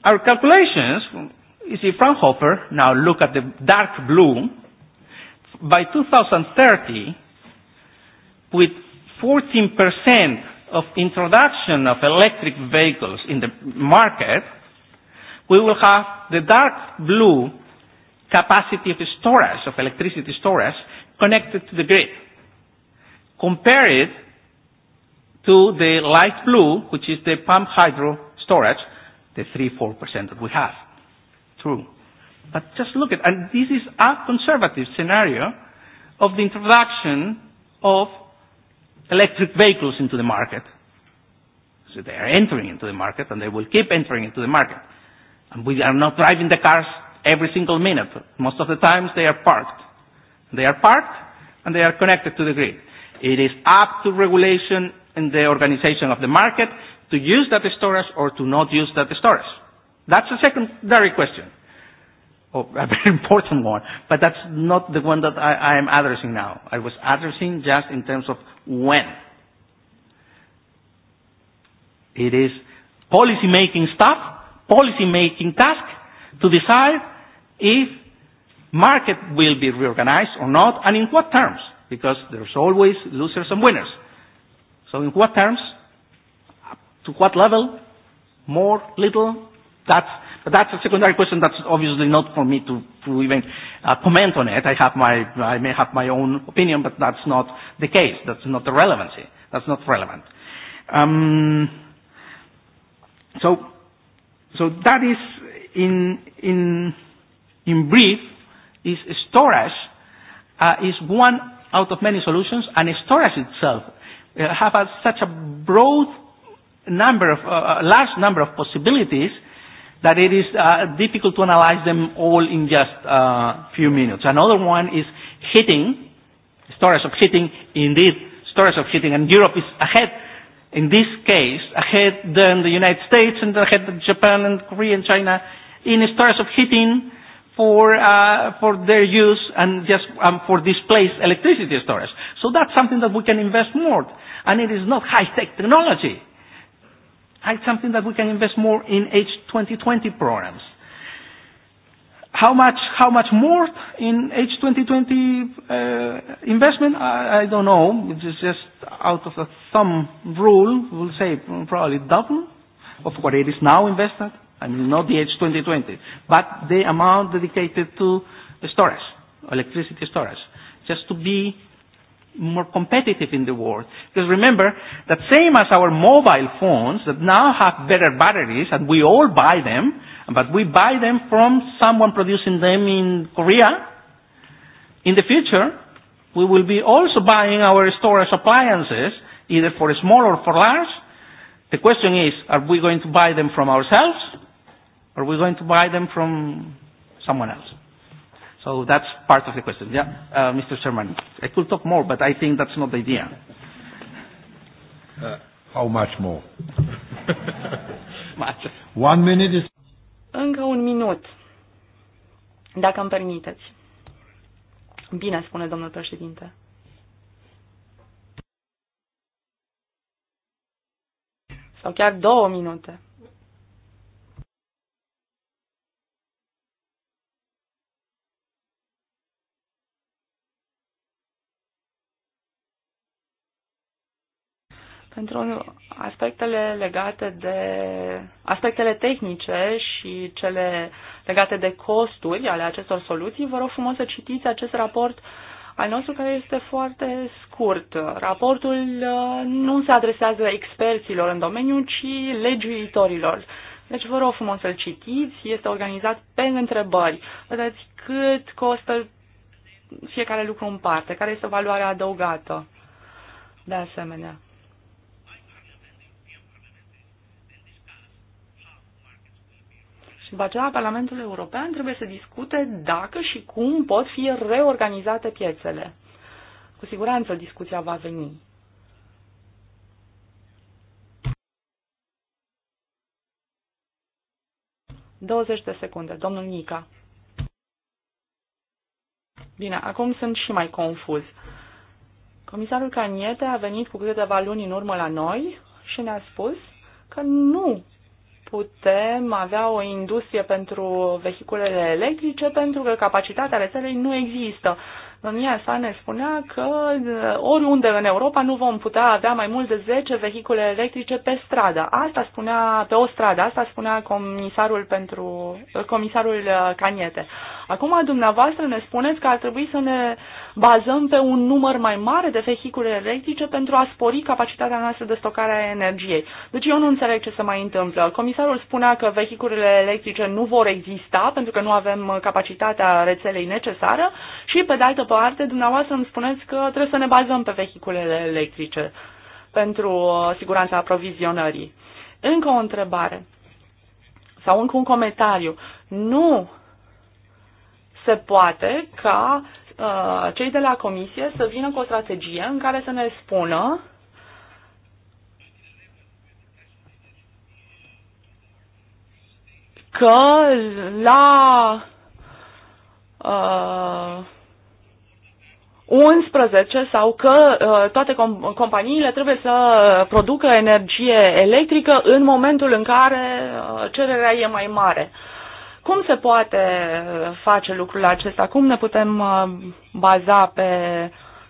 Our calculations, you see, Fraunhofer now look at the dark blue. By 2030, with 14% of introduction of electric vehicles in the market, we will have the dark blue capacity of storage, of electricity storage, connected to the grid. Compare it to the light blue, which is the pump hydro storage, the 3-4% that we have. True. But just look at, and this is a conservative scenario of the introduction of electric vehicles into the market. So they are entering into the market and they will keep entering into the market. And we are not driving the cars every single minute. Most of the times they are parked. They are parked and they are connected to the grid. It is up to regulation and the organization of the market to use that storage or to not use that storage? That's a secondary question, or oh, a very <laughs> important one, but that's not the one that I, I am addressing now. I was addressing just in terms of when. It is policy making stuff, policy making task to decide if market will be reorganized or not and in what terms, because there's always losers and winners. So in what terms To what level? More? Little? That's, that's a secondary question. That's obviously not for me to, to even uh, comment on it. I, have my, I may have my own opinion, but that's not the case. That's not the relevancy. That's not relevant. Um, so, so that is in, in, in brief, is storage uh, is one out of many solutions, and storage itself uh, have a, such a broad number of, uh, a uh, large number of possibilities that it is uh, difficult to analyze them all in just a uh, few minutes. Another one is heating, storage of heating, indeed, storage of heating, and Europe is ahead in this case, ahead than the United States and ahead of Japan and Korea and China in storage of heating for, uh, for their use and just um, for displaced electricity storage. So that's something that we can invest more. And it is not high-tech technology. It's something that we can invest more in H2020 programs. How much, how much more in H2020 uh, investment? I, I don't know. It's just out of the thumb rule, we'll say probably double of what it is now invested. I mean, not the H2020, but the amount dedicated to storage, electricity storage, just to be more competitive in the world. Because remember that same as our mobile phones that now have better batteries and we all buy them, but we buy them from someone producing them in Korea, in the future we will be also buying our storage appliances either for small or for large. The question is, are we going to buy them from ourselves or are we going to buy them from someone else? So that's part of the question. Yeah, uh, Mr. Chairman, I could talk more, but I think that's not the idea. Uh, how much more? <laughs> much. One minute is... Încă un minut, dacă îmi permiteți. Bine, spune domnul președinte. Sau chiar două minute. pentru aspectele legate de aspectele tehnice și cele legate de costuri ale acestor soluții, vă rog frumos să citiți acest raport al nostru care este foarte scurt. Raportul uh, nu se adresează experților în domeniu, ci legiuitorilor. Deci vă rog frumos să-l citiți, este organizat pe întrebări. Vedeți cât costă fiecare lucru în parte, care este valoarea adăugată. De asemenea. după aceea Parlamentul European trebuie să discute dacă și cum pot fi reorganizate piețele. Cu siguranță discuția va veni. Douăzeci de secunde. Domnul Nica. Bine, acum sunt și mai confuz. Comisarul Caniete a venit cu câteva luni în urmă la noi și ne-a spus că nu putem avea o industrie pentru vehiculele electrice pentru că capacitatea rețelei nu există. Domnia sa ne spunea că uh, oriunde în Europa nu vom putea avea mai mult de 10 vehicule electrice pe stradă. Asta spunea, pe o stradă, asta spunea comisarul, pentru, uh, comisarul uh, Caniete. Acum dumneavoastră ne spuneți că ar trebui să ne bazăm pe un număr mai mare de vehicule electrice pentru a spori capacitatea noastră de stocare a energiei. Deci eu nu înțeleg ce se mai întâmplă. Comisarul spunea că vehiculele electrice nu vor exista pentru că nu avem capacitatea rețelei necesară și, pe de altă parte, dumneavoastră îmi spuneți că trebuie să ne bazăm pe vehiculele electrice pentru uh, siguranța aprovizionării. Încă o întrebare sau încă un comentariu. Nu se poate ca Uh, cei de la comisie să vină cu o strategie în care să ne spună că la uh, 11 sau că uh, toate com- companiile trebuie să producă energie electrică în momentul în care uh, cererea e mai mare. Uh, cum se poate uh, face lucrul acesta? Cum ne putem uh, baza pe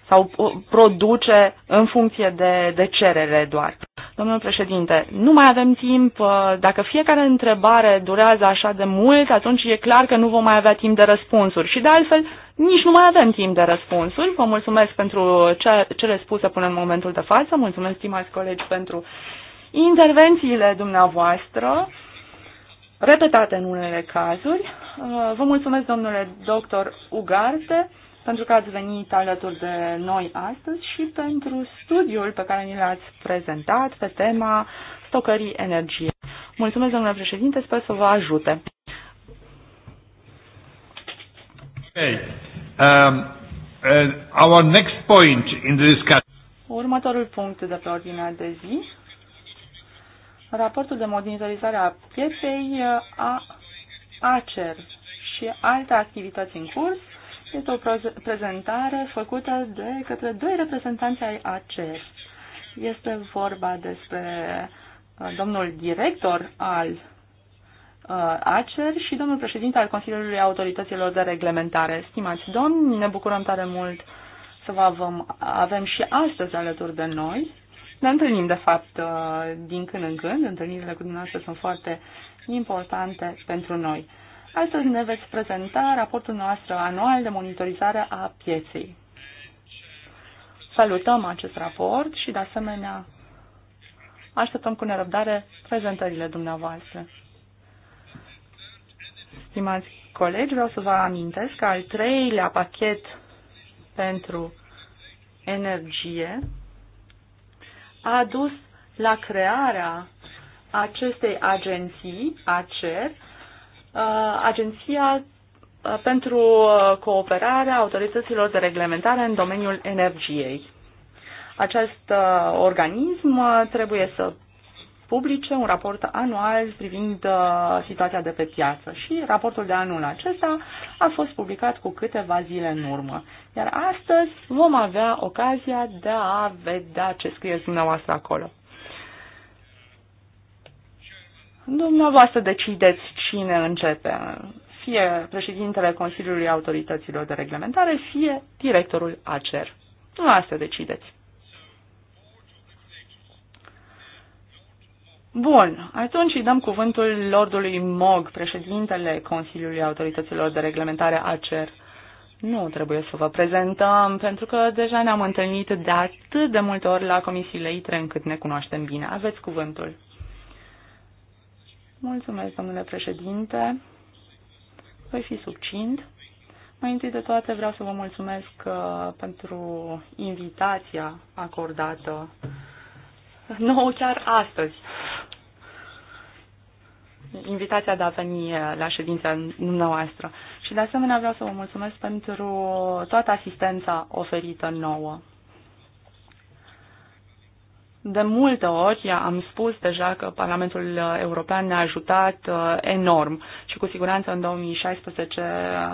sau uh, produce în funcție de, de cerere doar? Domnul președinte, nu mai avem timp. Dacă fiecare întrebare durează așa de mult, atunci e clar că nu vom mai avea timp de răspunsuri. Și de altfel, nici nu mai avem timp de răspunsuri. Vă mulțumesc pentru ce, cele spuse până în momentul de față. Mulțumesc, stimați colegi, pentru intervențiile dumneavoastră repetate în unele cazuri. Uh, vă mulțumesc, domnule doctor Ugarte, pentru că ați venit alături de noi astăzi și pentru studiul pe care ni l-ați prezentat pe tema stocării energiei. Mulțumesc, domnule președinte, sper să vă ajute. Okay. Um, uh, our next point in the discussion. Următorul punct de pe ordinea de zi raportul de monitorizare a pieței uh, a ACER și alte activități în curs este o prezentare făcută de către doi reprezentanți ai ACER. Este vorba despre uh, domnul director al uh, ACER și domnul președinte al Consiliului Autorităților de Reglementare. Stimați domni, ne bucurăm tare mult să vă avem și astăzi alături de noi. Ne întâlnim, de fapt, uh, din când în când. Întâlnirile cu dumneavoastră sunt foarte importante pentru noi. Astăzi ne veți prezenta raportul nostru anual de monitorizare a pieței. Salutăm acest raport și, de asemenea, așteptăm cu nerăbdare prezentările dumneavoastră. Stimați colegi, vreau să vă amintesc că al treilea pachet pentru energie a dus la crearea acestei agenții, ACER, uh, Agenția uh, pentru Cooperarea Autorităților de Reglementare în domeniul energiei. Acest uh, organism trebuie să publice un raport anual privind uh, situația de pe piață și raportul de anul acesta a fost publicat cu câteva zile în urmă. Iar astăzi vom avea ocazia de a vedea ce scrie dumneavoastră acolo. Dumneavoastră decideți cine începe, fie președintele Consiliului Autorităților de Reglementare, fie directorul ACER. Dumneavoastră decideți. Bun, atunci îi dăm cuvântul Lordului Mog, președintele Consiliului Autorităților de Reglementare ACER. Nu trebuie să vă prezentăm, pentru că deja ne-am întâlnit de atât de multe ori la comisiile ITRE încât ne cunoaștem bine. Aveți cuvântul. Mulțumesc, domnule președinte. Voi fi succint. Mai întâi de toate vreau să vă mulțumesc uh, pentru invitația acordată <laughs> nouă chiar astăzi invitația de a veni la ședința dumneavoastră. Și de asemenea vreau să vă mulțumesc pentru toată asistența oferită nouă. De multe ori am spus deja că Parlamentul European ne-a ajutat uh, enorm și cu siguranță în 2016 uh,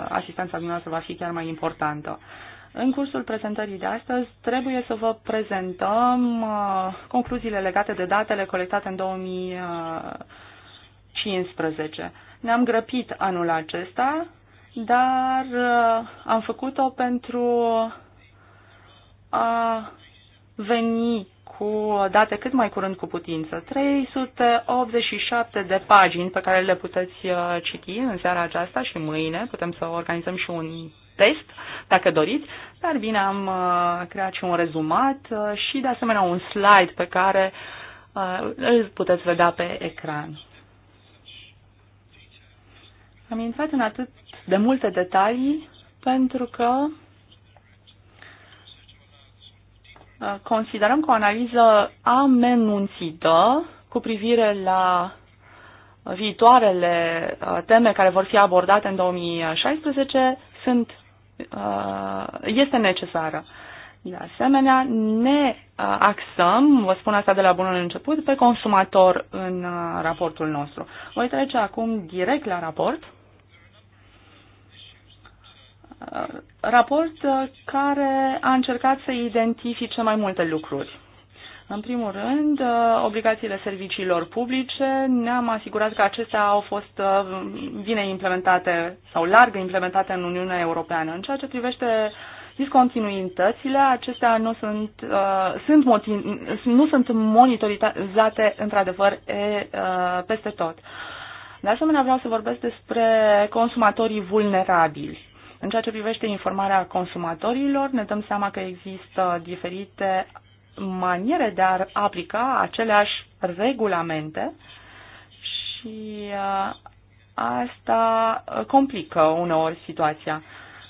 asistența dumneavoastră va fi chiar mai importantă. În cursul prezentării de astăzi trebuie să vă prezentăm uh, concluziile legate de datele colectate în 2015. Ne-am grăbit anul acesta, dar uh, am făcut-o pentru a veni cu date cât mai curând cu putință. 387 de pagini pe care le puteți uh, citi în seara aceasta și mâine. Putem să organizăm și un test, dacă doriți, dar bine, am uh, creat și un rezumat uh, și de asemenea un slide pe care uh, îl puteți vedea pe ecran. Am intrat în atât de multe detalii pentru că considerăm că o analiză amenunțită cu privire la viitoarele teme care vor fi abordate în 2016 sunt Uh, este necesară. De asemenea, ne uh, axăm, vă spun asta de la bunul început, pe consumator în uh, raportul nostru. Voi trece acum direct la raport. Raport care a încercat să identifice mai multe lucruri. În primul rând, uh, obligațiile serviciilor publice. Ne-am asigurat că acestea au fost uh, bine implementate sau larg implementate în Uniunea Europeană. În ceea ce privește discontinuitățile, acestea nu sunt, uh, sunt, motiv, nu sunt monitorizate într-adevăr e, uh, peste tot. De asemenea, vreau să vorbesc despre consumatorii vulnerabili. În ceea ce privește informarea consumatorilor, ne dăm seama că există diferite maniere de a aplica aceleași regulamente și uh, asta complică uneori situația.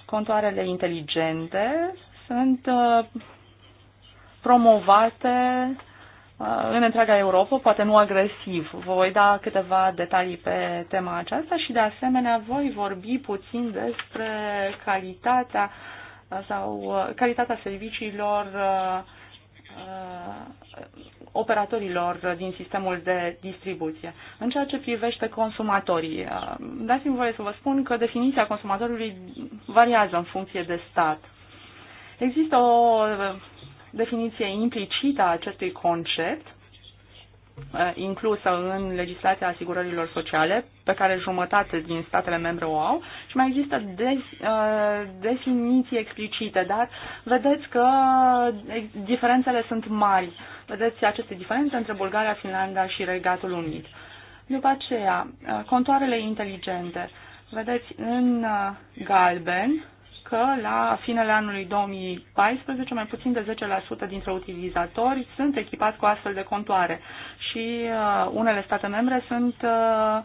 Contoarele inteligente sunt uh, promovate uh, în întreaga Europa, poate nu agresiv. Voi da câteva detalii pe tema aceasta și de asemenea voi vorbi puțin despre calitatea sau calitatea serviciilor uh, Uh, operatorilor din sistemul de distribuție. În ceea ce privește consumatorii, uh, dați-mi voie să vă spun că definiția consumatorului variază în funcție de stat. Există o uh, definiție implicită a acestui concept Uh, inclusă în legislația asigurărilor sociale, pe care jumătate din statele membre o au, și mai există uh, definiții explicite, dar vedeți că diferențele sunt mari. Vedeți aceste diferențe între Bulgaria, Finlanda și Regatul Unit. După aceea, uh, contoarele inteligente. Vedeți în galben că la finele anului 2014 mai puțin de 10% dintre utilizatori sunt echipați cu astfel de contoare și uh, unele state membre sunt uh,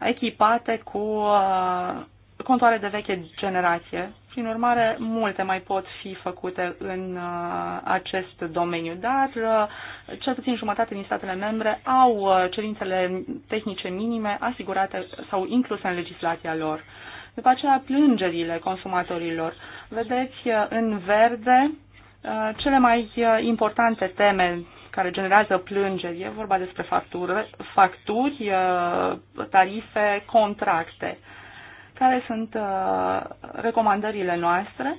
echipate cu uh, contoare de veche generație. Prin urmare, multe mai pot fi făcute în uh, acest domeniu, dar uh, cel puțin jumătate din statele membre au uh, cerințele tehnice minime asigurate sau incluse în legislația lor. După aceea, plângerile consumatorilor. Vedeți uh, în verde uh, cele mai uh, importante teme care generează plângeri. E vorba despre facturi, facturi tarife, contracte. Care sunt recomandările noastre?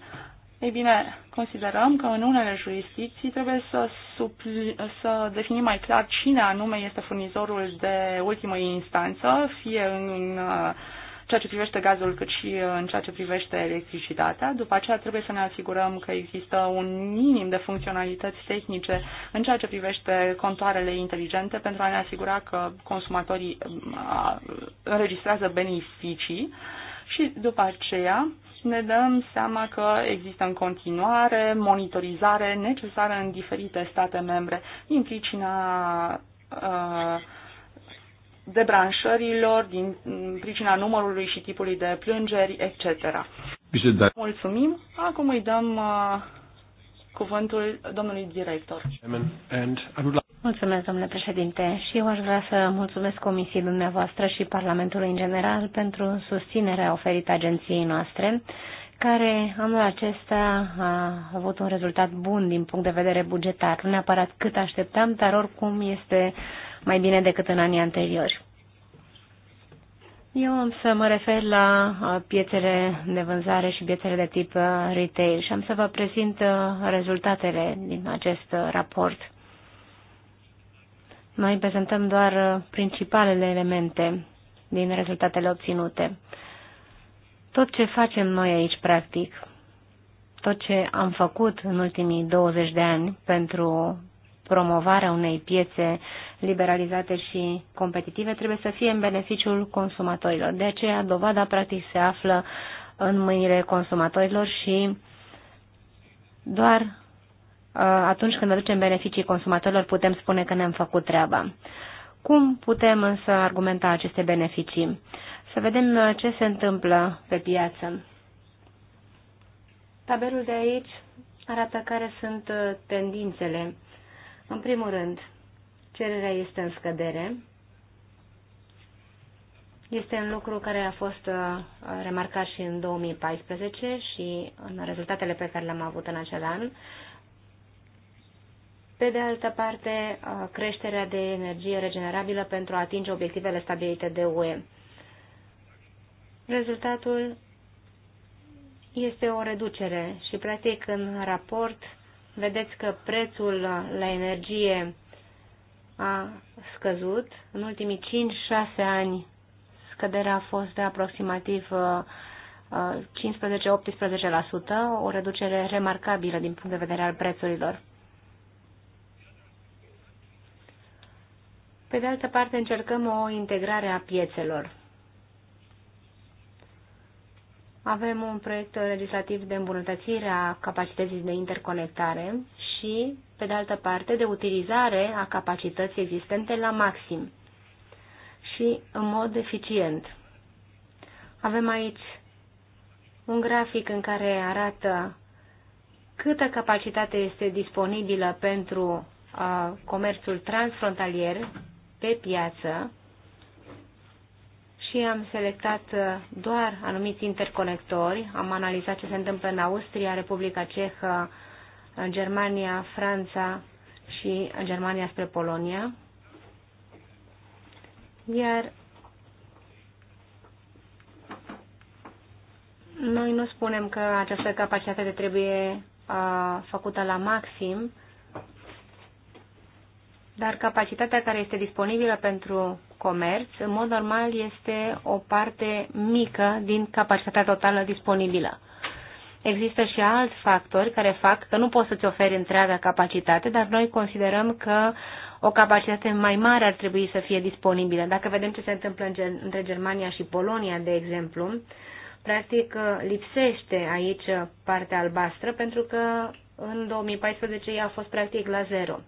Ei bine, considerăm că în unele jurisdicții trebuie să, supli, să definim mai clar cine anume este furnizorul de ultimă instanță, fie în ceea ce privește gazul, cât și uh, în ceea ce privește electricitatea. După aceea trebuie să ne asigurăm că există un minim de funcționalități tehnice în ceea ce privește contoarele inteligente pentru a ne asigura că consumatorii uh, înregistrează beneficii și după aceea ne dăm seama că există în continuare monitorizare necesară în diferite state membre din pricina uh, debranșărilor din pricina numărului și tipului de plângeri, etc. Mulțumim. Acum îi dăm uh, cuvântul domnului director. Mulțumesc, domnule președinte, și eu aș vrea să mulțumesc Comisiei dumneavoastră și Parlamentului în general pentru susținerea oferită agenției noastre care anul acesta a avut un rezultat bun din punct de vedere bugetar, nu neapărat cât așteptam, dar oricum este mai bine decât în anii anteriori. Eu am să mă refer la piețele de vânzare și piețele de tip retail și am să vă prezint rezultatele din acest raport. Noi prezentăm doar principalele elemente din rezultatele obținute. Tot ce facem noi aici, practic, tot ce am făcut în ultimii 20 de ani pentru promovarea unei piețe liberalizate și competitive trebuie să fie în beneficiul consumatorilor. De aceea, dovada practic se află în mâinile consumatorilor și doar uh, atunci când aducem beneficii consumatorilor putem spune că ne-am făcut treaba. Cum putem însă argumenta aceste beneficii? Să vedem uh, ce se întâmplă pe piață. Tabelul de aici arată care sunt uh, tendințele. În primul rând, cererea este în scădere. Este un lucru care a fost uh, remarcat și în 2014 și în rezultatele pe care le-am avut în acel an. Pe de altă parte, creșterea de energie regenerabilă pentru a atinge obiectivele stabilite de UE. Rezultatul este o reducere și, practic, în raport vedeți că prețul la energie a scăzut. În ultimii 5-6 ani scăderea a fost de aproximativ 15-18%, uh, o reducere remarcabilă din punct de vedere al prețurilor. Pe de altă parte, încercăm o integrare a piețelor. Avem un proiect legislativ de îmbunătățire a capacității de interconectare și, pe de altă parte, de utilizare a capacității existente la maxim și în mod eficient. Avem aici un grafic în care arată câtă capacitate este disponibilă pentru uh, comerțul transfrontalier pe piață și am selectat uh, doar anumiți interconectori. Am analizat ce se întâmplă în Austria, Republica Cehă, în Germania, Franța și în Germania spre Polonia. Iar noi nu spunem că această capacitate trebuie uh, făcută la maxim, dar capacitatea care este disponibilă pentru comerț, în mod normal, este o parte mică din capacitatea totală disponibilă. Există și alți factori care fac că nu poți să-ți oferi întreaga capacitate, dar noi considerăm că o capacitate mai mare ar trebui să fie disponibilă. Dacă vedem ce se întâmplă între Germania și Polonia, de exemplu, practic lipsește aici partea albastră pentru că în 2014 ea a fost practic la zero.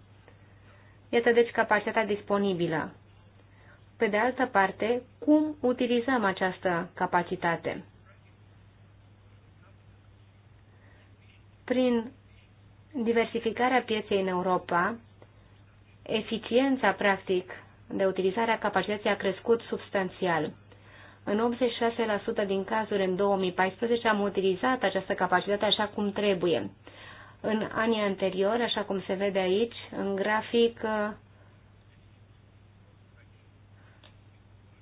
Iată deci capacitatea disponibilă pe de altă parte, cum utilizăm această capacitate. Prin diversificarea pieței în Europa, eficiența, practic, de utilizare a capacității a crescut substanțial. În 86% din cazuri în 2014 am utilizat această capacitate așa cum trebuie. În anii anteriori, așa cum se vede aici, în grafic,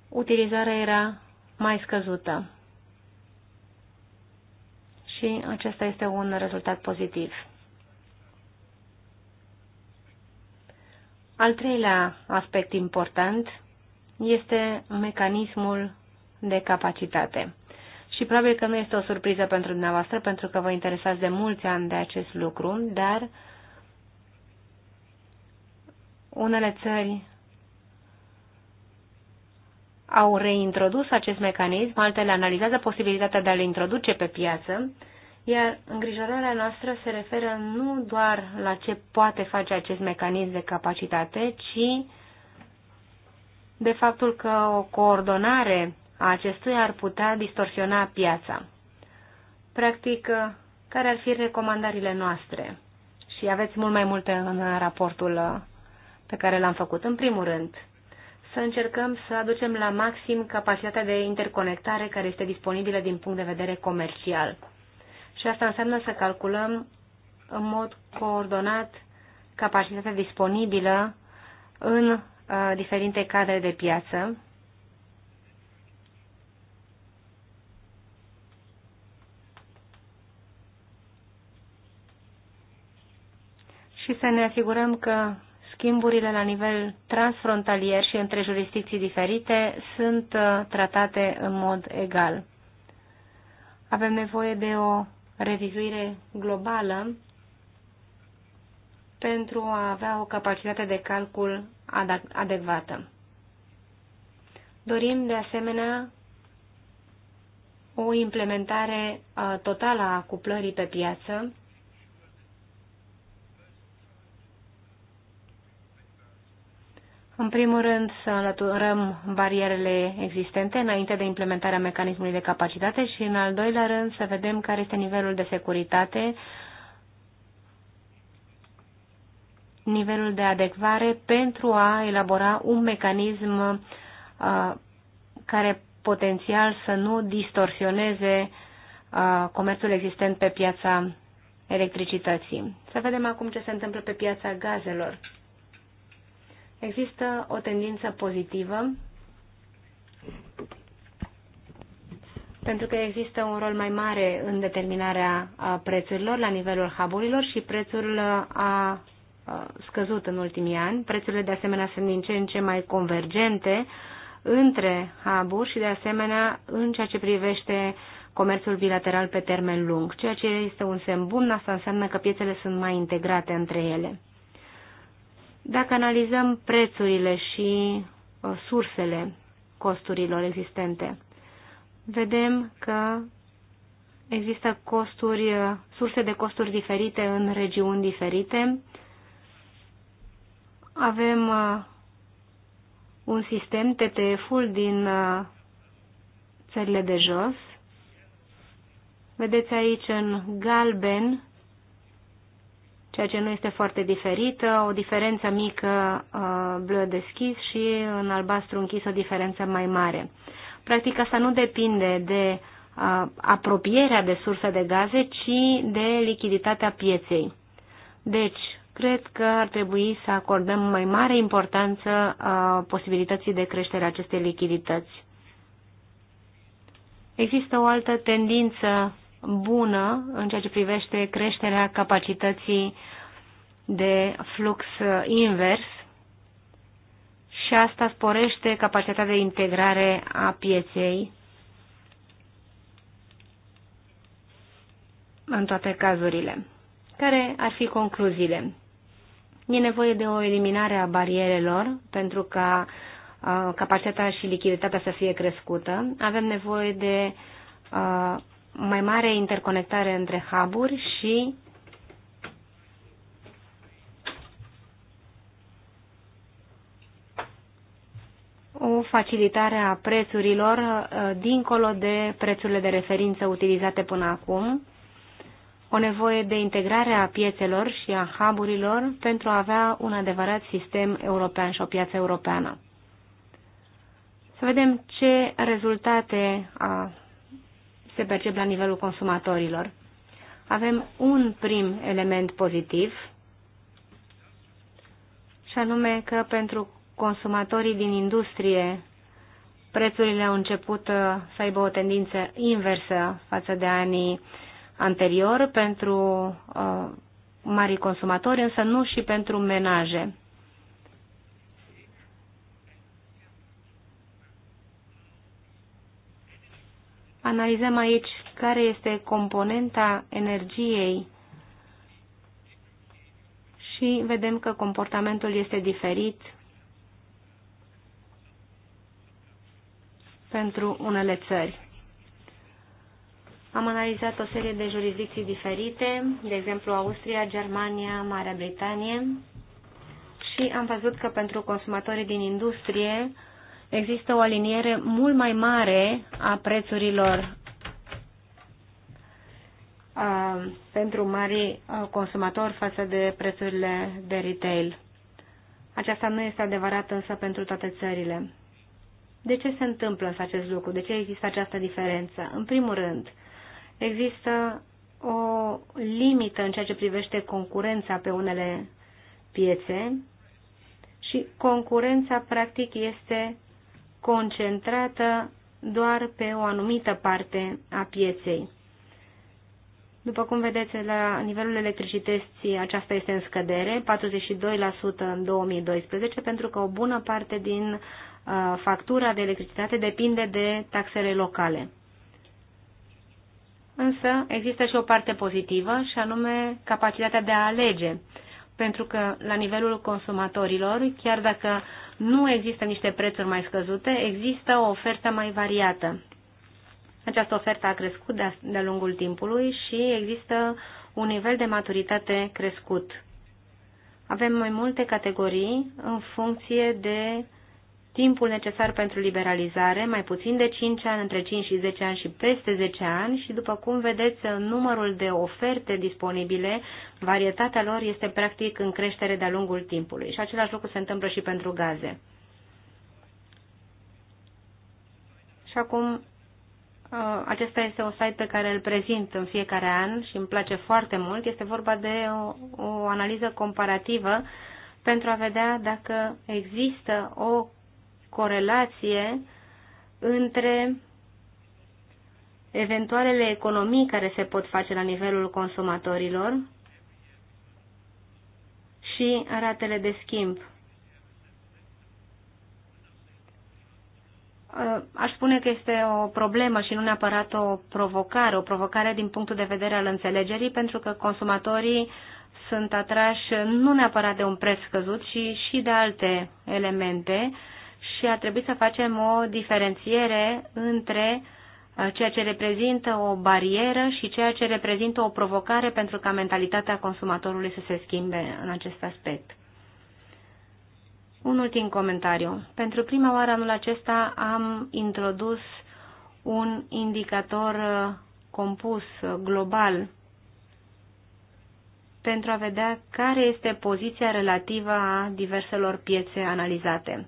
utilizarea era mai scăzută. Și acesta este un rezultat pozitiv. Al treilea aspect important este mecanismul de capacitate. Și probabil că nu este o surpriză pentru dumneavoastră, pentru că vă interesați de mulți ani de acest lucru, dar unele țări au reintrodus acest mecanism, altele analizează posibilitatea de a-l introduce pe piață, iar îngrijorarea noastră se referă nu doar la ce poate face acest mecanism de capacitate, ci de faptul că o coordonare a acestuia ar putea distorsiona piața. Practic, care ar fi recomandările noastre? Și aveți mult mai multe în raportul pe care l-am făcut. În primul rând, să încercăm să aducem la maxim capacitatea de interconectare care este disponibilă din punct de vedere comercial. Și asta înseamnă să calculăm în mod coordonat capacitatea disponibilă în uh, diferite cadre de piață. Și să ne asigurăm că schimburile la nivel transfrontalier și între jurisdicții diferite sunt uh, tratate în mod egal. Avem nevoie de o revizuire globală pentru a avea o capacitate de calcul adecvată. Dorim, de asemenea, o implementare uh, totală a cuplării pe piață În primul rând, să înlăturăm barierele existente înainte de implementarea mecanismului de capacitate și, în al doilea rând, să vedem care este nivelul de securitate, nivelul de adecvare pentru a elabora un mecanism uh, care potențial să nu distorsioneze uh, comerțul existent pe piața electricității. Să vedem acum ce se întâmplă pe piața gazelor. Există o tendință pozitivă pentru că există un rol mai mare în determinarea prețurilor la nivelul haburilor și prețul a scăzut în ultimii ani. Prețurile de asemenea sunt din ce în ce mai convergente între hub și de asemenea în ceea ce privește comerțul bilateral pe termen lung. Ceea ce este un semn bun, asta înseamnă că piețele sunt mai integrate între ele. Dacă analizăm prețurile și uh, sursele costurilor existente, vedem că există costuri, uh, surse de costuri diferite în regiuni diferite. Avem uh, un sistem TTF-ul din țările de jos. Vedeți aici în galben ceea ce nu este foarte diferit, o diferență mică uh, bleu deschis și în albastru închis o diferență mai mare. Practic asta nu depinde de uh, apropierea de sursa de gaze, ci de lichiditatea pieței. Deci, cred că ar trebui să acordăm mai mare importanță uh, posibilității de creștere a acestei lichidități. Există o altă tendință bună în ceea ce privește creșterea capacității de flux invers și asta sporește capacitatea de integrare a pieței în toate cazurile. Care ar fi concluziile? E nevoie de o eliminare a barierelor pentru ca uh, capacitatea și lichiditatea să fie crescută. Avem nevoie de uh, mai mare interconectare între hub și o facilitare a prețurilor uh, dincolo de prețurile de referință utilizate până acum, o nevoie de integrare a piețelor și a haburilor pentru a avea un adevărat sistem european și o piață europeană. Să vedem ce rezultate a se percep la nivelul consumatorilor. Avem un prim element pozitiv, și anume că pentru consumatorii din industrie prețurile au început uh, să aibă o tendință inversă față de anii anterior pentru uh, mari consumatori, însă nu și pentru menaje. analizăm aici care este componenta energiei și vedem că comportamentul este diferit pentru unele țări. Am analizat o serie de jurisdicții diferite, de exemplu Austria, Germania, Marea Britanie și am văzut că pentru consumatorii din industrie există o aliniere mult mai mare a prețurilor a, pentru mari consumatori față de prețurile de retail. Aceasta nu este adevărat însă pentru toate țările. De ce se întâmplă însă acest lucru? De ce există această diferență? În primul rând, există o limită în ceea ce privește concurența pe unele piețe și concurența practic este concentrată doar pe o anumită parte a pieței. După cum vedeți, la nivelul electricității aceasta este în scădere, 42% în 2012, pentru că o bună parte din uh, factura de electricitate depinde de taxele locale. Însă există și o parte pozitivă, și anume capacitatea de a alege, pentru că la nivelul consumatorilor, chiar dacă uh, nu există niște prețuri mai scăzute, există o ofertă mai variată. Această ofertă a crescut de-a lungul timpului și există un nivel de maturitate crescut. Avem mai multe categorii în funcție de timpul necesar pentru liberalizare, mai puțin de 5 ani, între 5 și 10 ani și peste 10 ani și, după cum vedeți, numărul de oferte disponibile, varietatea lor este practic în creștere de-a lungul timpului și același lucru se întâmplă și pentru gaze. Și acum, acesta este un site pe care îl prezint în fiecare an și îmi place foarte mult. Este vorba de o, o analiză comparativă pentru a vedea dacă există o corelație între eventualele economii care se pot face la nivelul consumatorilor și ratele de schimb. Uh, aș spune că este o problemă și nu neapărat o provocare, o provocare din punctul de vedere al înțelegerii, pentru că consumatorii sunt atrași nu neapărat de un preț scăzut, ci și de alte elemente, și ar trebui să facem o diferențiere între uh, ceea ce reprezintă o barieră și ceea ce reprezintă o provocare pentru ca mentalitatea consumatorului să se schimbe în acest aspect. Un ultim comentariu. Pentru prima oară anul acesta am introdus un indicator uh, compus uh, global pentru a vedea care este poziția relativă a diverselor piețe analizate.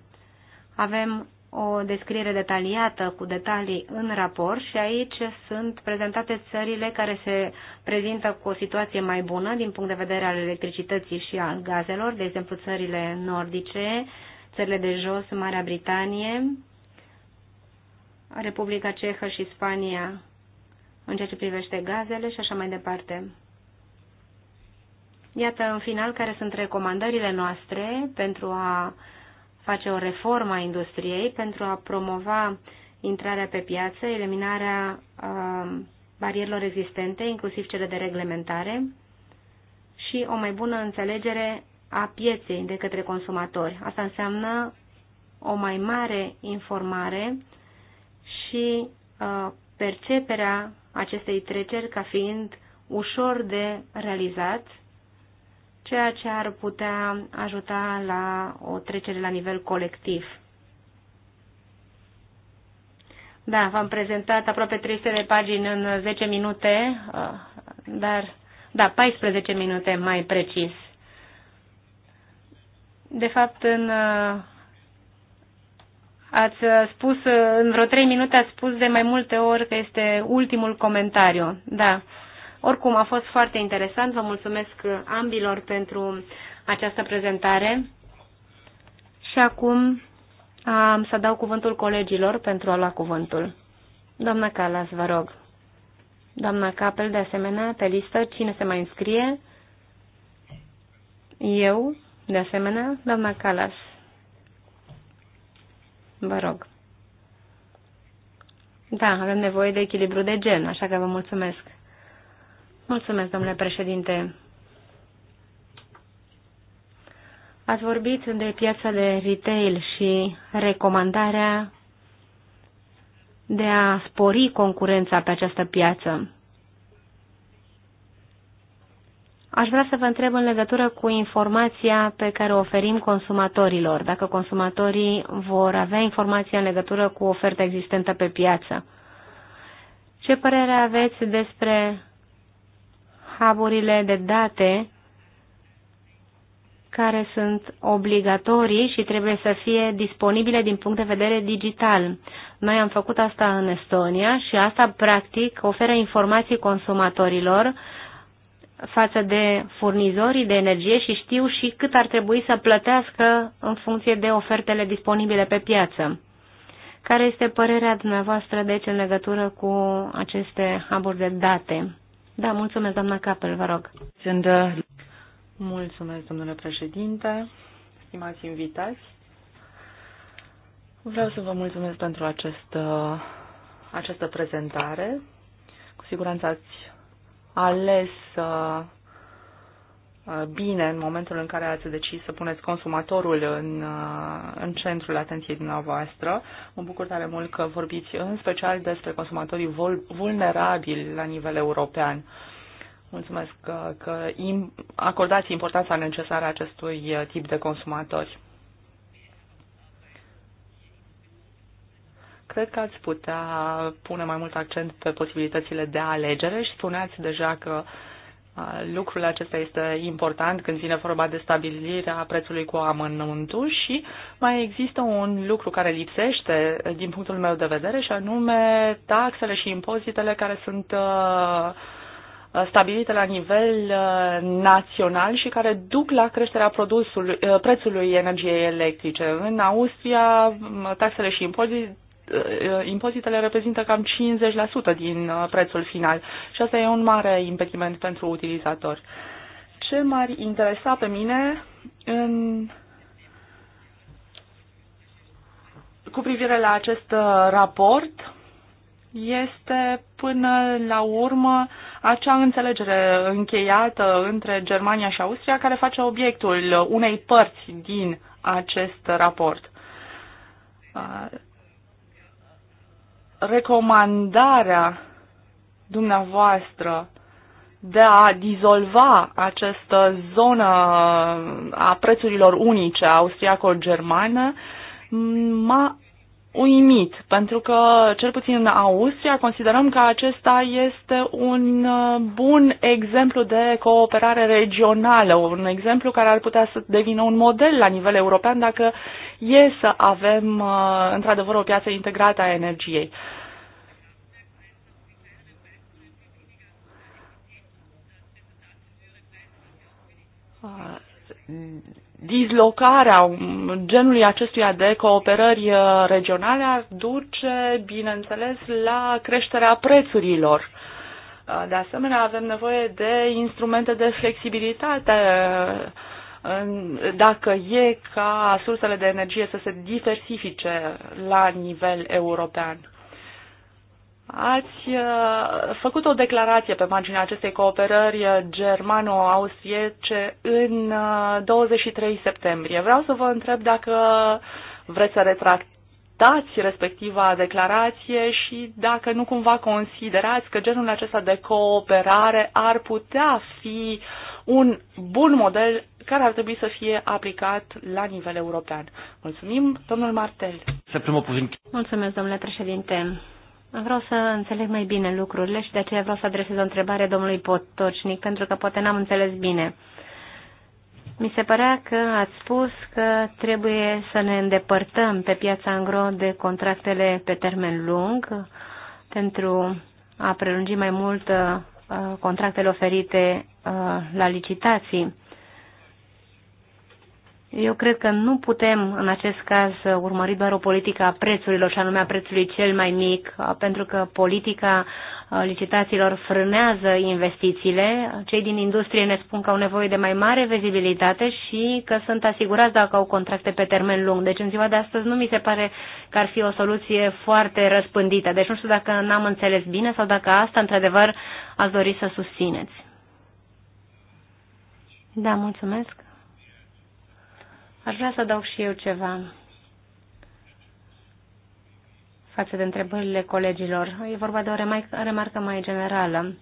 Avem o descriere detaliată cu detalii în raport și aici sunt prezentate țările care se prezintă cu o situație mai bună din punct de vedere al electricității și al gazelor, de exemplu țările nordice, țările de jos, Marea Britanie, Republica Cehă și Spania în ceea ce privește gazele și așa mai departe. Iată în final care sunt recomandările noastre pentru a uh, face o reformă a industriei pentru a promova intrarea pe piață, eliminarea um, barierilor existente, inclusiv cele de reglementare, și o mai bună înțelegere a pieței de către consumatori. Asta înseamnă o mai mare informare și uh, perceperea acestei treceri ca fiind ușor de realizat ceea ce ar putea ajuta la o trecere la nivel colectiv. Da, v-am prezentat aproape 300 de pagini în 10 minute, uh, dar, da, 14 minute mai precis. De fapt, în, uh, ați spus, în vreo 3 minute ați spus de mai multe ori că este ultimul comentariu. Da. Oricum, a fost foarte interesant. Vă mulțumesc ambilor pentru această prezentare. Și acum am să dau cuvântul colegilor pentru a lua cuvântul. Doamna Calas, vă rog. Doamna Capel, de asemenea, pe listă, cine se mai înscrie? Eu, de asemenea, doamna Calas. Vă rog. Da, avem nevoie de echilibru de gen, așa că vă mulțumesc. Mulțumesc, domnule președinte. Ați vorbit de piața de retail și recomandarea de a spori concurența pe această piață. Aș vrea să vă întreb în legătură cu informația pe care o oferim consumatorilor, dacă consumatorii vor avea informația în legătură cu oferta existentă pe piață. Ce părere aveți despre haburile de date care sunt obligatorii și trebuie să fie disponibile din punct de vedere digital. Noi am făcut asta în Estonia și asta practic oferă informații consumatorilor față de furnizorii de energie și știu și cât ar trebui să plătească în funcție de ofertele disponibile pe piață. Care este părerea dumneavoastră, deci, în legătură cu aceste hub de date? Da, mulțumesc, doamna Capel, vă rog. Uh, mulțumesc, domnule președinte, stimați invitați. Vreau să vă mulțumesc pentru această, uh, această prezentare. Cu siguranță ați ales uh, Uh, bine în momentul în care ați decis să puneți consumatorul în, uh, în centrul atenției dumneavoastră. Mă bucur tare mult că vorbiți în special despre consumatorii vulnerabili la nivel european. Mulțumesc uh, că, că acordați importanța necesară acestui tip de consumatori. Cred că ați putea pune mai mult accent pe posibilitățile de alegere și spuneați deja că uh, Lucrul acesta este important când vine vorba de stabilirea prețului cu amănuntul și mai există un lucru care lipsește din punctul meu de vedere și anume taxele și impozitele care sunt uh, stabilite la nivel uh, național și care duc la creșterea produsului, uh, prețului energiei electrice. În Austria, taxele și impozitele Eh, impozitele reprezintă cam 50% din eh, prețul final și asta e un mare impediment pentru utilizatori. Ce m-ar interesa pe mine în cu privire la acest eh, raport este până la urmă acea înțelegere încheiată între Germania și Austria care face obiectul unei părți din acest raport recomandarea dumneavoastră de a dizolva această zonă a prețurilor unice austriaco-germană m-a uimit, pentru că, cel puțin în Austria, considerăm că acesta este un uh, bun exemplu de cooperare regională, un exemplu care ar putea să devină un model la nivel european dacă e să avem, uh, într-adevăr, o piață integrată a energiei. Uh, dislocarea genului acestuia de cooperări uh, regionale ar duce, bineînțeles, la creșterea prețurilor. Uh, de asemenea, avem nevoie de instrumente de flexibilitate uh, dacă e ca sursele de energie să se diversifice la nivel european. Ați uh, făcut o declarație pe marginea acestei cooperări uh, germano-austriece în 23 uh, septembrie. Vreau să vă întreb dacă vreți să retractați respectiva declarație și dacă nu cumva considerați că genul acesta de cooperare ar putea fi un bun model care ar trebui să fie aplicat la nivel european. Mulțumim, domnul Martel. Mulțumesc, domnule președinte. Vreau să înțeleg mai bine lucrurile și de aceea vreau să adresez o întrebare domnului Potocnic, pentru că poate n-am înțeles bine. Mi se părea că ați spus că trebuie să ne îndepărtăm pe piața angro de contractele pe termen lung pentru a prelungi mai mult uh, contractele oferite uh, la licitații. Eu cred că nu putem, în acest caz, urmări doar o politică a prețurilor, și anume a prețului cel mai mic, pentru că politica licitațiilor frânează investițiile. Cei din industrie ne spun că au nevoie de mai mare vizibilitate și că sunt asigurați dacă au contracte pe termen lung. Deci, în ziua de astăzi, nu mi se pare că ar fi o soluție foarte răspândită. Deci, nu știu dacă n-am înțeles bine sau dacă asta, într-adevăr, ați dori să susțineți. Da, mulțumesc. Aș vrea să adaug și eu ceva față de întrebările colegilor. E vorba de o remarcă mai generală.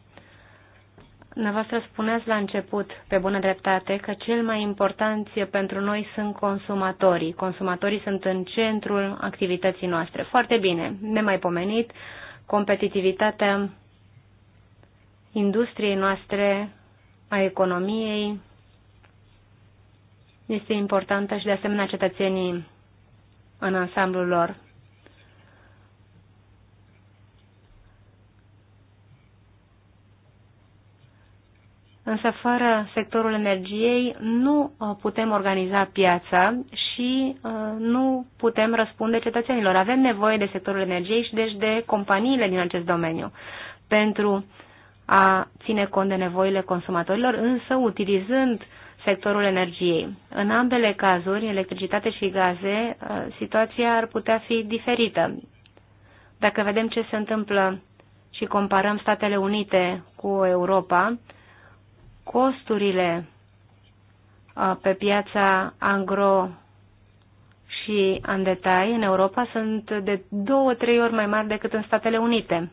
Dumneavoastră spuneați la început, pe bună dreptate, că cel mai important pentru noi sunt consumatorii. Consumatorii sunt în centrul activității noastre. Foarte bine, nemaipomenit, competitivitatea industriei noastre, a economiei, este importantă și de asemenea cetățenii în ansamblul lor. Însă fără sectorul energiei nu uh, putem organiza piața și uh, nu putem răspunde cetățenilor. Avem nevoie de sectorul energiei și deci de companiile din acest domeniu pentru a ține cont de nevoile consumatorilor, însă utilizând sectorul energiei. În ambele cazuri, electricitate și gaze, uh, situația ar putea fi diferită. Dacă vedem ce se întâmplă și comparăm Statele Unite cu Europa, costurile uh, pe piața angro și în detai în Europa sunt de două, trei ori mai mari decât în Statele Unite.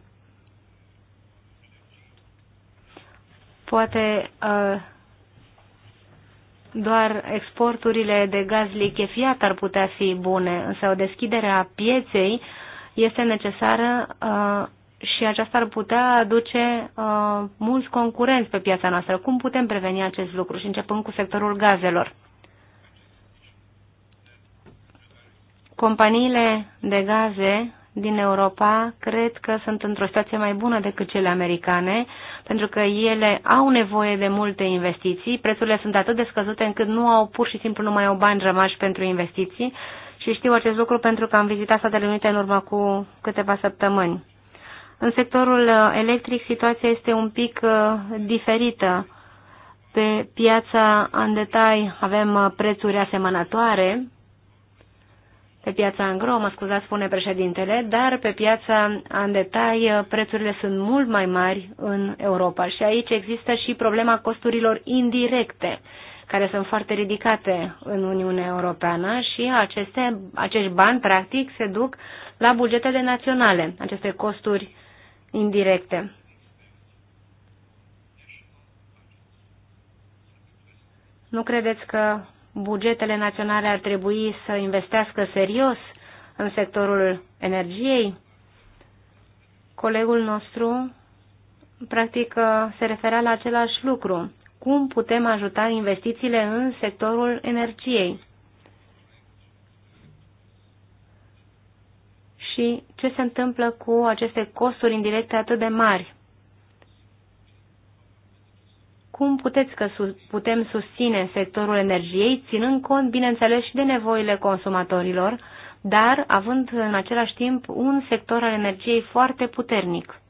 Poate uh, doar exporturile de gaz lichefiat ar putea fi bune, însă o deschidere a pieței este necesară uh, și aceasta ar putea aduce uh, mulți concurenți pe piața noastră. Cum putem preveni acest lucru și începând cu sectorul gazelor? Companiile de gaze din Europa cred că sunt într-o situație mai bună decât cele americane, pentru că ele au nevoie de multe investiții, prețurile sunt atât de scăzute încât nu au pur și simplu nu mai au bani rămași pentru investiții și știu acest lucru pentru că am vizitat Statele Unite în urmă cu câteva săptămâni. În sectorul uh, electric situația este un pic uh, diferită. Pe piața în detai avem uh, prețuri asemănătoare, pe piața angro, mă scuzați, spune președintele, dar pe piața în detai prețurile sunt mult mai mari în Europa și aici există și problema costurilor indirecte care sunt foarte ridicate în Uniunea Europeană și aceste, acești bani, practic, se duc la bugetele naționale, aceste costuri indirecte. Nu credeți că bugetele naționale ar trebui să investească serios în sectorul energiei? Colegul nostru, practic, se referea la același lucru. Cum putem ajuta investițiile în sectorul energiei? Și ce se întâmplă cu aceste costuri indirecte atât de mari? cum puteți că su putem susține sectorul energiei, ținând cont, bineînțeles, și de nevoile consumatorilor, dar având în același timp un sector al energiei foarte puternic.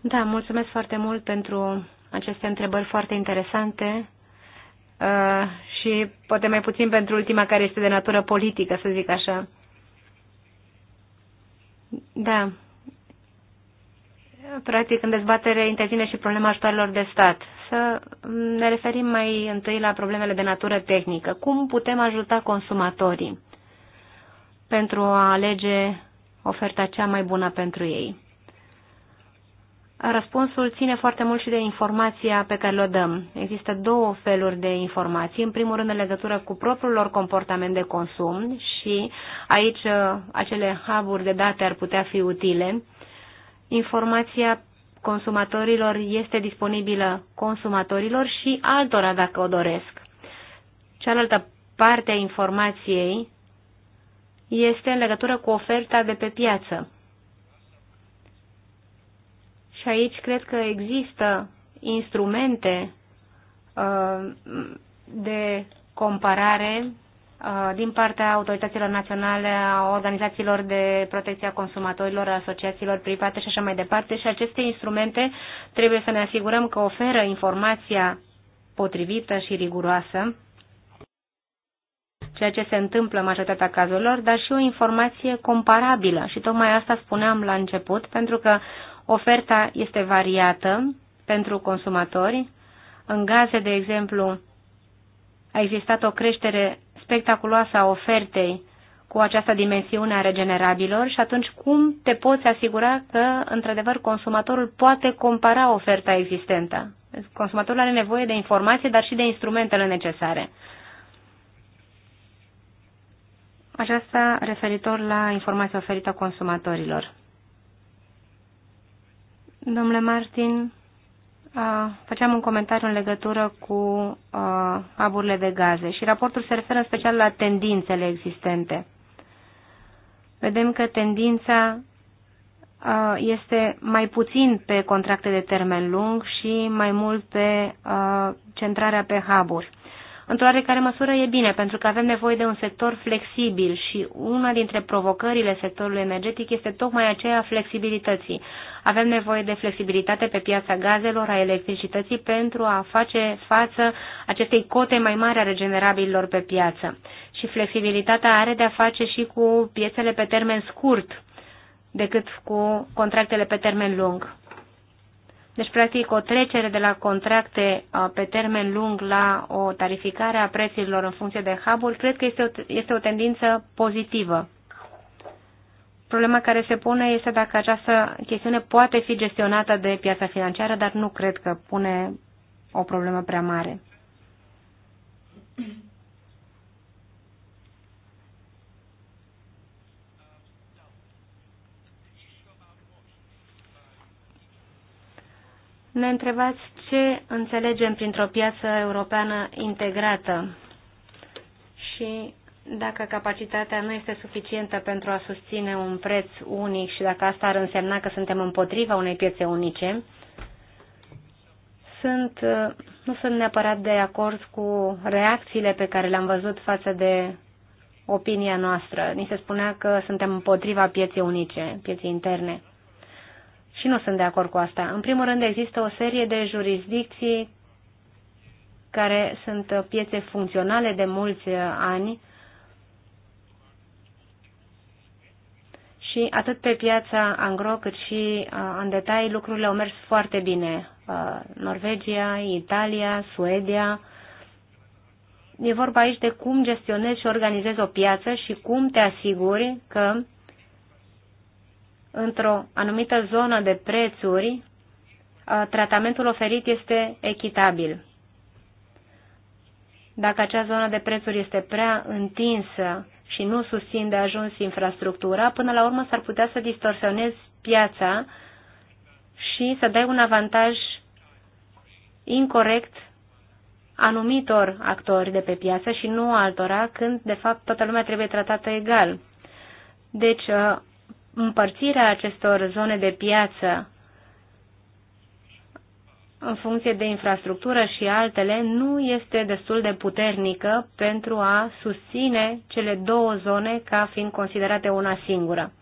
Da, mulțumesc foarte mult pentru aceste întrebări foarte interesante Uh, și poate mai puțin pentru ultima care este de natură politică, să zic așa. Da. Practic, în dezbatere intervine și problema ajutoarelor de stat. Să ne referim mai întâi la problemele de natură tehnică. Cum putem ajuta consumatorii pentru a alege oferta cea mai bună pentru ei? Răspunsul ține foarte mult și de informația pe care o dăm. Există două feluri de informații. În primul rând, în legătură cu propriul lor comportament de consum și aici uh, acele hub de date ar putea fi utile. Informația consumatorilor este disponibilă consumatorilor și altora dacă o doresc. Cealaltă parte a informației este în legătură cu oferta de pe piață. Și aici cred că există instrumente uh, de comparare uh, din partea autorităților naționale, a organizațiilor de protecție a consumatorilor, a asociațiilor private și așa mai departe. Și aceste instrumente trebuie să ne asigurăm că oferă informația potrivită și riguroasă, ceea ce se întâmplă în majoritatea cazurilor, dar și o informație comparabilă. Și tocmai asta spuneam la început, pentru că Oferta este variată pentru consumatori. În gaze, de exemplu, a existat o creștere spectaculoasă a ofertei cu această dimensiune a regenerabilor și atunci cum te poți asigura că, într-adevăr, consumatorul poate compara oferta existentă? Consumatorul are nevoie de informație, dar și de instrumentele necesare. Aceasta referitor la informația oferită consumatorilor. Domnule Martin, făceam un comentariu în legătură cu aburile de gaze și raportul se referă în special la tendințele existente. Vedem că tendința este mai puțin pe contracte de termen lung și mai mult pe centrarea pe hub Într-o oarecare măsură e bine, pentru că avem nevoie de un sector flexibil și una dintre provocările sectorului energetic este tocmai aceea flexibilității. Avem nevoie de flexibilitate pe piața gazelor, a electricității, pentru a face față acestei cote mai mari a regenerabililor pe piață. Și flexibilitatea are de-a face și cu piețele pe termen scurt decât cu contractele pe termen lung. Deci, practic, o trecere de la contracte pe termen lung la o tarificare a prețurilor în funcție de hub cred că este o, este o tendință pozitivă. Problema care se pune este dacă această chestiune poate fi gestionată de piața financiară, dar nu cred că pune o problemă prea mare. ne întrebați ce înțelegem printr-o piață europeană integrată și dacă capacitatea nu este suficientă pentru a susține un preț unic și dacă asta ar însemna că suntem împotriva unei piețe unice, sunt, nu sunt neapărat de acord cu reacțiile pe care le-am văzut față de opinia noastră. Ni se spunea că suntem împotriva pieței unice, pieței interne și nu sunt de acord cu asta. În primul rând, există o serie de jurisdicții care sunt piețe funcționale de mulți ani și atât pe piața angro cât și în detalii lucrurile au mers foarte bine. Norvegia, Italia, Suedia. E vorba aici de cum gestionezi și organizezi o piață și cum te asiguri că într-o anumită zonă de prețuri, tratamentul oferit este echitabil. Dacă acea zonă de prețuri este prea întinsă și nu susțin de ajuns infrastructura, până la urmă s-ar putea să distorsionezi piața și să dai un avantaj incorrect anumitor actori de pe piață și nu altora, când de fapt toată lumea trebuie tratată egal. Deci, împărțirea acestor zone de piață în funcție de infrastructură și altele nu este destul de puternică pentru a susține cele două zone ca fiind considerate una singură.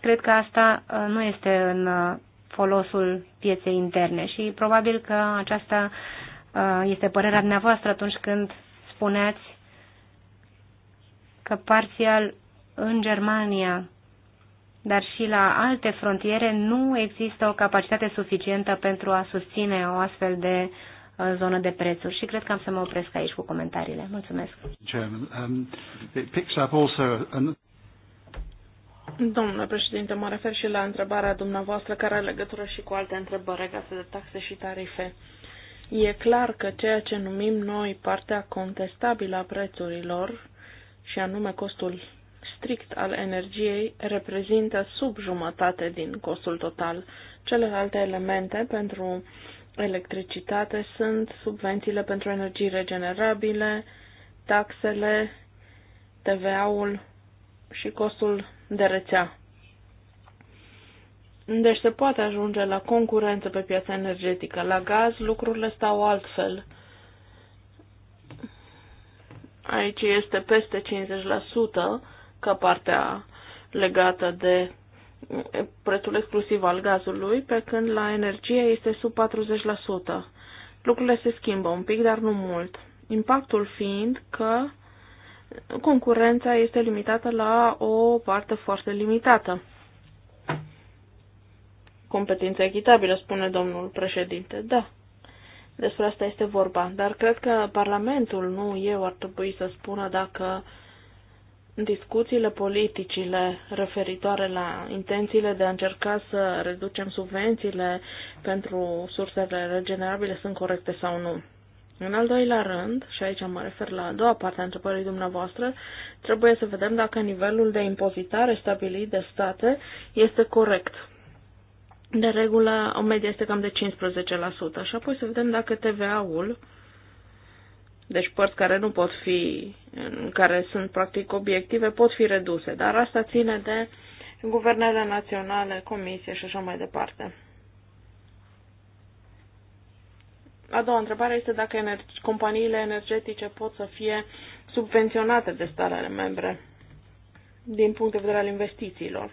Cred că asta uh, nu este în uh, folosul pieței interne și probabil că aceasta uh, este părerea dumneavoastră atunci când spuneați că parțial în Germania, dar și la alte frontiere, nu există o capacitate suficientă pentru a susține o astfel de uh, zonă de prețuri. Și cred că am să mă opresc aici cu comentariile. Mulțumesc. Um, Domnule președinte, mă refer și la întrebarea dumneavoastră care are legătură și cu alte întrebări legate de taxe și tarife. E clar că ceea ce numim noi partea contestabilă a prețurilor, și anume costul strict al energiei reprezintă sub jumătate din costul total. Celelalte elemente pentru electricitate sunt subvențiile pentru energii regenerabile, taxele, TVA-ul și costul de rețea. Deci se poate ajunge la concurență pe piața energetică. La gaz lucrurile stau altfel. Aici este peste 50% ca partea legată de prețul exclusiv al gazului, pe când la energie este sub 40%. Lucrurile se schimbă un pic, dar nu mult. Impactul fiind că concurența este limitată la o parte foarte limitată. Competența echitabilă, spune domnul președinte. Da, despre asta este vorba. Dar cred că Parlamentul, nu eu, ar trebui să spună dacă uh, discuțiile politicile referitoare la intențiile de a încerca să reducem subvențiile pentru sursele regenerabile sunt corecte sau nu. În al doilea rând, și aici mă refer la a doua parte a întrebării dumneavoastră, trebuie să vedem dacă nivelul de impozitare stabilit de state este corect. De regulă, o medie este cam de 15% și apoi să vedem dacă TVA-ul deci părți care nu pot fi, care sunt practic obiective, pot fi reduse, dar asta ține de guvernele naționale, comisie și așa mai departe. A doua întrebare este dacă ener- companiile energetice pot să fie subvenționate de statele membre din punct de vedere al investițiilor.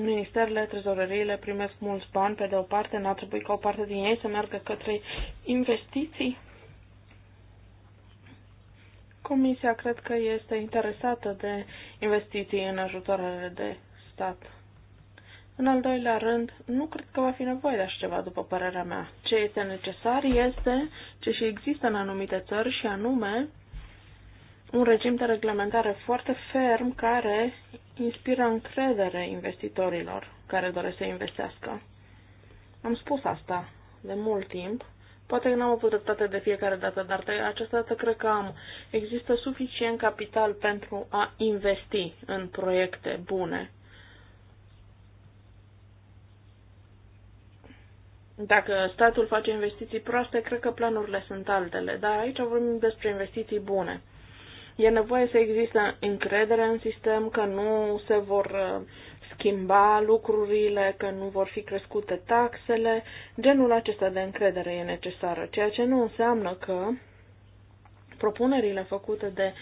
Ministerele, trezorăriile primesc mulți bani, pe de o parte, n-ar trebui ca o parte din ei să meargă către investiții? Comisia cred că este interesată de investiții în ajutoarele de stat. În al doilea rând, nu cred că va fi nevoie de așa ceva, după părerea mea. Ce este necesar este ce și există în anumite țări și anume un regim de reglementare foarte ferm care inspiră încredere investitorilor care doresc să investească. Am spus asta de mult timp. Poate că n-am avut dreptate de fiecare dată, dar de această dată cred că am. Există suficient capital pentru a investi în proiecte bune. Dacă statul face investiții proaste, cred că planurile sunt altele, dar aici vorbim despre investiții bune. E nevoie să există încredere în sistem, că nu se vor uh, schimba lucrurile, că nu vor fi crescute taxele. Genul acesta de încredere e necesară, ceea ce nu înseamnă că propunerile făcute de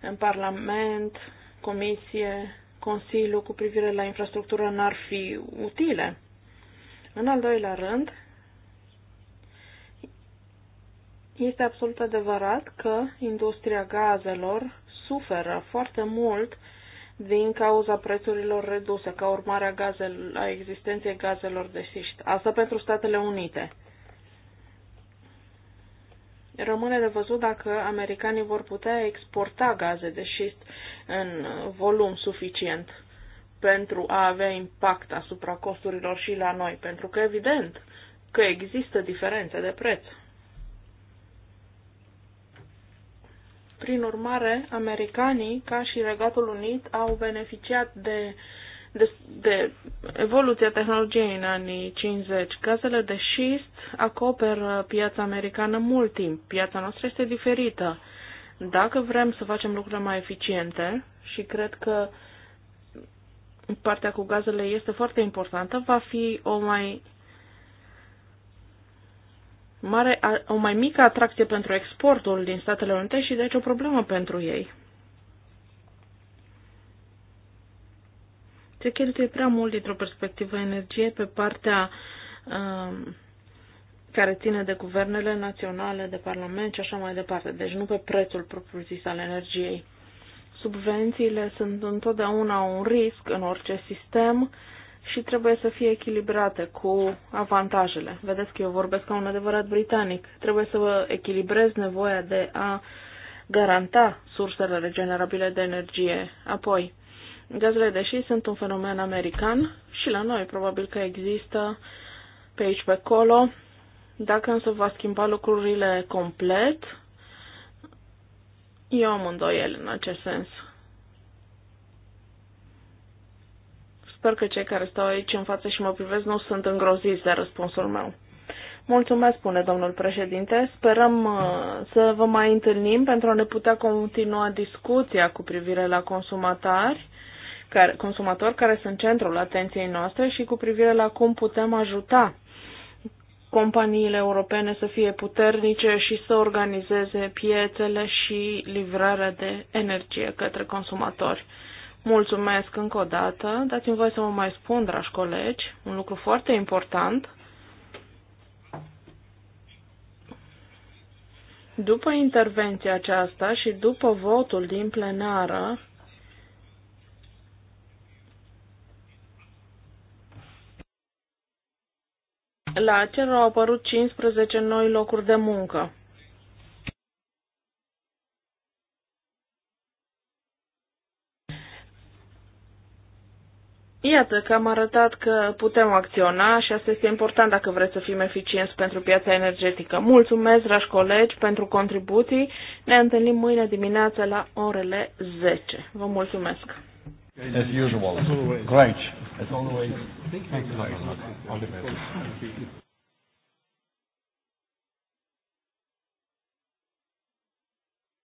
în Parlament, Comisie, Consiliu cu privire la infrastructură n-ar fi utile. În al doilea rând, Este absolut adevărat că industria gazelor suferă foarte mult din cauza prețurilor reduse ca urmare a, gazel, a existenței gazelor de șișt. Asta pentru Statele Unite. Rămâne de văzut dacă americanii vor putea exporta gaze de șist în volum suficient pentru a avea impact asupra costurilor și la noi, pentru că evident că există diferențe de preț. Prin urmare, americanii, ca și Regatul Unit, au beneficiat de, de, de evoluția tehnologiei în anii 50. Gazele de șist acoperă piața americană mult timp. Piața noastră este diferită. Dacă vrem să facem lucruri mai eficiente și cred că partea cu gazele este foarte importantă, va fi o mai mare, o mai mică atracție pentru exportul din Statele Unite și deci o problemă pentru ei. Se cheltuie prea mult dintr-o perspectivă energie pe partea um, care ține de guvernele naționale, de parlament și așa mai departe, deci nu pe prețul propriu-zis al energiei. Subvențiile sunt întotdeauna un risc în orice sistem și trebuie să fie echilibrate cu avantajele. Vedeți că eu vorbesc ca un adevărat britanic. Trebuie să vă echilibrez nevoia de a garanta sursele regenerabile de energie. Apoi, gazele de șist sunt un fenomen american și la noi probabil că există pe aici pe acolo. Dacă însă va schimba lucrurile complet, eu am îndoiel în acest sens. Sper că cei care stau aici în față și mă privesc nu sunt îngroziți de răspunsul meu. Mulțumesc, spune domnul președinte. Sperăm uh, să vă mai întâlnim pentru a ne putea continua discuția cu privire la consumatari, care, consumatori care sunt centrul atenției noastre și cu privire la cum putem ajuta companiile europene să fie puternice și să organizeze piețele și livrarea de energie către consumatori. Mulțumesc încă o dată. Dați-mi voie să vă mai spun, dragi colegi, un lucru foarte important. După intervenția aceasta și după votul din plenară, la acel au apărut 15 noi locuri de muncă. Iată că am arătat că putem acționa și asta este important dacă vreți să fim eficienți pentru piața energetică. Mulțumesc, dragi colegi, pentru contribuții. Ne întâlnim mâine dimineață la orele 10. Vă mulțumesc! As usual. Great. As always. Thank you.